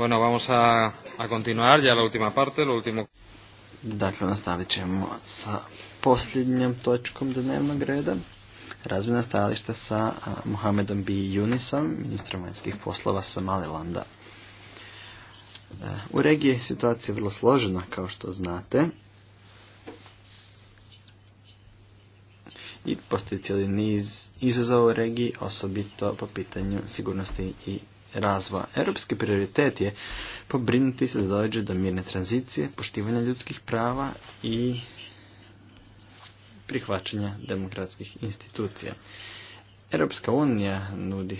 Bueno, vamos a, a continuar ya la última parte, lo último. Dakle, nastavit ćemo sa posljednjom točkom dnevnog reda. Razmjena stajališta sa Mohamedom B. Yunisom, ministrom vanjskih poslova sa Malilanda. E, u regiji situacija je vrlo složena, kao što znate. I postoji cijeli niz izazova u regiji, osobito po pitanju sigurnosti i razvoja. Europski prioritet je pobrinuti se da dođe do mirne tranzicije, poštivanja ljudskih prava i prihvaćanja demokratskih institucija. Europska unija nudi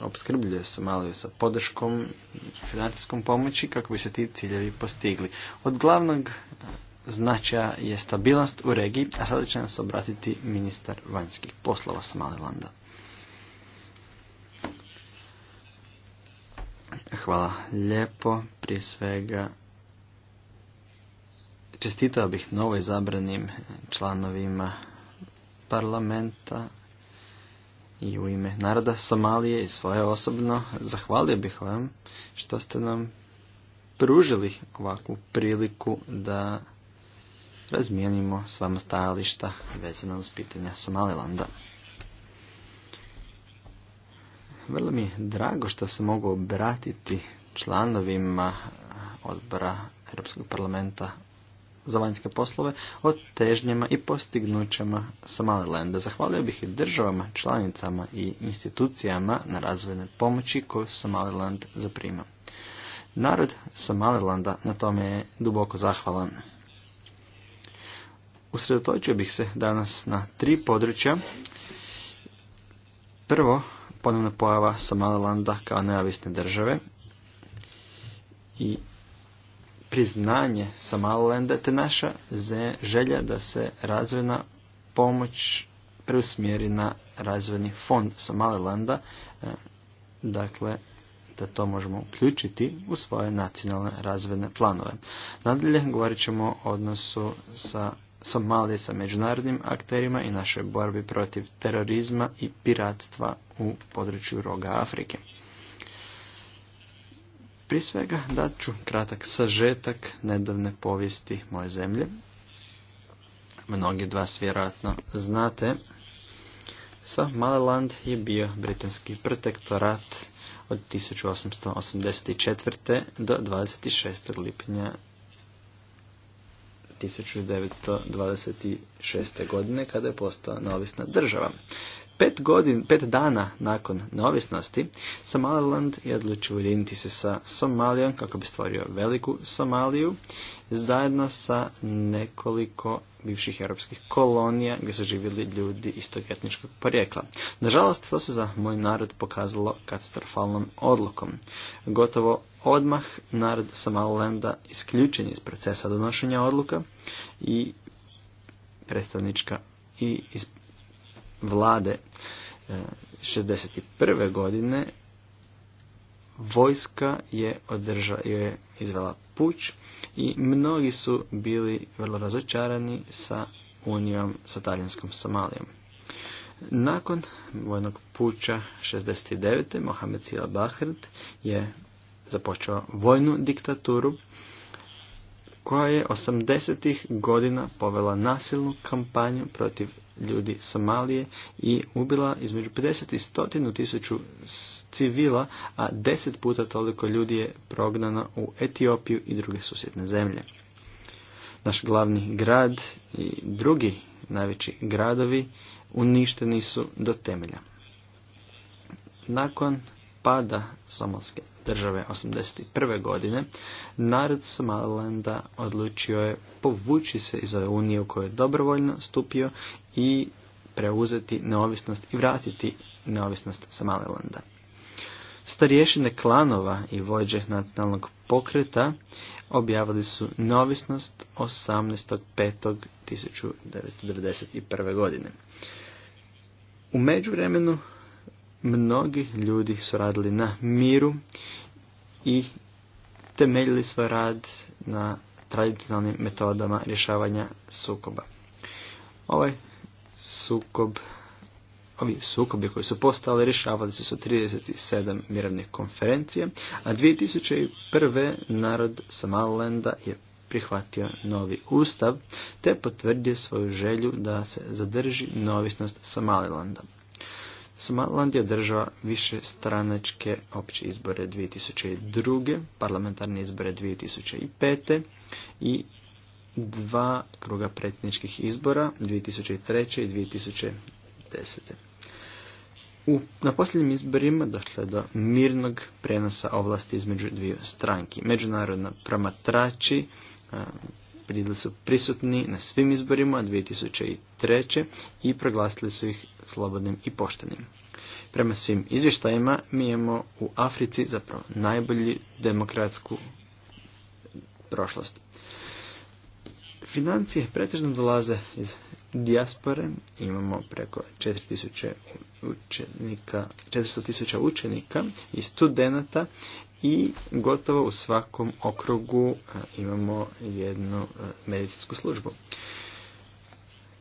opskrbljuje Somaliju sa podrškom financijskom pomoći kako bi se ti ciljevi postigli. Od glavnog značaja je stabilnost u regiji, a sada će nas obratiti ministar vanjskih poslova Somalilanda. Hvala lijepo. Prije svega čestitao bih novo izabranim članovima parlamenta i u ime naroda Somalije i svoje osobno zahvalio bih vam što ste nam pružili ovakvu priliku da razmijenimo s vama stajališta vezana uz pitanja Somalilanda. Vrlo mi je drago što se mogu obratiti članovima odbora Europskog parlamenta za vanjske poslove o težnjama i postignućama Somalilanda. Zahvalio bih i državama, članicama i institucijama na razvojnoj pomoći koju Somaliland zaprima. Narod Somalilanda na tome je duboko zahvalan. Usredotočio bih se danas na tri područja. Prvo, ponovna pojava Somalilanda kao neovisne države i priznanje Somalilanda te naša želja da se razvojna pomoć preusmjeri na razvojni fond Somalilanda, e, dakle da to možemo uključiti u svoje nacionalne razvojne planove. Nadalje govorit ćemo o odnosu sa Somalije sa međunarodnim akterima i našoj borbi protiv terorizma i piratstva u području roga Afrike. Pri svega dat ću kratak sažetak nedavne povijesti moje zemlje. Mnogi od vas vjerojatno znate. Somaliland je bio britanski protektorat od 1884. do 26. lipnja 1926. godine kada je postala neovisna država. Pet, pet dana nakon neovisnosti, Somaliland je odlučio ujediniti se sa Somalijom kako bi stvorio veliku Somaliju zajedno sa nekoliko bivših europskih kolonija gdje su živjeli ljudi istog etničkog porijekla. Nažalost, to se za moj narod pokazalo katastrofalnom odlukom. Gotovo odmah narod Somalilanda isključen iz procesa donošenja odluka i predstavnička i vlade 61. E, godine vojska je, održa, je izvela puć i mnogi su bili vrlo razočarani sa unijom sa talijanskom Somalijom. Nakon vojnog puća 69. Mohamed Sila Bahrad je započeo vojnu diktaturu koja je 80 godina povela nasilnu kampanju protiv ljudi Somalije i ubila između 50 i 100 tisuću civila, a deset puta toliko ljudi je prognano u Etiopiju i druge susjedne zemlje. Naš glavni grad i drugi najveći gradovi uništeni su do temelja. Nakon pada Somalske države 1981. godine, narod Somalilanda odlučio je povući se iz ove unije u kojoj je dobrovoljno stupio i preuzeti neovisnost i vratiti neovisnost Somalilanda. Starješine klanova i vođe nacionalnog pokreta objavili su neovisnost 18.5.1991. godine. U međuvremenu Mnogi ljudi su radili na miru i temeljili svoj rad na tradicionalnim metodama rješavanja sukoba. Ovaj sukob, ovi sukobi koji su postali rješavali su sa 37 mirovnih konferencije, a 2001. narod Somalilanda je prihvatio novi ustav, te potvrdio svoju želju da se zadrži novisnost Somalilanda. Somaliland je održao više stranačke opće izbore 2002. parlamentarne izbore 2005. i dva kruga predsjedničkih izbora 2003. i 2010. U, na posljednjim izborima došlo je do mirnog prenosa ovlasti između dvije stranki. Međunarodno promatrači bili su prisutni na svim izborima 2003. i proglasili su ih slobodnim i poštenim. Prema svim izvještajima mi imamo u Africi zapravo najbolji demokratsku prošlost. Financije pretežno dolaze iz dijaspore, imamo preko 4000 učenika, 400 tisuća učenika i studenta i gotovo u svakom okrugu e, imamo jednu e, medicinsku službu.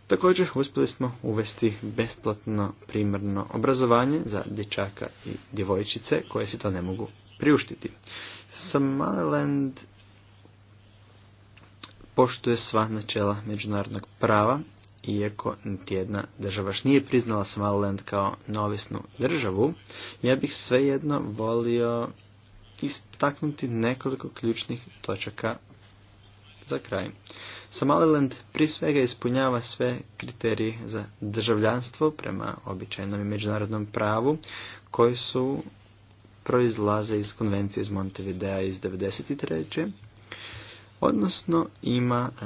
Također uspjeli smo uvesti besplatno primarno obrazovanje za dječaka i djevojčice koje si to ne mogu priuštiti. Somaliland poštuje sva načela međunarodnog prava, iako niti jedna država nije priznala Somaliland kao novisnu državu, ja bih svejedno volio istaknuti nekoliko ključnih točaka za kraj. Somaliland pri svega ispunjava sve kriterije za državljanstvo prema običajnom i međunarodnom pravu koji su proizlaze iz konvencije iz Montevidea iz 1993. Odnosno ima e,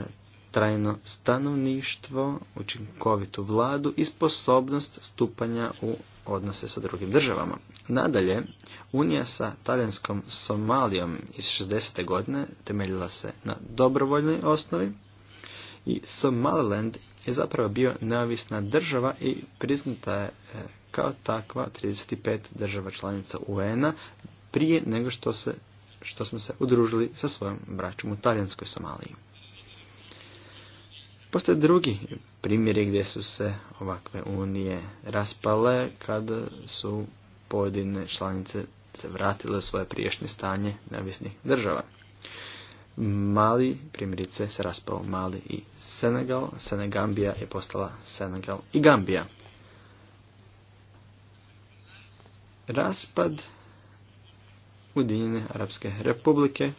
trajno stanovništvo, učinkovitu vladu i sposobnost stupanja u odnose sa drugim državama. Nadalje, unija sa talijanskom Somalijom iz 60. godine temeljila se na dobrovoljnoj osnovi i Somaliland je zapravo bio neovisna država i priznata je e, kao takva 35 država članica UN-a prije nego što, se, što smo se udružili sa svojom braćom u talijanskoj Somaliji. Postoje drugi primjeri gdje su se ovakve unije raspale kada su pojedine članice se vratile u svoje priješnje stanje neovisnih država. Mali, primjerice, se raspao Mali i Senegal. Senegambija je postala Senegal i Gambija. Raspad Ujedinjene Arabske Republike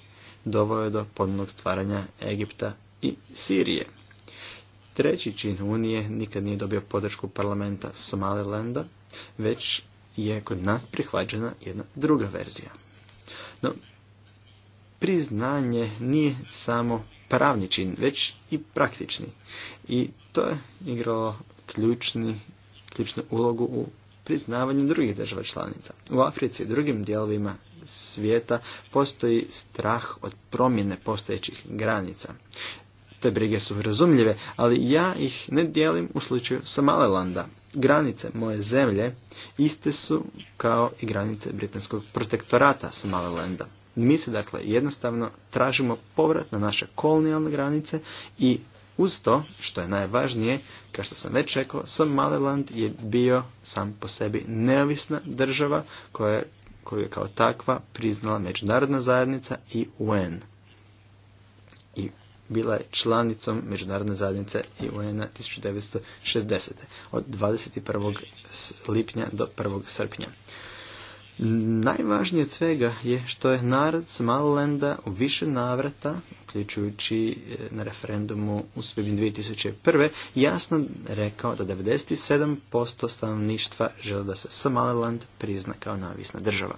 dovoje do ponovnog stvaranja Egipta i Sirije. Treći čin Unije nikad nije dobio podršku parlamenta Somalilanda, već je kod nas prihvađena jedna druga verzija. No, priznanje nije samo pravni čin, već i praktični. I to je igralo ključni, ključnu ulogu u priznavanju drugih država članica. U Africi i drugim dijelovima svijeta postoji strah od promjene postojećih granica. Te brige su razumljive, ali ja ih ne dijelim u slučaju Somalilanda. Granice moje zemlje iste su kao i granice britanskog protektorata Somalilanda. Mi se dakle jednostavno tražimo povrat na naše kolonijalne granice i uz to, što je najvažnije, kao što sam već rekao, Somaliland je bio sam po sebi neovisna država koja, koju je kao takva priznala međunarodna zajednica i UN. I bila je članicom Međunarodne zajednice i UN-a 1960. od 21. lipnja do 1. srpnja. Najvažnije od svega je što je narod Somalilanda u više navrata, uključujući e, na referendumu u svibnju 2001. jasno rekao da 97% stanovništva žele da se Somaliland prizna kao navisna država.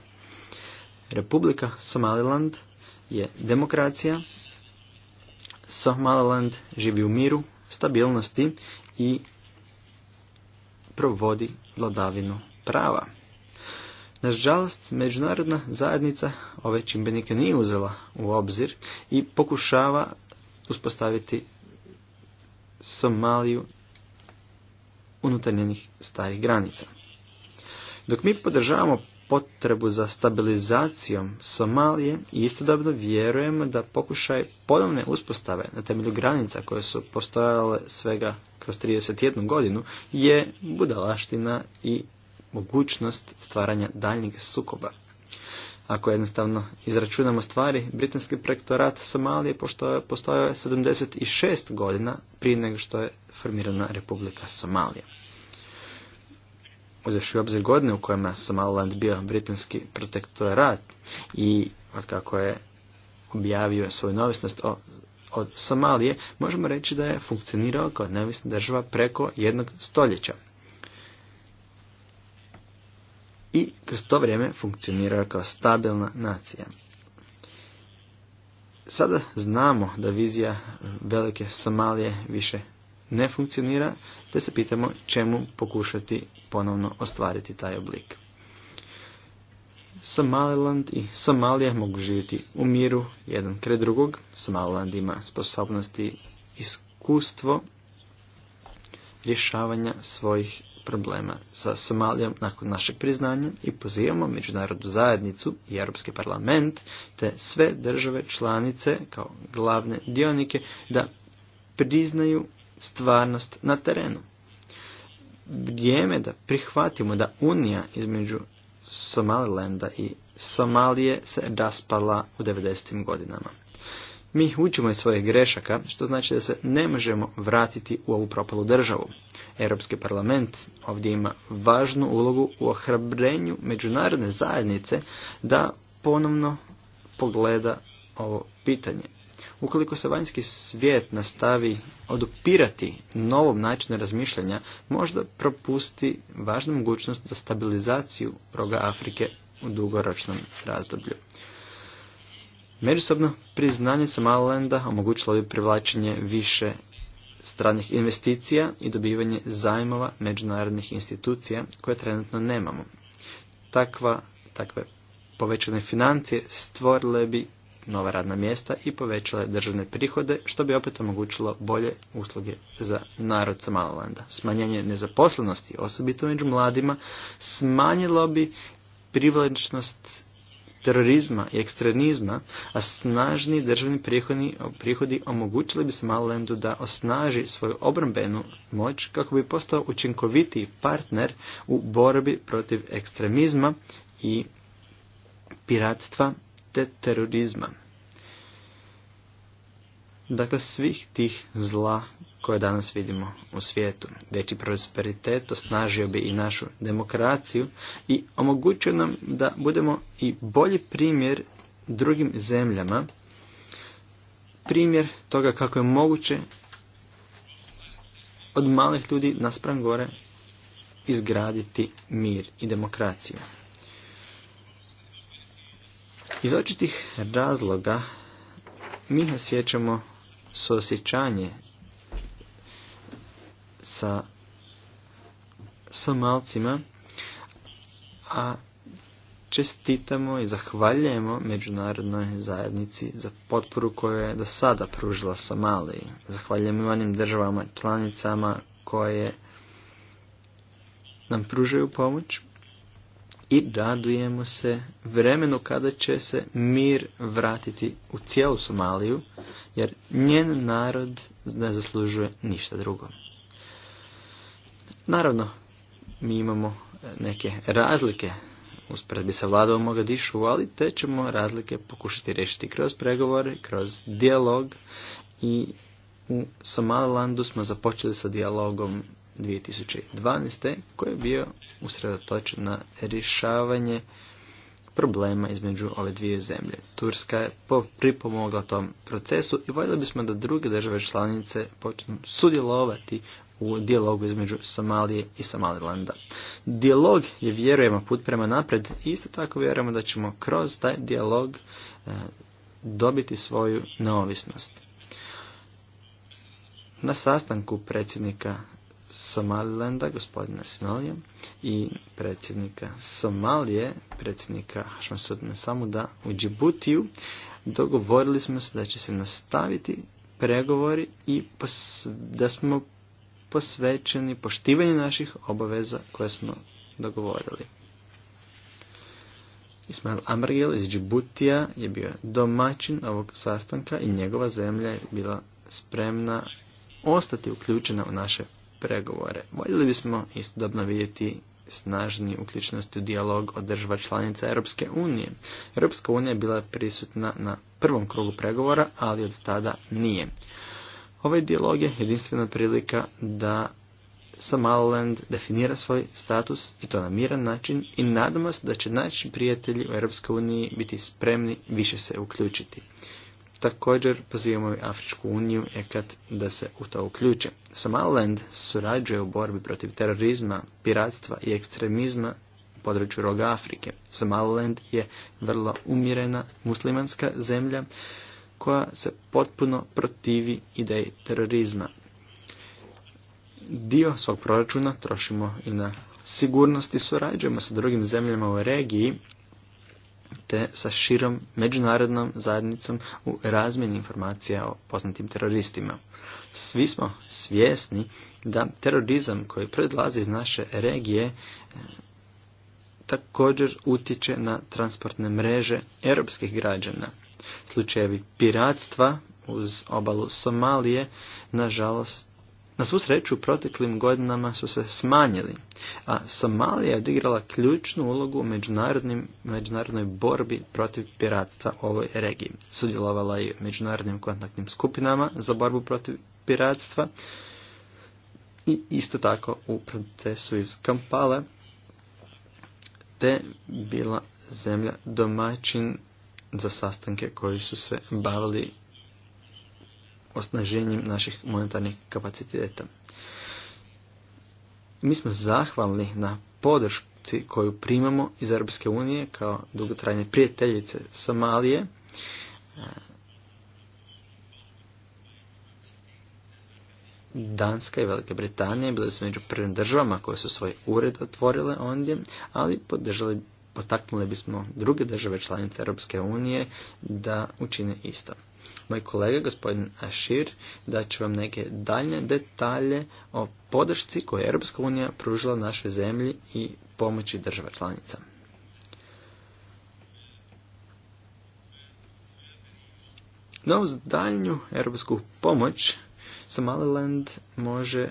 Republika Somaliland je demokracija Somaliland živi u miru, stabilnosti i provodi vladavinu prava. Nažalost, međunarodna zajednica ove čimbenike nije uzela u obzir i pokušava uspostaviti Somaliju unutar starih granica. Dok mi podržavamo potrebu za stabilizacijom Somalije i istodobno vjerujemo da pokušaj ponovne uspostave na temelju granica koje su postojale svega kroz 31 godinu je budalaština i mogućnost stvaranja daljnjeg sukoba. Ako jednostavno izračunamo stvari, britanski projektorat Somalije postojao je 76 godina prije nego što je formirana Republika Somalija uzevši u obzir godine u kojima Somaliland bio britanski protektorat i kako je objavio svoju novisnost od Somalije, možemo reći da je funkcionirao kao neovisna država preko jednog stoljeća. I kroz to vrijeme funkcionirao kao stabilna nacija. Sada znamo da vizija velike Somalije više ne funkcionira, te se pitamo čemu pokušati ponovno ostvariti taj oblik. Somaliland i Somalija mogu živjeti u miru jedan kred drugog. Somaliland ima sposobnosti iskustvo rješavanja svojih problema sa Somalijom nakon našeg priznanja i pozivamo međunarodnu zajednicu i Europski parlament te sve države članice kao glavne dionike da priznaju stvarnost na terenu. Vrijeme da prihvatimo da unija između Somalilanda i Somalije se raspala u 90. godinama. Mi učimo iz svojih grešaka, što znači da se ne možemo vratiti u ovu propalu državu. Europski parlament ovdje ima važnu ulogu u ohrabrenju međunarodne zajednice da ponovno pogleda ovo pitanje. Ukoliko se vanjski svijet nastavi odupirati novom načinu razmišljanja, možda propusti važnu mogućnost za stabilizaciju roga Afrike u dugoročnom razdoblju. Međusobno priznanje Somalilanda omogućilo bi privlačenje više stranih investicija i dobivanje zajmova međunarodnih institucija koje trenutno nemamo. Takva, takve povećane financije stvorile bi nova radna mjesta i povećale državne prihode, što bi opet omogućilo bolje usluge za narod Somalilanda. Smanjenje nezaposlenosti, osobito među mladima, smanjilo bi privlačnost terorizma i ekstremizma, a snažni državni prihodi, omogućili bi Somalilandu da osnaži svoju obrambenu moć kako bi postao učinkovitiji partner u borbi protiv ekstremizma i piratstva te terorizma. Dakle, svih tih zla koje danas vidimo u svijetu. Veći prosperitet osnažio bi i našu demokraciju i omogućio nam da budemo i bolji primjer drugim zemljama. Primjer toga kako je moguće od malih ljudi naspram gore izgraditi mir i demokraciju. Iz očitih razloga mi osjećamo suosjećanje sa Somalcima, a čestitamo i zahvaljujemo međunarodnoj zajednici za potporu koju je do sada pružila Somaliji. Zahvaljujemo i onim državama članicama koje nam pružaju pomoć i radujemo se vremenu kada će se mir vratiti u cijelu Somaliju, jer njen narod ne zaslužuje ništa drugo. Naravno, mi imamo neke razlike usporedbi sa vladom Mogadišu, ali te ćemo razlike pokušati riješiti kroz pregovore, kroz dijalog i u Somalilandu smo započeli sa dijalogom 2012. koji je bio usredotočen na rješavanje problema između ove dvije zemlje. Turska je pripomogla tom procesu i voljeli bismo da druge države članice počnu sudjelovati u dijalogu između Somalije i Somalilanda. Dijalog je vjerujemo put prema napred i isto tako vjerujemo da ćemo kroz taj dijalog e, dobiti svoju neovisnost. Na sastanku predsjednika Somalilanda, gospodina Smelija, i predsjednika Somalije, predsjednika Hašmasud Samuda u Džibutiju, dogovorili smo se da će se nastaviti pregovori i da smo posvećeni poštivanju naših obaveza koje smo dogovorili. Ismail Amargil iz Džibutija je bio domaćin ovog sastanka i njegova zemlja je bila spremna ostati uključena u naše pregovore. Voljeli bismo istodobno vidjeti snažni uključnost u dijalog od država članica Europske unije. Europska unija je bila prisutna na prvom krugu pregovora, ali od tada nije. Ovaj dijalog je jedinstvena prilika da Somaliland definira svoj status i to na miran način i nadamo se da će naši prijatelji u Europskoj uniji biti spremni više se uključiti. Također pozivamo i Afričku uniju EKAT da se u to uključe. Somaliland surađuje u borbi protiv terorizma, piratstva i ekstremizma u području roga Afrike. Somaliland je vrlo umjerena muslimanska zemlja koja se potpuno protivi ideji terorizma. Dio svog proračuna trošimo i na sigurnosti surađujemo sa drugim zemljama u regiji te sa širom međunarodnom zajednicom u razmjeni informacija o poznatim teroristima. Svi smo svjesni da terorizam koji predlazi iz naše regije e, također utječe na transportne mreže europskih građana. Slučajevi piratstva uz obalu Somalije, nažalost, na svu sreću proteklim godinama su se smanjili, a Somalija je odigrala ključnu ulogu u međunarodnoj borbi protiv piratstva u ovoj regiji. Sudjelovala je u međunarodnim kontaktnim skupinama za borbu protiv piratstva i isto tako u procesu iz Kampale, te bila zemlja domaćin za sastanke koji su se bavili osnaženjem naših monetarnih kapaciteta. Mi smo zahvalni na podršci koju primamo iz Europske unije kao dugotrajne prijateljice Somalije. Danska i Velika Britanija bile su među prvim državama koje su svoj ured otvorile ondje, ali podržali, potaknuli bismo druge države članice Europske unije da učine isto. Moj kolega, gospodin Ašir, daće vam neke daljne detalje o podršci koju je Europska unija pružila našoj zemlji i pomoći država članica. No, uz daljnju europsku pomoć Somaliland može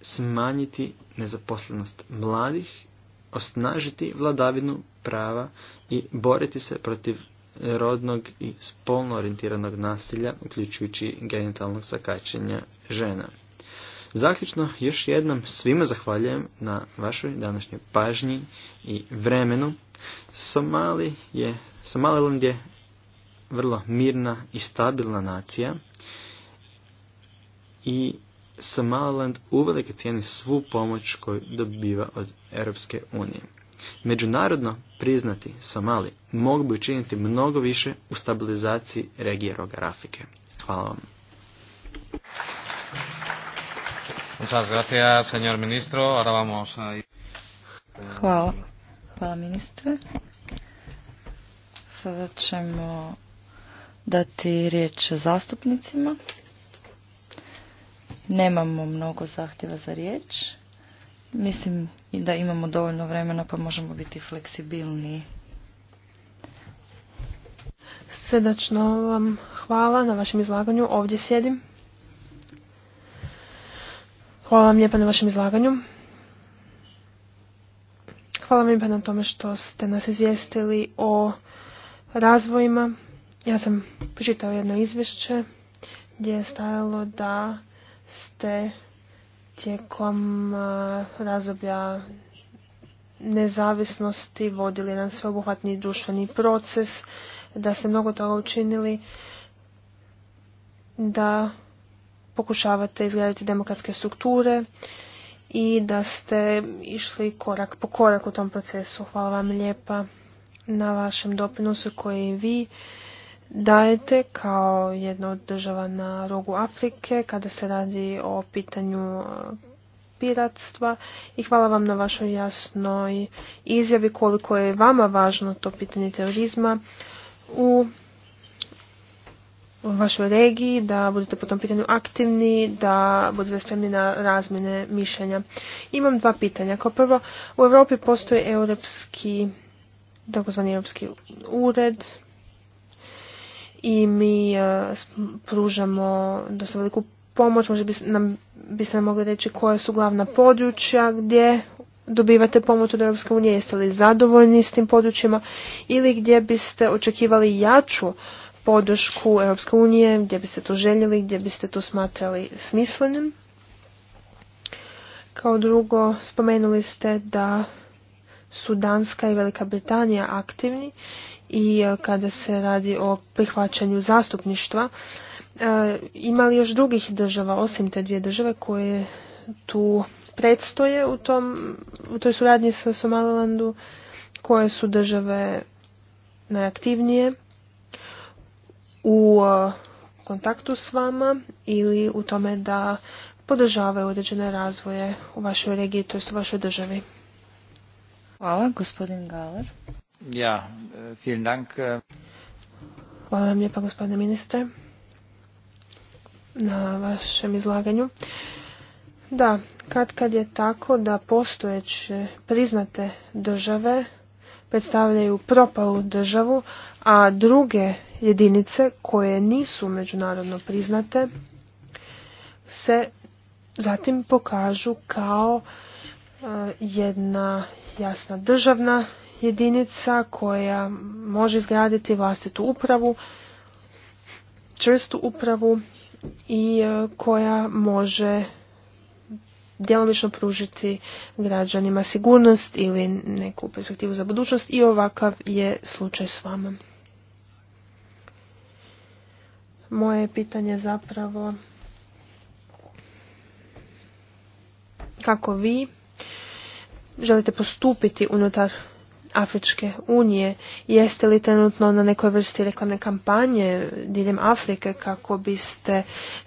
smanjiti nezaposlenost mladih, osnažiti vladavinu prava i boriti se protiv rodnog i spolno orijentiranog nasilja, uključujući genitalnog sakačenja žena. Zaključno, još jednom svima zahvaljujem na vašoj današnjoj pažnji i vremenu. Somali je, Somaliland je vrlo mirna i stabilna nacija i Somaliland uvelike cijeni svu pomoć koju dobiva od Europske unije. Međunarodno priznati Somali mogu bi učiniti mnogo više u stabilizaciji regije Roga Rafike. Hvala vam. Hvala. Hvala ministre. Sada ćemo dati riječ zastupnicima. Nemamo mnogo zahtjeva za riječ. Mislim i da imamo dovoljno vremena pa možemo biti fleksibilniji. Srdačno vam hvala na vašem izlaganju. Ovdje sjedim. Hvala vam lijepa na vašem izlaganju. Hvala vam lijepa na tome što ste nas izvijestili o razvojima. Ja sam počitao jedno izvješće gdje je stajalo da ste tijekom e, razdoblja nezavisnosti vodili jedan sveobuhvatni društveni proces, da ste mnogo toga učinili, da pokušavate izgraditi demokratske strukture i da ste išli korak po korak u tom procesu. Hvala vam lijepa na vašem doprinosu koji vi dajete kao jedna od država na rogu Afrike kada se radi o pitanju e, piratstva i hvala vam na vašoj jasnoj izjavi koliko je vama važno to pitanje terorizma u vašoj regiji, da budete po tom pitanju aktivni, da budete spremni na razmjene mišljenja. Imam dva pitanja. Kao prvo, u Europi postoji europski, takozvani europski ured i mi e, pružamo dosta veliku pomoć. Možda biste nam, biste nam mogli reći koja su glavna područja gdje dobivate pomoć od Europske unije, jeste li zadovoljni s tim područjima ili gdje biste očekivali jaču podršku Europske unije, gdje biste to željeli, gdje biste to smatrali smislenim. Kao drugo, spomenuli ste da su Danska i Velika Britanija aktivni i e, kada se radi o prihvaćanju zastupništva. E, ima li još drugih država osim te dvije države koje tu predstoje u, tom, u toj suradnji sa Somalilandu? Koje su države najaktivnije u e, kontaktu s vama ili u tome da podržavaju određene razvoje u vašoj regiji, to jest u vašoj državi? Hvala, gospodin Galer. E, e. Hvala vam lijepa gospodine ministre na vašem izlaganju. Da, kad kad je tako da postojeće priznate države predstavljaju propalu državu, a druge jedinice koje nisu međunarodno priznate se zatim pokažu kao e, jedna jasna državna jedinica koja može izgraditi vlastitu upravu, čvrstu upravu i e, koja može djelomično pružiti građanima sigurnost ili neku perspektivu za budućnost i ovakav je slučaj s vama. Moje pitanje zapravo kako vi želite postupiti unutar Afričke unije? Jeste li trenutno na nekoj vrsti reklamne kampanje diljem Afrike kako biste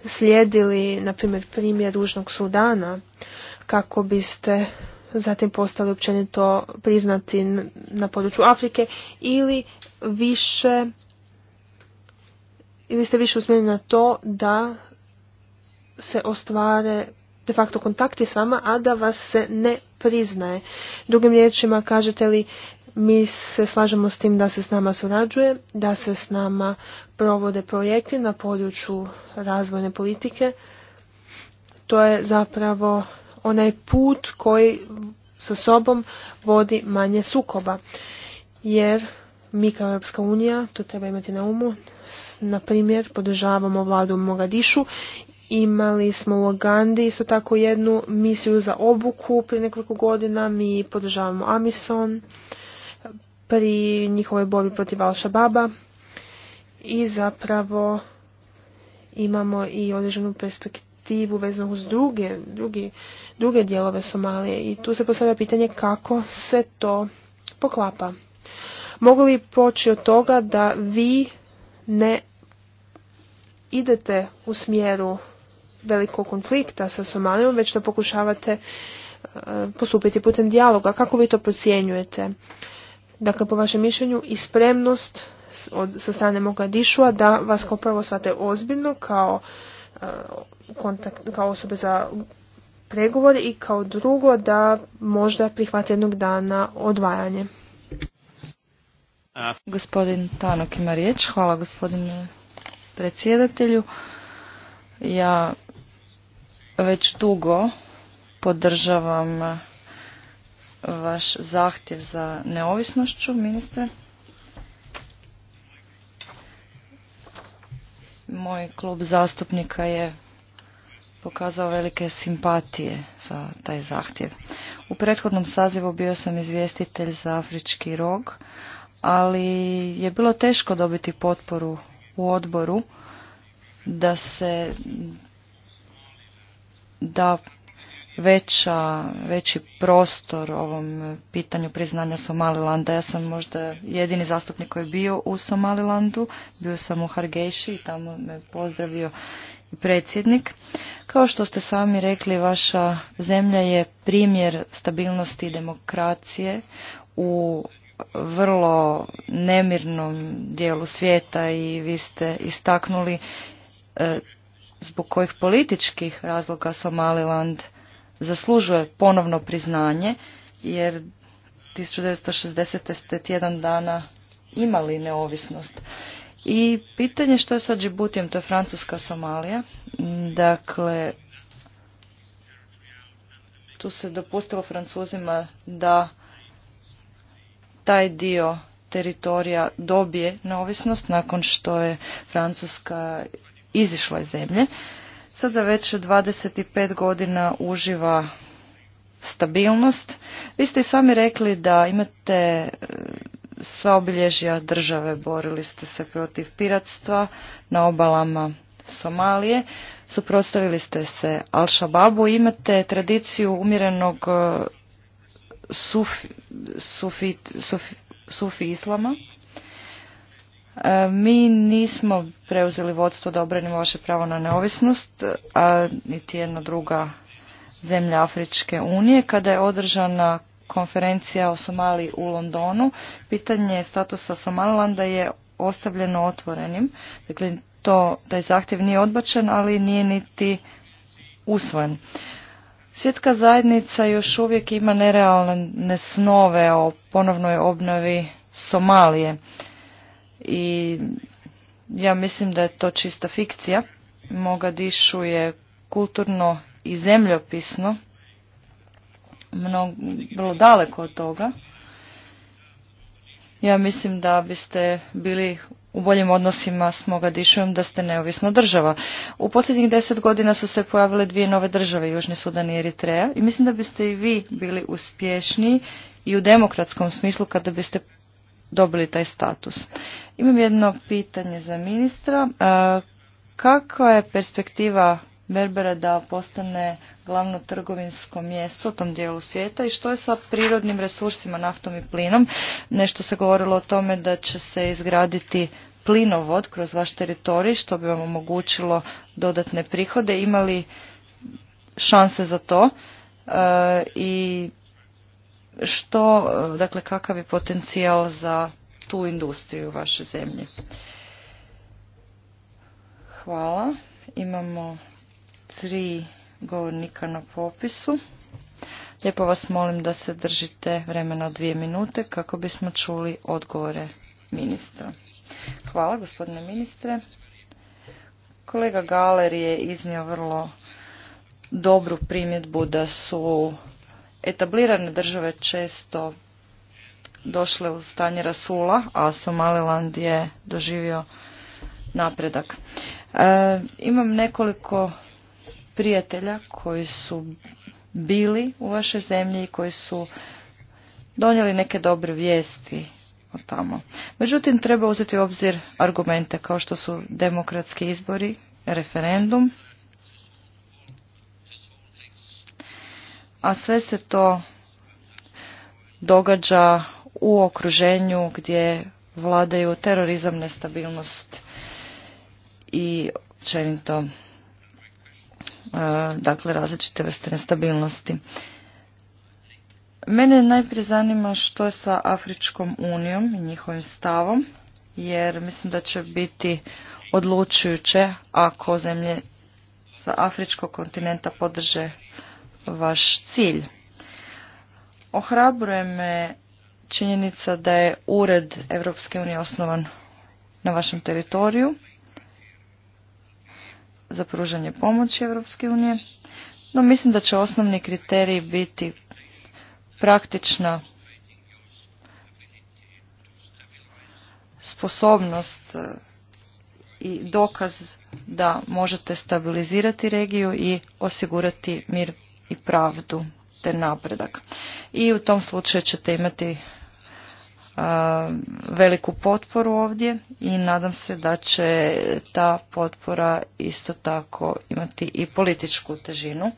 slijedili, na primjer, primjer Ružnog Sudana, kako biste zatim postali općenito priznati na području Afrike ili više ili ste više usmjereni na to da se ostvare de facto kontakti s vama, a da vas se ne priznaje. Drugim riječima, kažete li mi se slažemo s tim da se s nama surađuje, da se s nama provode projekti na području razvojne politike. To je zapravo onaj put koji sa sobom vodi manje sukoba. Jer mi kao Europska unija, to treba imati na umu, na primjer podržavamo vladu u Mogadišu, imali smo u Ogandi isto tako jednu misiju za obuku prije nekoliko godina, mi podržavamo Amison, pri njihovoj borbi protiv Al-Shababa i zapravo imamo i određenu perspektivu vezanu uz druge, drugi, druge dijelove Somalije i tu se postavlja pitanje kako se to poklapa. Mogu li poći od toga da vi ne idete u smjeru velikog konflikta sa Somalijom, već da pokušavate eh, postupiti putem dijaloga. Kako vi to procjenjujete? dakle po vašem mišljenju i spremnost od, sa strane dišua da vas kao prvo shvate ozbiljno kao, e, kao osobe za pregovor i kao drugo da možda prihvate jednog dana odvajanje. Gospodin Tanok ima riječ. Hvala gospodine predsjedatelju. Ja već dugo podržavam vaš zahtjev za neovisnošću, ministre. Moj klub zastupnika je pokazao velike simpatije za taj zahtjev. U prethodnom sazivu bio sam izvjestitelj za afrički rog, ali je bilo teško dobiti potporu u odboru da se da veća, veći prostor ovom pitanju priznanja Somalilanda. Ja sam možda jedini zastupnik koji je bio u Somalilandu, bio sam u Hargeši i tamo me pozdravio i predsjednik. Kao što ste sami rekli, vaša zemlja je primjer stabilnosti i demokracije u vrlo nemirnom dijelu svijeta i vi ste istaknuli e, zbog kojih političkih razloga Somaliland zaslužuje ponovno priznanje jer 1960. ste tjedan dana imali neovisnost. I pitanje što je sa Džibutijem, to je Francuska Somalija. Dakle, tu se dopustilo Francuzima da taj dio teritorija dobije neovisnost nakon što je Francuska izišla iz zemlje sada već 25 godina uživa stabilnost. Vi ste i sami rekli da imate e, sva obilježja države, borili ste se protiv piratstva na obalama Somalije, suprotstavili ste se al imate tradiciju umjerenog e, sufi islama. E, mi nismo preuzeli vodstvo da obranimo vaše pravo na neovisnost, a niti jedna druga zemlja Afričke unije. Kada je održana konferencija o Somaliji u Londonu, pitanje statusa Somalilanda je ostavljeno otvorenim. Dakle, to, taj zahtjev nije odbačen, ali nije niti usvojen. Svjetska zajednica još uvijek ima nerealne snove o ponovnoj obnovi Somalije i ja mislim da je to čista fikcija. Mogadišu je kulturno i zemljopisno vrlo daleko od toga. Ja mislim da biste bili u boljim odnosima s Mogadišom da ste neovisna država. U posljednjih deset godina su se pojavile dvije nove države, Južni Sudan i Eritreja, i mislim da biste i vi bili uspješniji i u demokratskom smislu kada biste dobili taj status. Imam jedno pitanje za ministra. E, kakva je perspektiva Berbera da postane glavno trgovinsko mjesto u tom dijelu svijeta i što je sa prirodnim resursima, naftom i plinom? Nešto se govorilo o tome da će se izgraditi plinovod kroz vaš teritorij, što bi vam omogućilo dodatne prihode. Imali šanse za to e, i što, e, dakle, kakav je potencijal za tu industriju vaše zemlje. Hvala. Imamo tri govornika na popisu. Lijepo vas molim da se držite vremena od dvije minute kako bismo čuli odgovore ministra. Hvala gospodine ministre. Kolega Galer je iznio vrlo dobru primjedbu da su etablirane države često došle u stanje Rasula, a Somaliland je doživio napredak. E, imam nekoliko prijatelja koji su bili u vašoj zemlji i koji su donijeli neke dobre vijesti od tamo. Međutim, treba uzeti u obzir argumente kao što su demokratski izbori, referendum, a sve se to događa u okruženju gdje vladaju terorizam, nestabilnost i općenito e, dakle različite vrste nestabilnosti. Mene najprije zanima što je sa Afričkom unijom i njihovim stavom, jer mislim da će biti odlučujuće ako zemlje sa Afričkog kontinenta podrže vaš cilj. Ohrabruje me činjenica da je ured Europske unije osnovan na vašem teritoriju za pružanje pomoći Europske unije. No mislim da će osnovni kriterij biti praktična sposobnost e, i dokaz da možete stabilizirati regiju i osigurati mir i pravdu te napredak. I u tom slučaju ćete imati veliku potporu ovdje i nadam se da će ta potpora isto tako imati i političku težinu.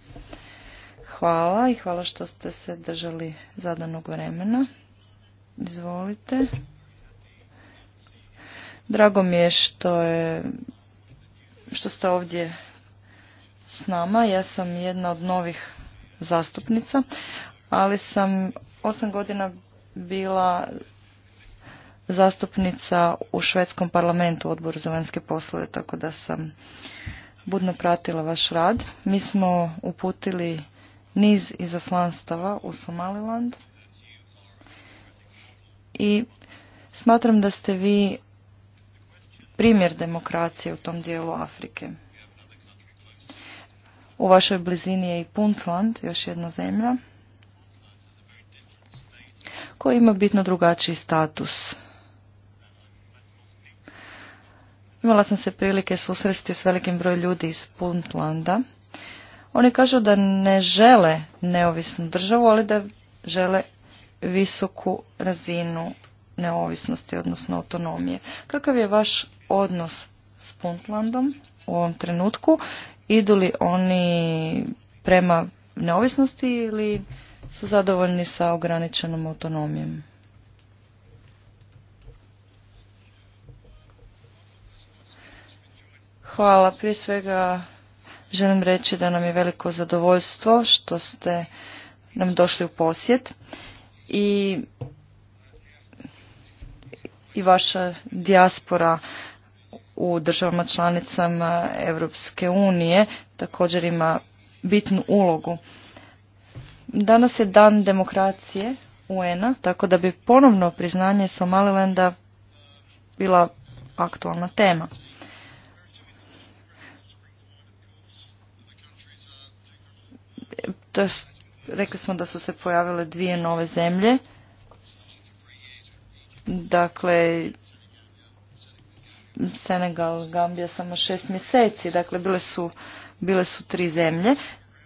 Hvala i hvala što ste se držali zadanog vremena. Izvolite. Drago mi je što je što ste ovdje s nama. Ja sam jedna od novih zastupnica, ali sam osam godina bila zastupnica u švedskom parlamentu odboru za vanjske poslove, tako da sam budno pratila vaš rad. Mi smo uputili niz izaslanstava u Somaliland i smatram da ste vi primjer demokracije u tom dijelu Afrike. U vašoj blizini je i Puntland, još jedna zemlja, koja ima bitno drugačiji status Imala sam se prilike susresti s velikim broj ljudi iz Puntlanda. Oni kažu da ne žele neovisnu državu, ali da žele visoku razinu neovisnosti, odnosno autonomije. Kakav je vaš odnos s Puntlandom u ovom trenutku? Idu li oni prema neovisnosti ili su zadovoljni sa ograničenom autonomijom? Hvala. Prije svega želim reći da nam je veliko zadovoljstvo što ste nam došli u posjet i, i vaša dijaspora u državama članicama Europske unije također ima bitnu ulogu. Danas je dan demokracije UN-a, tako da bi ponovno priznanje Somalilanda bila aktualna tema. rekli smo da su se pojavile dvije nove zemlje. Dakle, Senegal, Gambija samo šest mjeseci, dakle bile su, bile su tri zemlje,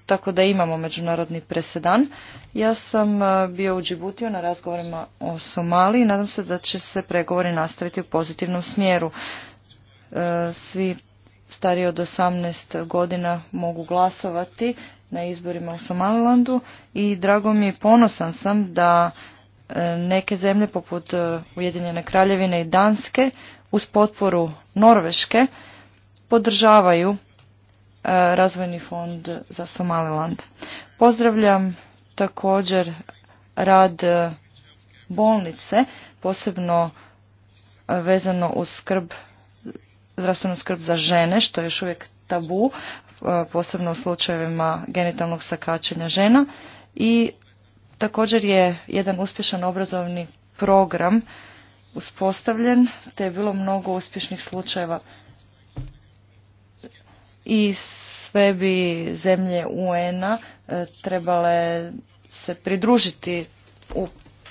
tako da imamo međunarodni presedan. Ja sam e, bio u Džibutiju na razgovorima o Somaliji i nadam se da će se pregovori nastaviti u pozitivnom smjeru. E, svi stariji od 18 godina mogu glasovati na izborima u Somalilandu i drago mi je ponosan sam da e, neke zemlje poput e, Ujedinjene kraljevine i Danske uz potporu Norveške podržavaju e, razvojni fond za Somaliland. Pozdravljam također rad bolnice, posebno vezano uz skrb, zdravstvenu skrb za žene, što je još uvijek tabu posebno u slučajevima genitalnog sakačenja žena i također je jedan uspješan obrazovni program uspostavljen te je bilo mnogo uspješnih slučajeva i sve bi zemlje UN-a e, trebale se pridružiti u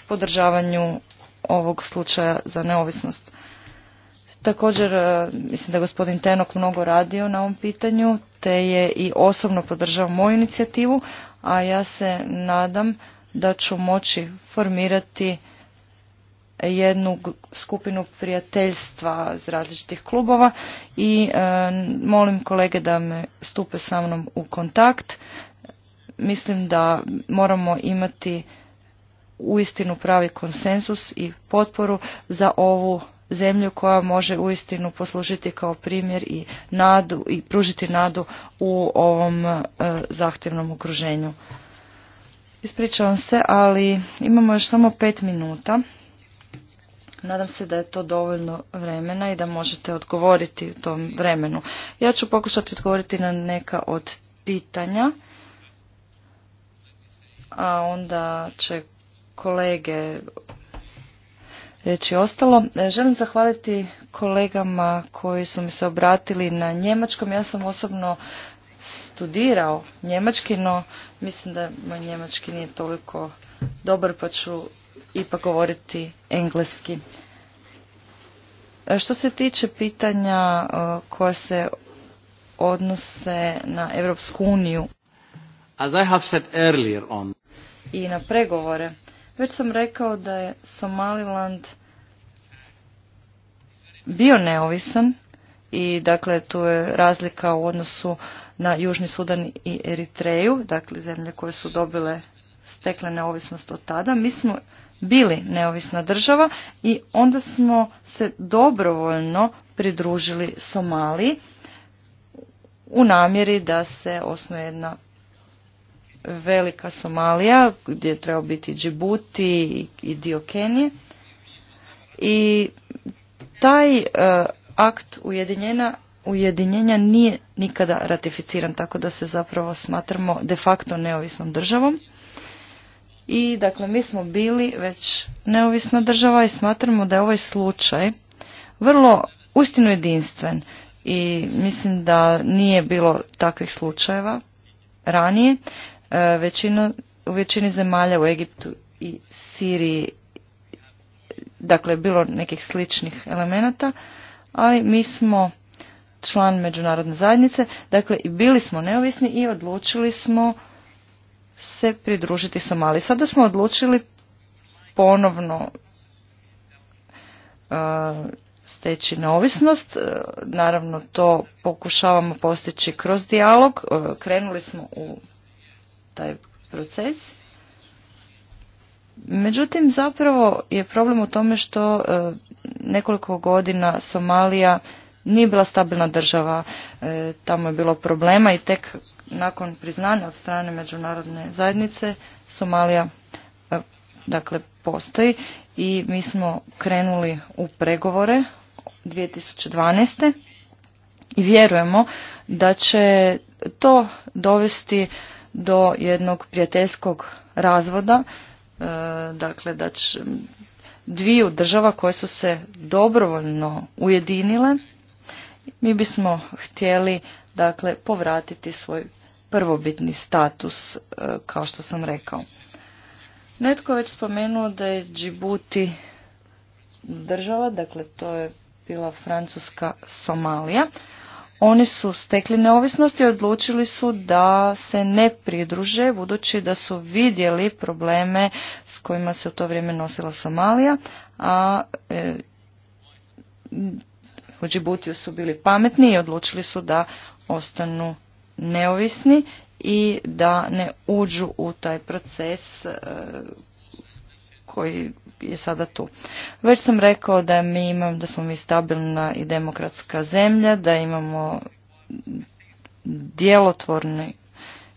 podržavanju ovog slučaja za neovisnost. Također, e, mislim da je gospodin Tenok mnogo radio na ovom pitanju, te je i osobno podržao moju inicijativu, a ja se nadam da ću moći formirati jednu skupinu prijateljstva iz različitih klubova i e, molim kolege da me stupe sa mnom u kontakt. Mislim da moramo imati uistinu pravi konsensus i potporu za ovu zemlju koja može uistinu poslužiti kao primjer i nadu i pružiti nadu u ovom e, zahtjevnom okruženju. Ispričavam se, ali imamo još samo pet minuta. Nadam se da je to dovoljno vremena i da možete odgovoriti u tom vremenu. Ja ću pokušati odgovoriti na neka od pitanja, a onda će kolege reći ostalo. E, želim zahvaliti kolegama koji su mi se obratili na njemačkom. Ja sam osobno studirao njemački, no mislim da moj njemački nije toliko dobar, pa ću ipak govoriti engleski. E, što se tiče pitanja e, koja se odnose na Europsku uniju As I have said earlier on. i na pregovore, već sam rekao da je Somaliland bio neovisan i dakle tu je razlika u odnosu na Južni Sudan i Eritreju, dakle zemlje koje su dobile stekle neovisnost od tada. Mi smo bili neovisna država i onda smo se dobrovoljno pridružili Somaliji u namjeri da se osnuje jedna Velika Somalija, gdje je trebao biti Džibuti i dio Kenije. I taj e, akt ujedinjena, ujedinjenja nije nikada ratificiran, tako da se zapravo smatramo de facto neovisnom državom. I dakle, mi smo bili već neovisna država i smatramo da je ovaj slučaj vrlo uistinu jedinstven i mislim da nije bilo takvih slučajeva ranije E, u većini zemalja u Egiptu i Siriji dakle bilo nekih sličnih elemenata, ali mi smo član međunarodne zajednice, dakle i bili smo neovisni i odlučili smo se pridružiti Somali. Sada smo odlučili ponovno e, steći neovisnost. E, naravno to pokušavamo postići kroz dijalog. Krenuli smo u taj proces. Međutim, zapravo je problem u tome što e, nekoliko godina Somalija nije bila stabilna država, e, tamo je bilo problema i tek nakon priznanja od strane međunarodne zajednice Somalija e, dakle postoji i mi smo krenuli u pregovore 2012. i vjerujemo da će to dovesti do jednog prijateljskog razvoda, e, dakle da dviju država koje su se dobrovoljno ujedinile, mi bismo htjeli dakle povratiti svoj prvobitni status, e, kao što sam rekao. Netko je već spomenuo da je Džibuti država, dakle to je bila Francuska Somalija. Oni su stekli neovisnost i odlučili su da se ne pridruže budući da su vidjeli probleme s kojima se u to vrijeme nosila Somalija, a e, su bili pametni i odlučili su da ostanu neovisni i da ne uđu u taj proces e, koji je sada tu. Već sam rekao da mi imam, da smo mi stabilna i demokratska zemlja, da imamo djelotvorne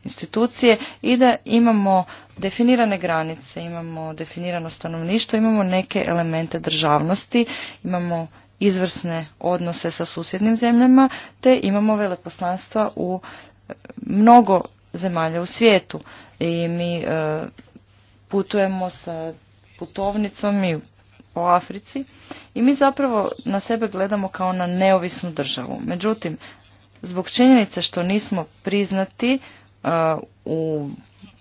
institucije i da imamo definirane granice, imamo definirano stanovništvo, imamo neke elemente državnosti, imamo izvrsne odnose sa susjednim zemljama, te imamo veleposlanstva u e, mnogo zemalja u svijetu. I mi e, putujemo sa putovnicom i po Africi i mi zapravo na sebe gledamo kao na neovisnu državu. Međutim, zbog činjenice što nismo priznati uh, u,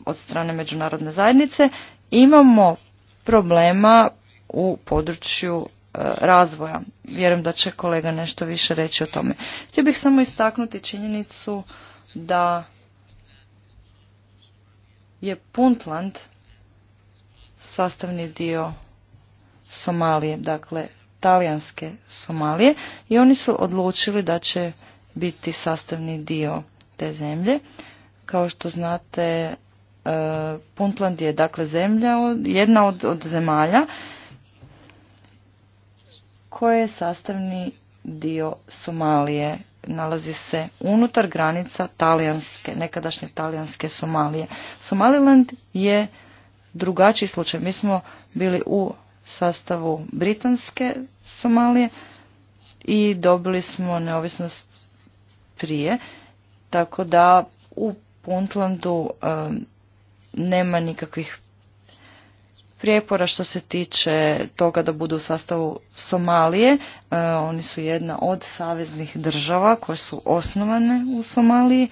od strane međunarodne zajednice, imamo problema u području uh, razvoja. Vjerujem da će kolega nešto više reći o tome. Htio bih samo istaknuti činjenicu da je Puntland sastavni dio Somalije, dakle talijanske Somalije i oni su odlučili da će biti sastavni dio te zemlje. Kao što znate, e, Puntland je dakle zemlja, jedna od, od zemalja koja je sastavni dio Somalije. Nalazi se unutar granica talijanske, nekadašnje talijanske Somalije. Somaliland je drugačiji slučaj. Mi smo bili u sastavu britanske Somalije i dobili smo neovisnost prije, tako da u Puntlandu nema nikakvih prijepora što se tiče toga da budu u sastavu Somalije. oni su jedna od saveznih država koje su osnovane u Somaliji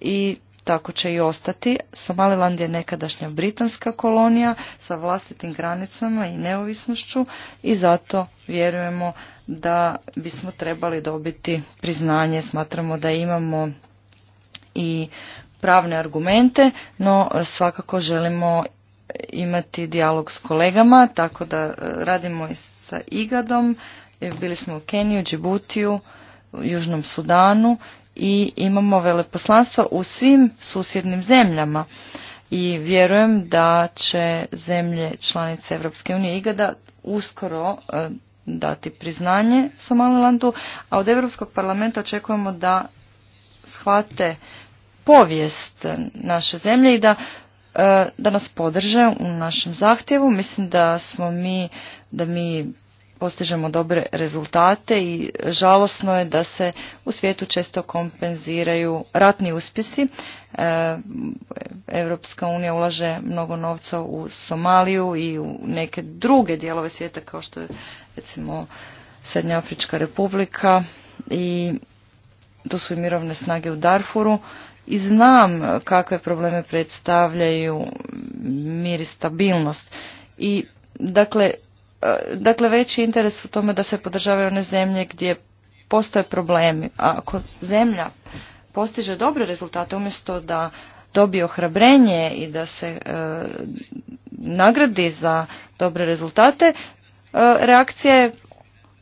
i tako će i ostati. Somaliland je nekadašnja britanska kolonija sa vlastitim granicama i neovisnošću i zato vjerujemo da bismo trebali dobiti priznanje. Smatramo da imamo i pravne argumente, no e, svakako želimo imati dijalog s kolegama, tako da e, radimo i sa Igadom, e, bili smo u Keniju, Džibutiju, Južnom Sudanu i imamo veleposlanstva u svim susjednim zemljama i vjerujem da će zemlje članice Europske unije da uskoro e, dati priznanje Somalilandu, a od Europskog parlamenta očekujemo da shvate povijest naše zemlje i da, e, da nas podrže u našem zahtjevu. Mislim da smo mi, da mi postižemo dobre rezultate i žalosno je da se u svijetu često kompenziraju ratni uspjesi. Europska unija ulaže mnogo novca u Somaliju i u neke druge dijelove svijeta kao što je recimo Srednja Afrička republika i tu su i mirovne snage u Darfuru i znam kakve probleme predstavljaju mir i stabilnost. I dakle E, dakle veći interes u tome da se podržavaju one zemlje gdje postoje problemi. A ako zemlja postiže dobre rezultate umjesto da dobije ohrabrenje i da se e, nagradi za dobre rezultate, e, reakcija je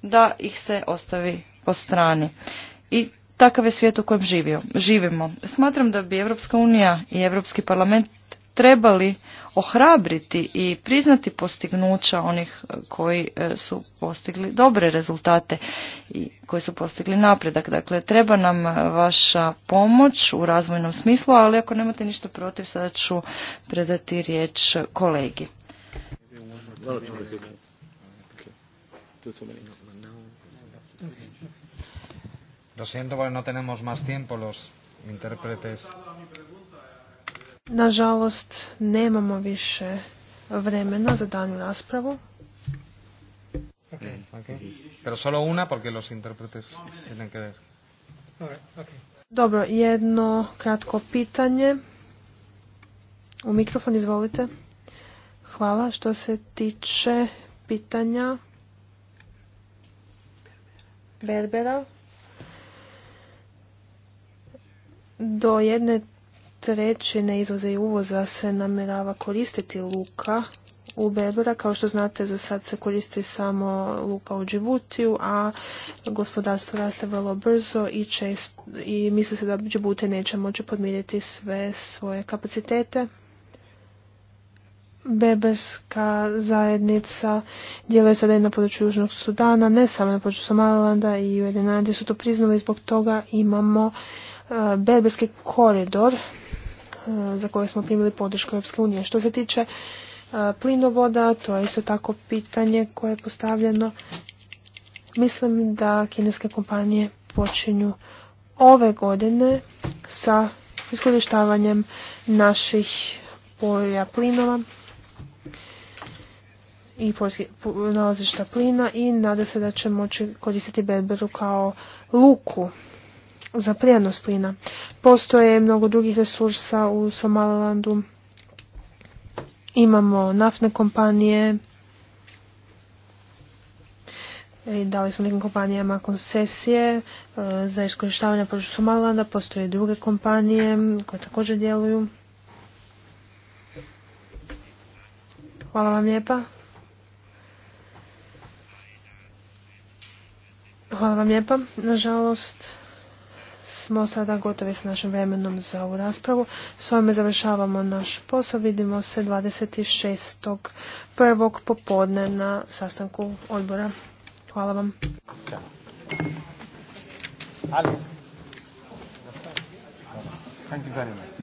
da ih se ostavi po strani. I takav je svijet u kojem živimo. Smatram da bi Europska unija i Europski parlament trebali ohrabriti i priznati postignuća onih e, koji e, su postigli dobre rezultate i koji su postigli napredak. Dakle, treba nam e, vaša pomoć u razvojnom smislu, ali ako nemate ništa protiv, sada ću predati riječ kolegi. Lo siento, no tenemos más tiempo los intérpretes. Nažalost, nemamo više vremena za danju raspravu. Dobro, jedno kratko pitanje. U mikrofon izvolite. Hvala. Što se tiče pitanja Berbera, do jedne ne izvoza i uvoza se namjerava koristiti luka u Bebera. Kao što znate, za sad se koristi samo luka u Džibutiju, a gospodarstvo raste vrlo brzo i, i misli se da Džibutije neće moći podmiriti sve svoje kapacitete. Beberska zajednica djeluje sada i na području Južnog Sudana, ne samo na području Somalilanda i Ujedinjene su to priznali i zbog toga imamo e, Beberski koridor E, za koje smo primili podršku Europske unije. Što se tiče e, plinovoda, to je isto tako pitanje koje je postavljeno. Mislim da kineske kompanije počinju ove godine sa iskorištavanjem naših polja plinova i nalazišta plina i nada se da će moći koristiti Bedberu kao luku za prijenos plina. Postoje mnogo drugih resursa u Somalilandu. Imamo naftne kompanije, i e, dali smo nekim kompanijama koncesije e, za iskorištavanje područja Somalilanda, postoje i druge kompanije koje također djeluju. Hvala vam lijepa. Hvala vam lijepa. Nažalost, smo sada gotovi s našim vremenom za ovu raspravu. S ovime završavamo naš posao. Vidimo se 26. prvog popodne na sastanku odbora. Hvala vam. Thank you very much.